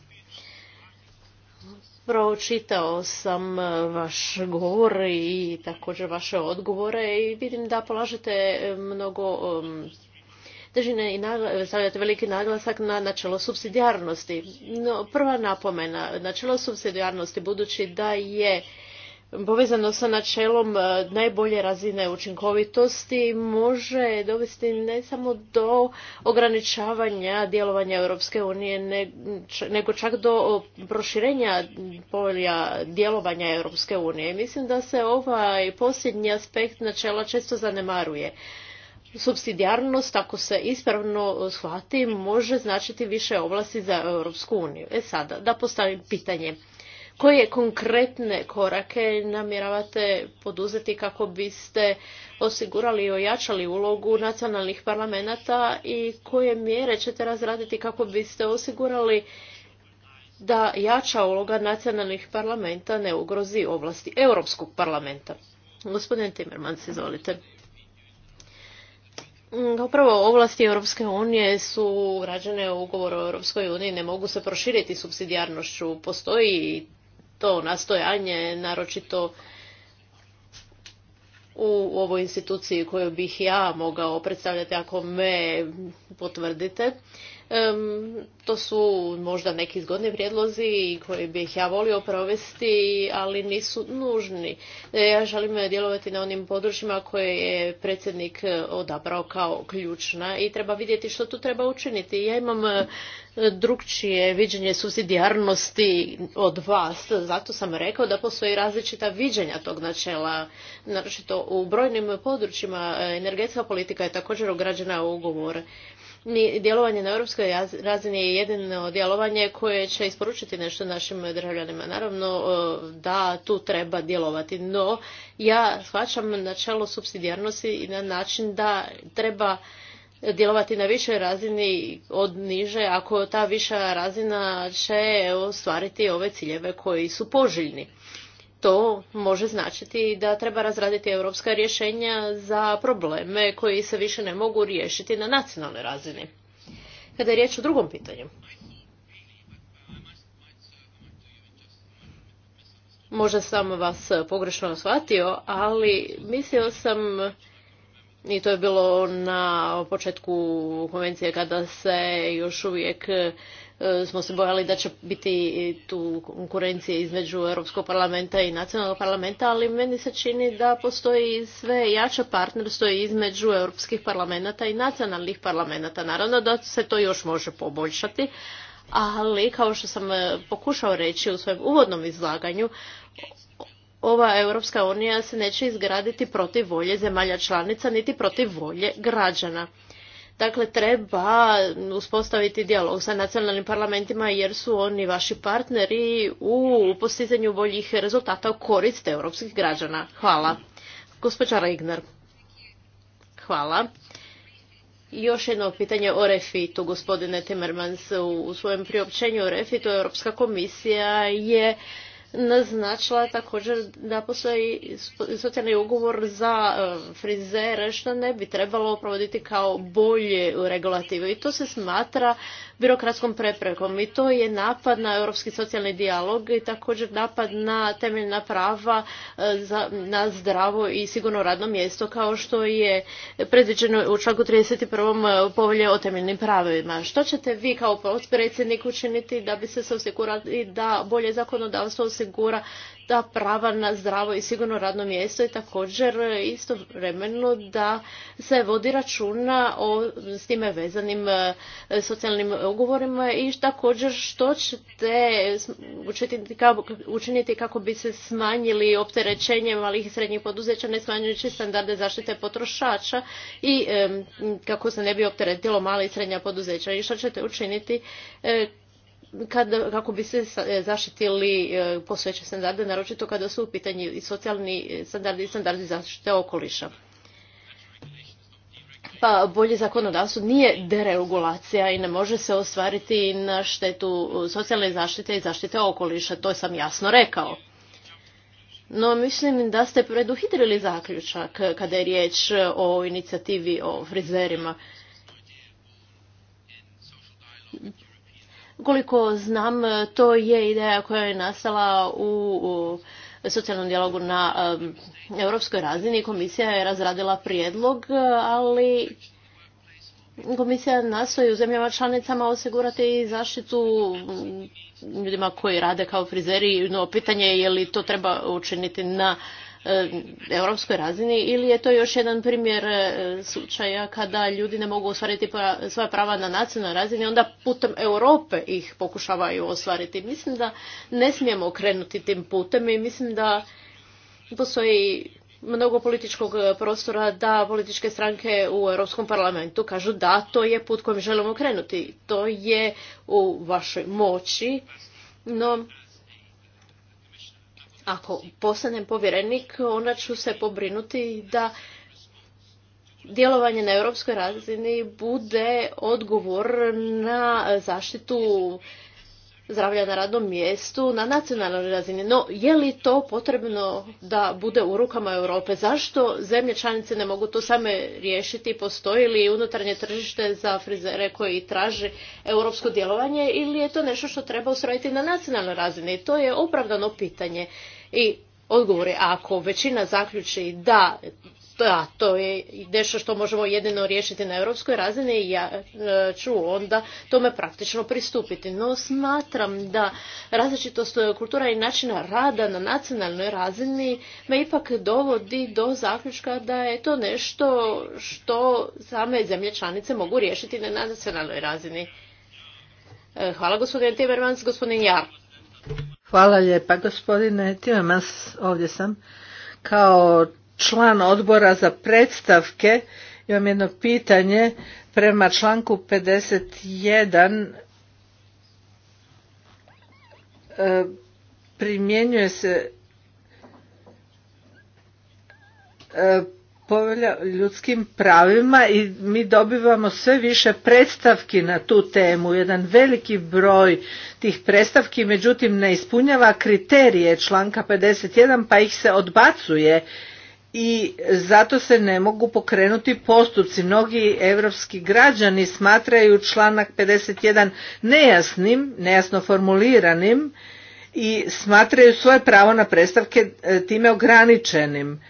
Pročitao sam e, vaš govor i također vaše odgovore i vidim da polažete mnogo mm, težine i stavljate veliki naglasak na načelo supsidijarnosti. No, prva napomena, načelo supsidijarnosti budući da je povezano sa načelom e, najbolje razine učinkovitosti može dovesti ne samo do ograničavanja djelovanja Europske unije nego čak do proširenja polja djelovanja Europske unije. Mislim da se ovaj posljednji aspekt načela često zanemaruje subsidijarnost, ako se ispravno e, shvati, može značiti više ovlasti za Europsku uniju. E sada, da postavim pitanje. Koje konkretne korake namjeravate poduzeti kako biste osigurali i ojačali ulogu nacionalnih parlamenta i koje mjere ćete razraditi kako biste osigurali da jača uloga nacionalnih parlamenta ne ugrozi ovlasti Europskog parlamenta? Gospodin Timmermans, izvolite. Upravo mm, ovlasti Europske unije su rađene u ugovoru o Europskoj uniji, ne mogu se proširiti subsidijarnošću. Postoji to nastojanje, naročito u ovoj instituciji koju bih ja mogao predstavljati ako me potvrdite. To su možda neki zgodni prijedlozi koji bih ja volio provesti, ali nisu nužni. E, ja želim djelovati na onim područjima koje je predsjednik odabrao kao ključna i treba vidjeti što tu treba učiniti. Ja imam e, drugčije viđenje subsidijarnosti od vas, zato sam rekao da postoji različita viđenja tog načela, naročito u brojnim područjima energetska politika je također ugrađena u ugovor djelovanje na europskoj razini je jedino djelovanje koje će isporučiti nešto našim državljanima. Naravno e, da tu treba djelovati, no ja shvaćam načelo subsidijarnosti i na način da treba djelovati na višoj razini od niže ako ta viša razina će ostvariti ove ciljeve koji su poželjni to može značiti da treba razraditi europska rješenja za probleme koji se više ne mogu riješiti na nacionalnoj razini. Kada je riječ o drugom pitanju, možda sam vas pogrešno shvatio, ali mislio sam i to je bilo na početku konvencije kada se još uvijek E, smo se bojali da će biti tu konkurencije između Europskog parlamenta i nacionalnog parlamenta, ali meni se čini da postoji sve jače partnerstvo između Europskih parlamenta i nacionalnih parlamenta. Naravno da se to još može poboljšati, ali kao što sam e, pokušao reći u svojem uvodnom izlaganju, ova Europska unija se neće izgraditi protiv volje zemalja članica niti protiv volje građana. Dakle, treba uspostaviti dijalog sa nacionalnim parlamentima jer su oni vaši partneri u postizanju boljih rezultata u korist europskih građana. Hvala. Gospođa Regner. Hvala. Još jedno pitanje o refitu, gospodine Timmermans. U svojem priopćenju o refitu Europska komisija je naznačila također da postoji socijalni ugovor za e, frizere što ne bi trebalo provoditi kao bolje u regulativu i to se smatra birokratskom preprekom i to je napad na europski socijalni dijalog i također napad na temeljna prava e, na zdravo i sigurno radno mjesto kao što je predviđeno u članku 31. povelje o temeljnim pravima. Što ćete vi kao predsjednik učiniti da bi se osigurali da bolje zakonodavstvo osigura da prava na zdravo i sigurno radno mjesto i također istovremeno da se vodi računa o s time vezanim e, socijalnim ugovorima i također što ćete učiniti kako bi se smanjili opterećenje malih i srednjih poduzeća ne smanjujući standarde zaštite potrošača i kako se ne bi opteretilo mala i srednja poduzeća i što ćete učiniti e, kako bi se e, zaštitili e, postojeće standarde, naročito kada su u pitanju i socijalni standardi i standardi zaštite okoliša. Pa bolje zakonodavstvo nije deregulacija i ne može se ostvariti na štetu socijalne zaštite i zaštite okoliša, to sam jasno rekao. No mislim da ste preduhitrili zaključak kada je riječ o inicijativi o frizerima. Koliko znam, to je ideja koja je nastala u socijalnom dijalogu na europskoj razini. Komisija je razradila prijedlog, ali komisija nastoji u zemljama članicama osigurati zaštitu ljudima koji rade kao frizeri, no pitanje je li to treba učiniti na E, europskoj razini ili je to još jedan primjer e, slučaja kada ljudi ne mogu ostvariti svoja prava na nacionalnoj razini onda putem Europe ih pokušavaju ostvariti. Mislim da ne smijemo krenuti tim putem i mislim da postoji mnogo političkog prostora da političke stranke u Europskom parlamentu kažu da to je put kojim želimo krenuti. To je u vašoj moći, no ako postanem povjerenik, onda ću se pobrinuti da djelovanje na europskoj razini bude odgovor na zaštitu zdravlja na radnom mjestu na nacionalnoj razini. No, je li to potrebno da bude u rukama Europe? Zašto zemlje članice ne mogu to same riješiti? Postoji li unutarnje tržište za frizere koji traži europsko djelovanje ili je to nešto što treba ustrojiti na nacionalnoj razini? To je opravdano pitanje i odgovor je ako većina zaključi da, to je nešto što možemo jedino riješiti na europskoj razini, ja e, ću onda tome praktično pristupiti. No smatram da različitost kultura i načina rada na nacionalnoj razini me ipak dovodi do zaključka da je to nešto što same zemlje članice mogu riješiti na nacionalnoj razini. E, hvala gospodine Timmermans, gospodin Jar. Hvala lijepa gospodine Timemans, ovdje sam. Kao član odbora za predstavke imam jedno pitanje prema članku 51 e, primjenjuje se e, povelja ljudskim pravima i mi dobivamo sve više predstavki na tu temu. Jedan veliki broj tih predstavki međutim ne ispunjava kriterije članka 51 pa ih se odbacuje i zato se ne mogu pokrenuti postupci. Mnogi europski građani smatraju članak 51 nejasnim, nejasno formuliranim i smatraju svoje pravo na predstavke e, time ograničenim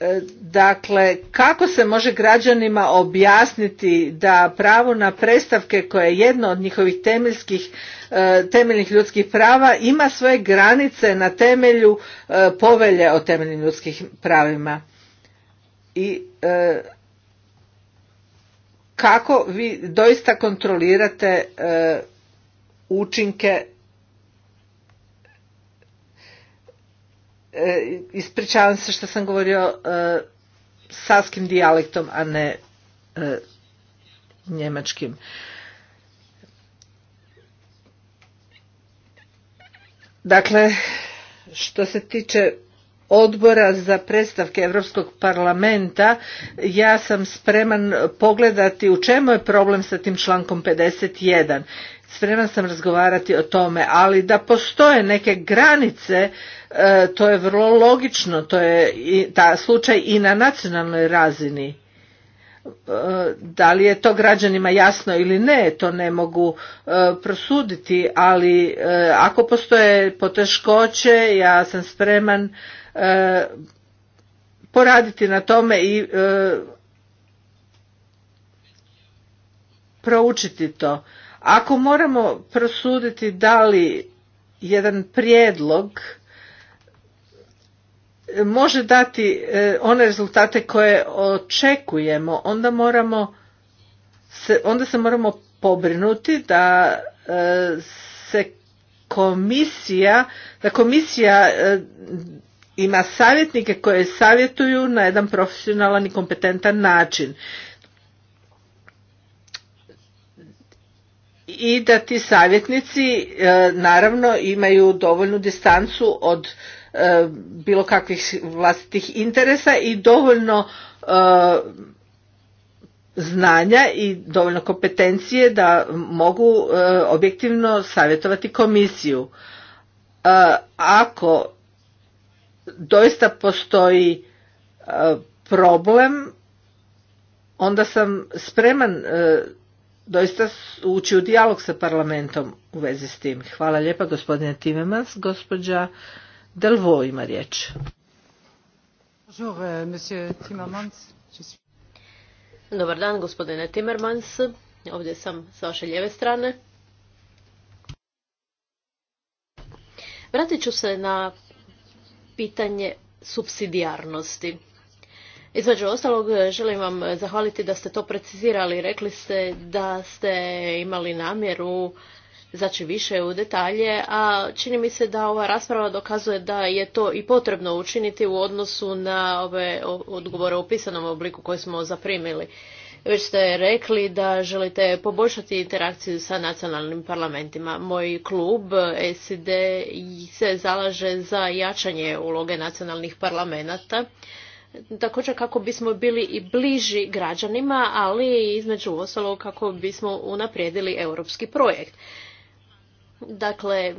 E, dakle, kako se može građanima objasniti da pravo na predstavke koje je jedno od njihovih e, temeljnih ljudskih prava ima svoje granice na temelju e, povelje o temeljnim ljudskim pravima? I kako vi doista kontrolirate učinke E, ispričavam se što sam govorio e, saskim dijalektom, a ne e, njemačkim. Dakle, što se tiče odbora za predstavke Europskog parlamenta, ja sam spreman pogledati u čemu je problem sa tim člankom 51 spreman sam razgovarati o tome, ali da postoje neke granice, e, to je vrlo logično, to je ta slučaj i na nacionalnoj razini. E, da li je to građanima jasno ili ne, to ne mogu e, prosuditi, ali ako postoje poteškoće, ja sam spreman poraditi na tome i proučiti to ako moramo prosuditi da li jedan prijedlog e, može dati e, one rezultate koje očekujemo, onda moramo se, onda se moramo pobrinuti da e, se komisija, da komisija ima savjetnike koje savjetuju na jedan profesionalan i kompetentan način. i da ti savjetnici e, naravno imaju dovoljnu distancu od e, bilo kakvih vlastitih interesa i dovoljno e, znanja i dovoljno kompetencije da mogu objektivno savjetovati komisiju. Ako doista postoji problem, onda sam spreman doista ući u dijalog sa parlamentom u vezi s tim. Hvala lijepa gospodine Timemans. Gospođa Delvo ima riječ. Euh, Dobar dan, gospodine Timmermans. Ovdje sam sa vaše lijeve strane. Vratit ću se na pitanje subsidijarnosti. Između ostalog, e, želim vam zahvaliti da ste to precizirali. Rekli ste da ste imali namjeru zaći više u detalje, a čini mi se da ova rasprava dokazuje da je to i potrebno učiniti u odnosu na ove odgovore u pisanom obliku koje smo zaprimili. Već ste rekli da želite poboljšati interakciju sa nacionalnim parlamentima. Moj klub SID se zalaže za jačanje uloge nacionalnih parlamenta također kako bismo bili i bliži građanima, ali između ostalog kako bismo unaprijedili europski projekt. Dakle,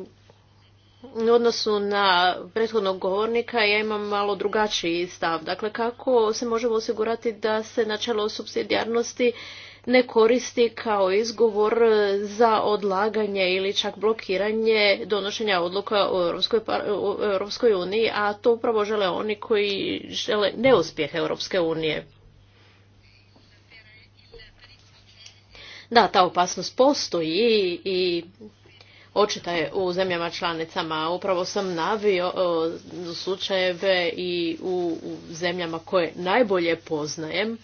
u odnosu na prethodnog govornika ja imam malo drugačiji stav. Dakle, kako se možemo osigurati da se načelo supsidijarnosti ne koristi kao izgovor za odlaganje ili čak blokiranje donošenja odluka u Europskoj, uniji, a to upravo žele oni koji žele neuspjeh Europske unije. Da, ta opasnost postoji i očita je u zemljama članicama. Upravo sam navio e, slučajeve i u zemljama koje najbolje poznajem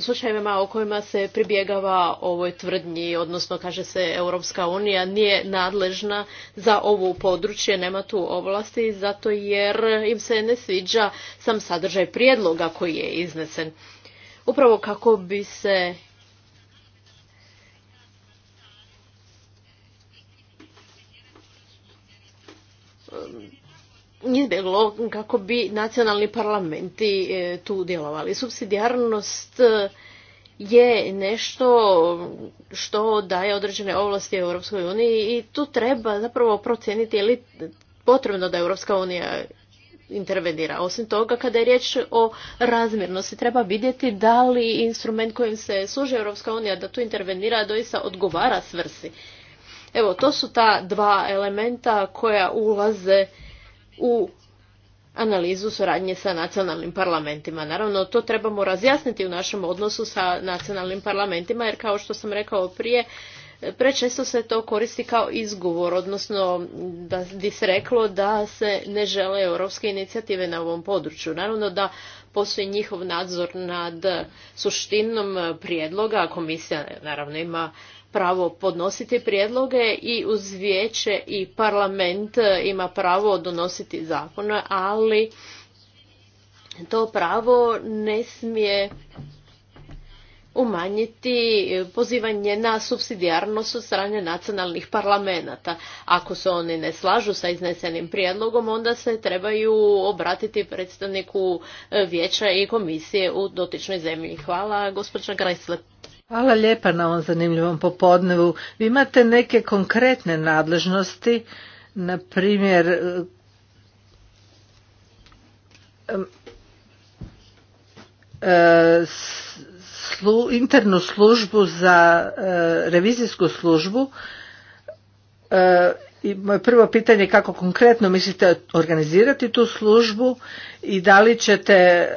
slučajevima o kojima se pribjegava ovoj tvrdnji, odnosno kaže se Europska unija nije nadležna za ovo područje, nema tu ovlasti, zato jer im se ne sviđa sam sadržaj prijedloga koji je iznesen. Upravo kako bi se izbjeglo kako bi nacionalni parlamenti e, tu djelovali. Subsidijarnost e, je nešto što daje određene ovlasti Europskoj uniji i tu treba zapravo procijeniti je li potrebno da Europska unija intervenira. Osim toga, kada je riječ o razmjernosti, treba vidjeti da li instrument kojim se služi Europska unija da tu intervenira doista odgovara svrsi. Evo, to su ta dva elementa koja ulaze u analizu suradnje sa nacionalnim parlamentima. Naravno, to trebamo razjasniti u našem odnosu sa nacionalnim parlamentima, jer kao što sam rekao prije, prečesto se to koristi kao izgovor, odnosno da bi se reklo da se ne žele europske inicijative na ovom području. Naravno da postoji njihov nadzor nad suštinom prijedloga, komisija naravno ima pravo podnositi prijedloge i uz vijeće i parlament ima pravo donositi zakone, ali to pravo ne smije umanjiti pozivanje na subsidijarnost od strane nacionalnih parlamenata. Ako se oni ne slažu sa iznesenim prijedlogom, onda se trebaju obratiti predstavniku e, vijeća i komisije u dotičnoj zemlji. Hvala, gospođa Grajsle. Hvala lijepa na ovom zanimljivom popodnevu. Vi imate neke konkretne nadležnosti, na primjer e, internu službu za e, revizijsku službu e, i moje prvo pitanje je kako konkretno mislite organizirati tu službu i da li ćete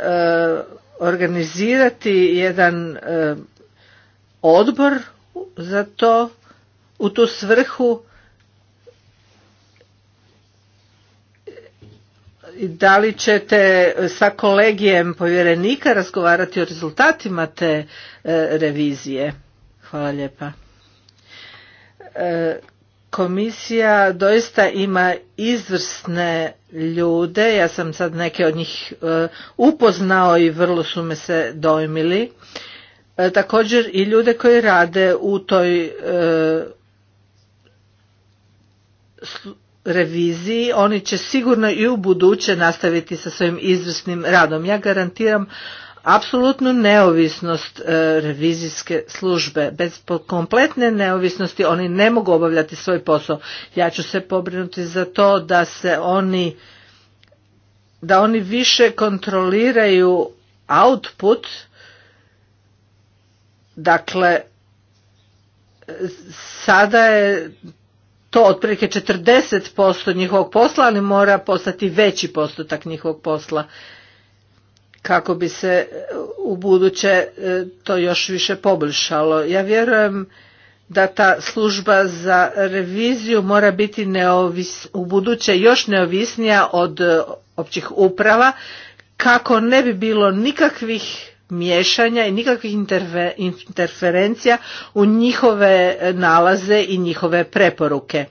organizirati jedan odbor za to u tu svrhu da li ćete sa kolegijem povjerenika razgovarati o rezultatima te e, revizije? Hvala lijepa. E, komisija doista ima izvrsne ljude, ja sam sad neke od njih e, upoznao i vrlo su me se dojmili. E, također i ljude koji rade u toj e, reviziji, oni će sigurno i u buduće nastaviti sa svojim izvrsnim radom. Ja garantiram apsolutnu neovisnost e, revizijske službe. Bez kompletne neovisnosti oni ne mogu obavljati svoj posao. Ja ću se pobrinuti za to da se oni da oni više kontroliraju output Dakle, sada je to otprilike 40% njihovog posla, ali mora postati veći postotak njihovog posla kako bi se u buduće e, to još više poboljšalo. Ja vjerujem da ta služba za reviziju mora biti neovis, u buduće još neovisnija od općih uprava kako ne bi bilo nikakvih miješanja i nikakvih interferencija u njihove nalaze i njihove preporuke.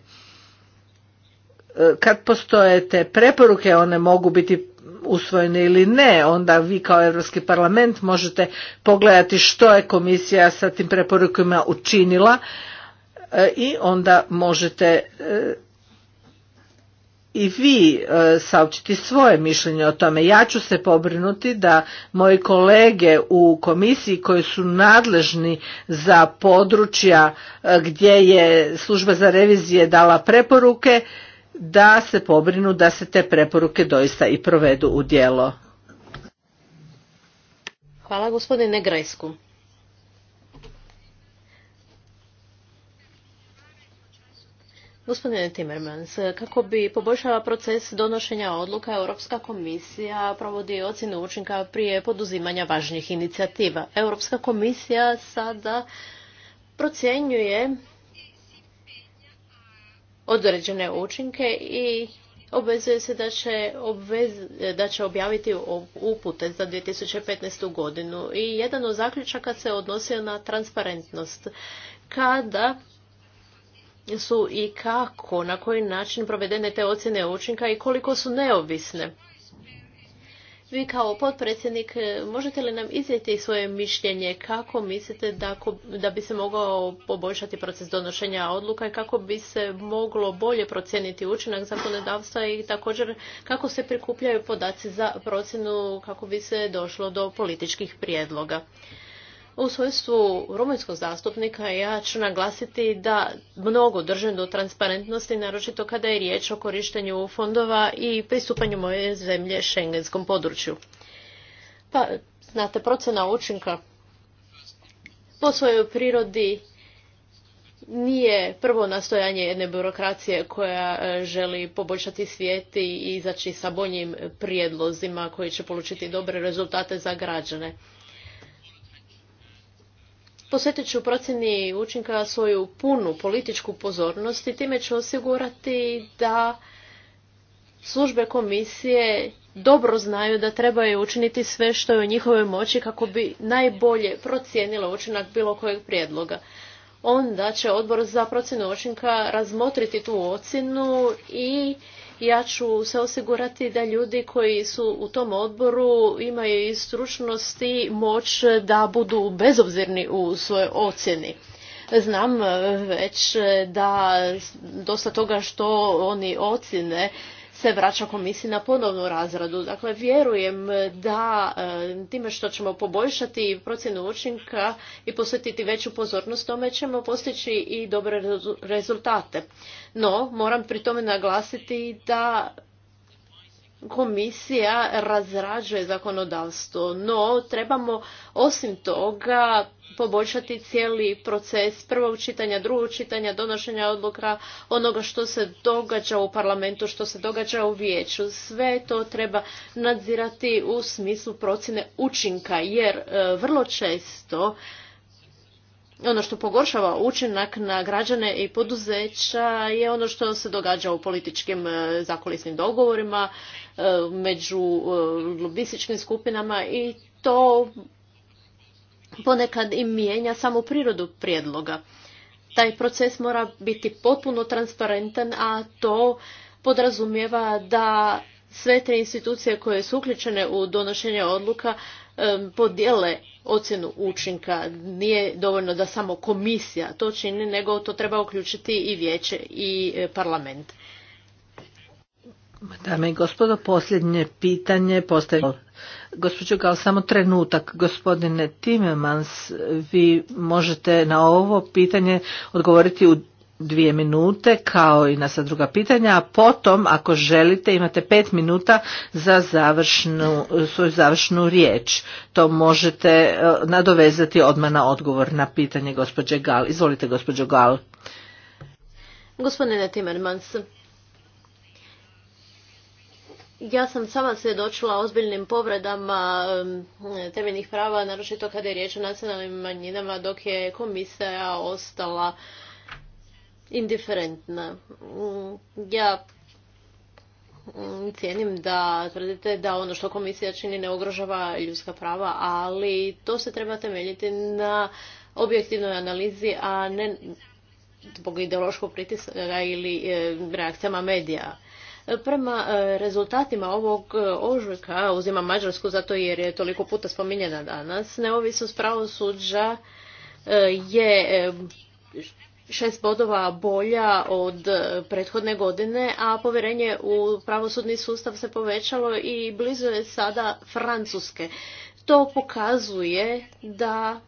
E, kad postoje te preporuke, one mogu biti usvojene ili ne, onda vi kao Europski parlament možete pogledati što je komisija sa tim preporukama učinila e, i onda možete e, i vi e, saopćiti svoje mišljenje o tome. Ja ću se pobrinuti da moji kolege u komisiji koji su nadležni za područja e, gdje je služba za revizije dala preporuke, da se pobrinu da se te preporuke doista i provedu u djelo. Hvala gospodine Grajsku. Gospodine Timmermans, kako bi poboljšala proces donošenja odluka, Europska komisija provodi ocjenu učinka prije poduzimanja važnih inicijativa. Europska komisija sada procjenjuje određene učinke i obvezuje se da će, da će objaviti upute za 2015. godinu. I jedan od zaključaka se odnosio na transparentnost. Kada su i kako, na koji način provedene te ocjene učinka i koliko su neovisne. Vi kao potpredsjednik možete li nam iznijeti svoje mišljenje kako mislite da, da bi se mogao poboljšati proces donošenja odluka i kako bi se moglo bolje procijeniti učinak zakonodavstva i također kako se prikupljaju podaci za procjenu kako bi se došlo do političkih prijedloga. U svojstvu rumunjskog zastupnika ja ću naglasiti da mnogo držim do transparentnosti, naročito kada je riječ o korištenju fondova i pristupanju moje zemlje šengenskom području. Pa, znate, procena učinka po svojoj prirodi nije prvo nastojanje jedne birokracije koja e, želi poboljšati svijet i izaći sa boljim prijedlozima koji će polučiti dobre rezultate za građane. Posjetit ću procjeni učinka svoju punu političku pozornost i time ću osigurati da službe komisije dobro znaju da trebaju učiniti sve što je u njihovoj moći kako bi najbolje procijenila učinak bilo kojeg prijedloga. Onda će odbor za procjenu učinka razmotriti tu ocjenu i ja ću se osigurati da ljudi koji su u tom odboru imaju i stručnost i moć da budu bezobzirni u svojoj ocjeni. Znam već da dosta toga što oni ocjene se vraća komisiji na ponovnu razradu. Dakle, vjerujem da e, time što ćemo poboljšati procjenu učinka i posvetiti veću pozornost tome ćemo postići i dobre rezultate. No, moram pri tome naglasiti da komisija razrađuje zakonodavstvo, no trebamo osim toga poboljšati cijeli proces prvog čitanja, drugog čitanja, donošenja odluka, onoga što se događa u parlamentu, što se događa u vijeću. Sve to treba nadzirati u smislu procjene učinka, jer e, vrlo često ono što pogoršava učinak na građane i poduzeća je ono što se događa u političkim e, zakolisnim dogovorima e, među e, lobističkim skupinama i to ponekad i mijenja samo prirodu prijedloga. Taj proces mora biti potpuno transparentan, a to podrazumijeva da sve te institucije koje su uključene u donošenje odluka podijele ocjenu učinka. Nije dovoljno da samo komisija to čini, nego to treba uključiti i vijeće i e, parlament. Dame i gospodo, posljednje pitanje postavljeno. Gospođo Gal, samo trenutak. Gospodine Timemans, vi možete na ovo pitanje odgovoriti u dvije minute kao i na sad druga pitanja, a potom ako želite imate pet minuta za završnu, svoju završnu riječ. To možete e, nadovezati odmah na odgovor na pitanje gospođe Gal. Izvolite gospođo Gal. Gospodine Timmermans, ja sam sama svjedočila ozbiljnim povredama temeljnih prava, naročito kada je riječ o nacionalnim manjinama, dok je komisija ostala indiferentna. Mm, ja mm, cijenim da tvrdite da ono što komisija čini ne ugrožava ljudska prava, ali to se treba temeljiti na objektivnoj analizi, a ne zbog ideološkog pritiska ili e, reakcijama medija. Prema e, rezultatima ovog e, ožujka, uzimam Mađarsku zato jer je toliko puta spominjena danas, neovisnost pravosuđa je šest bodova bolja od e, prethodne godine, a povjerenje u pravosudni sustav se povećalo i blizu je sada Francuske. To pokazuje da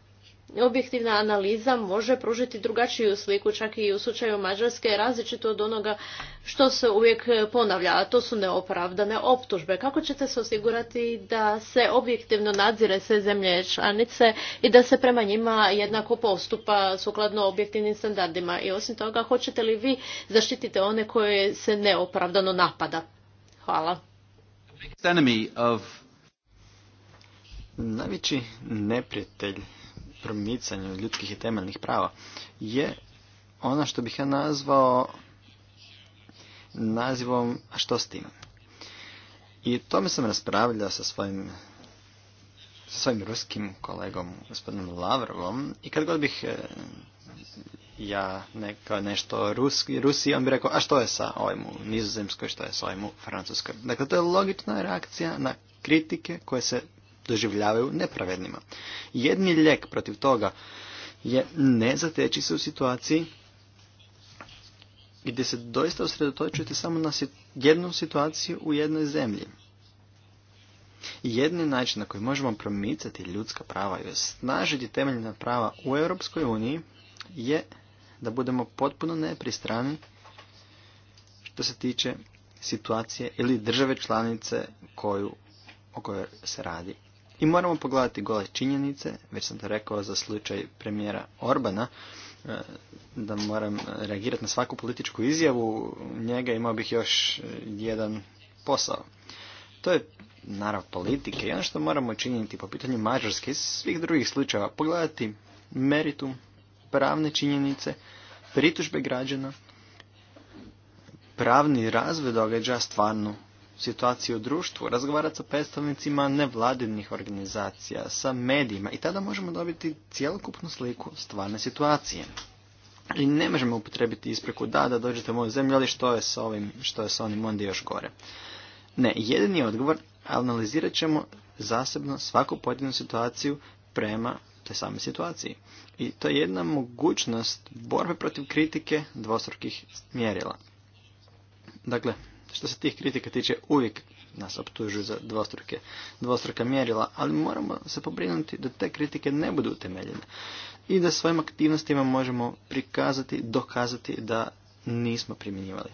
objektivna analiza može pružiti drugačiju sliku, čak i u slučaju Mađarske, različito od onoga što se uvijek ponavlja, a to su neopravdane optužbe. Kako ćete se osigurati da se objektivno nadzire sve zemlje članice i da se prema njima jednako postupa sukladno objektivnim standardima? I osim toga, hoćete li vi zaštititi one koje se neopravdano napada? Hvala. Najveći neprijatelj promicanju ljudskih i temeljnih prava je ono što bih ja nazvao nazivom A što s tim? I tome sam raspravljao sa svojim sa svojim ruskim kolegom, gospodinom Lavrovom, i kad god bih e, ja neka nešto ruski, Rusiji, on bi rekao, a što je sa ovim u Nizozemskoj, što je sa ovim u Francuskoj. Dakle, to je logična reakcija na kritike koje se doživljavaju nepravednima. Jedni lijek protiv toga je ne zateći se u situaciji gdje se doista usredotočujete samo na jednu situaciju u jednoj zemlji. Jedni način na koji možemo promicati ljudska prava i osnažiti temeljna prava u Europskoj uniji je da budemo potpuno nepristrani što se tiče situacije ili države članice koju, o kojoj se radi i moramo pogledati gole činjenice, već sam to rekao za slučaj premijera Orbana, e, da moram reagirati na svaku političku izjavu, njega imao bih još jedan posao. To je narav politike i ono što moramo činiti po pitanju Mađarske i svih drugih slučajeva, pogledati meritum, pravne činjenice, pritužbe građana, pravni razvoj događa stvarnu situaciju u društvu, razgovarati sa predstavnicima nevladinih organizacija, sa medijima i tada možemo dobiti cjelokupnu sliku stvarne situacije. I ne možemo upotrebiti ispreku da, da dođete u moju zemlju, ali što je sa ovim, što je sa onim, onda još gore. Ne, jedini odgovor analizirat ćemo zasebno svaku pojedinu situaciju prema te same situaciji. I to je jedna mogućnost borbe protiv kritike dvostrukih mjerila. Dakle, što se tih kritika tiče, uvijek nas optužuju za dvostruke, dvostruka mjerila, ali moramo se pobrinuti da te kritike ne budu utemeljene i da svojim aktivnostima možemo prikazati, dokazati da nismo primjenjivali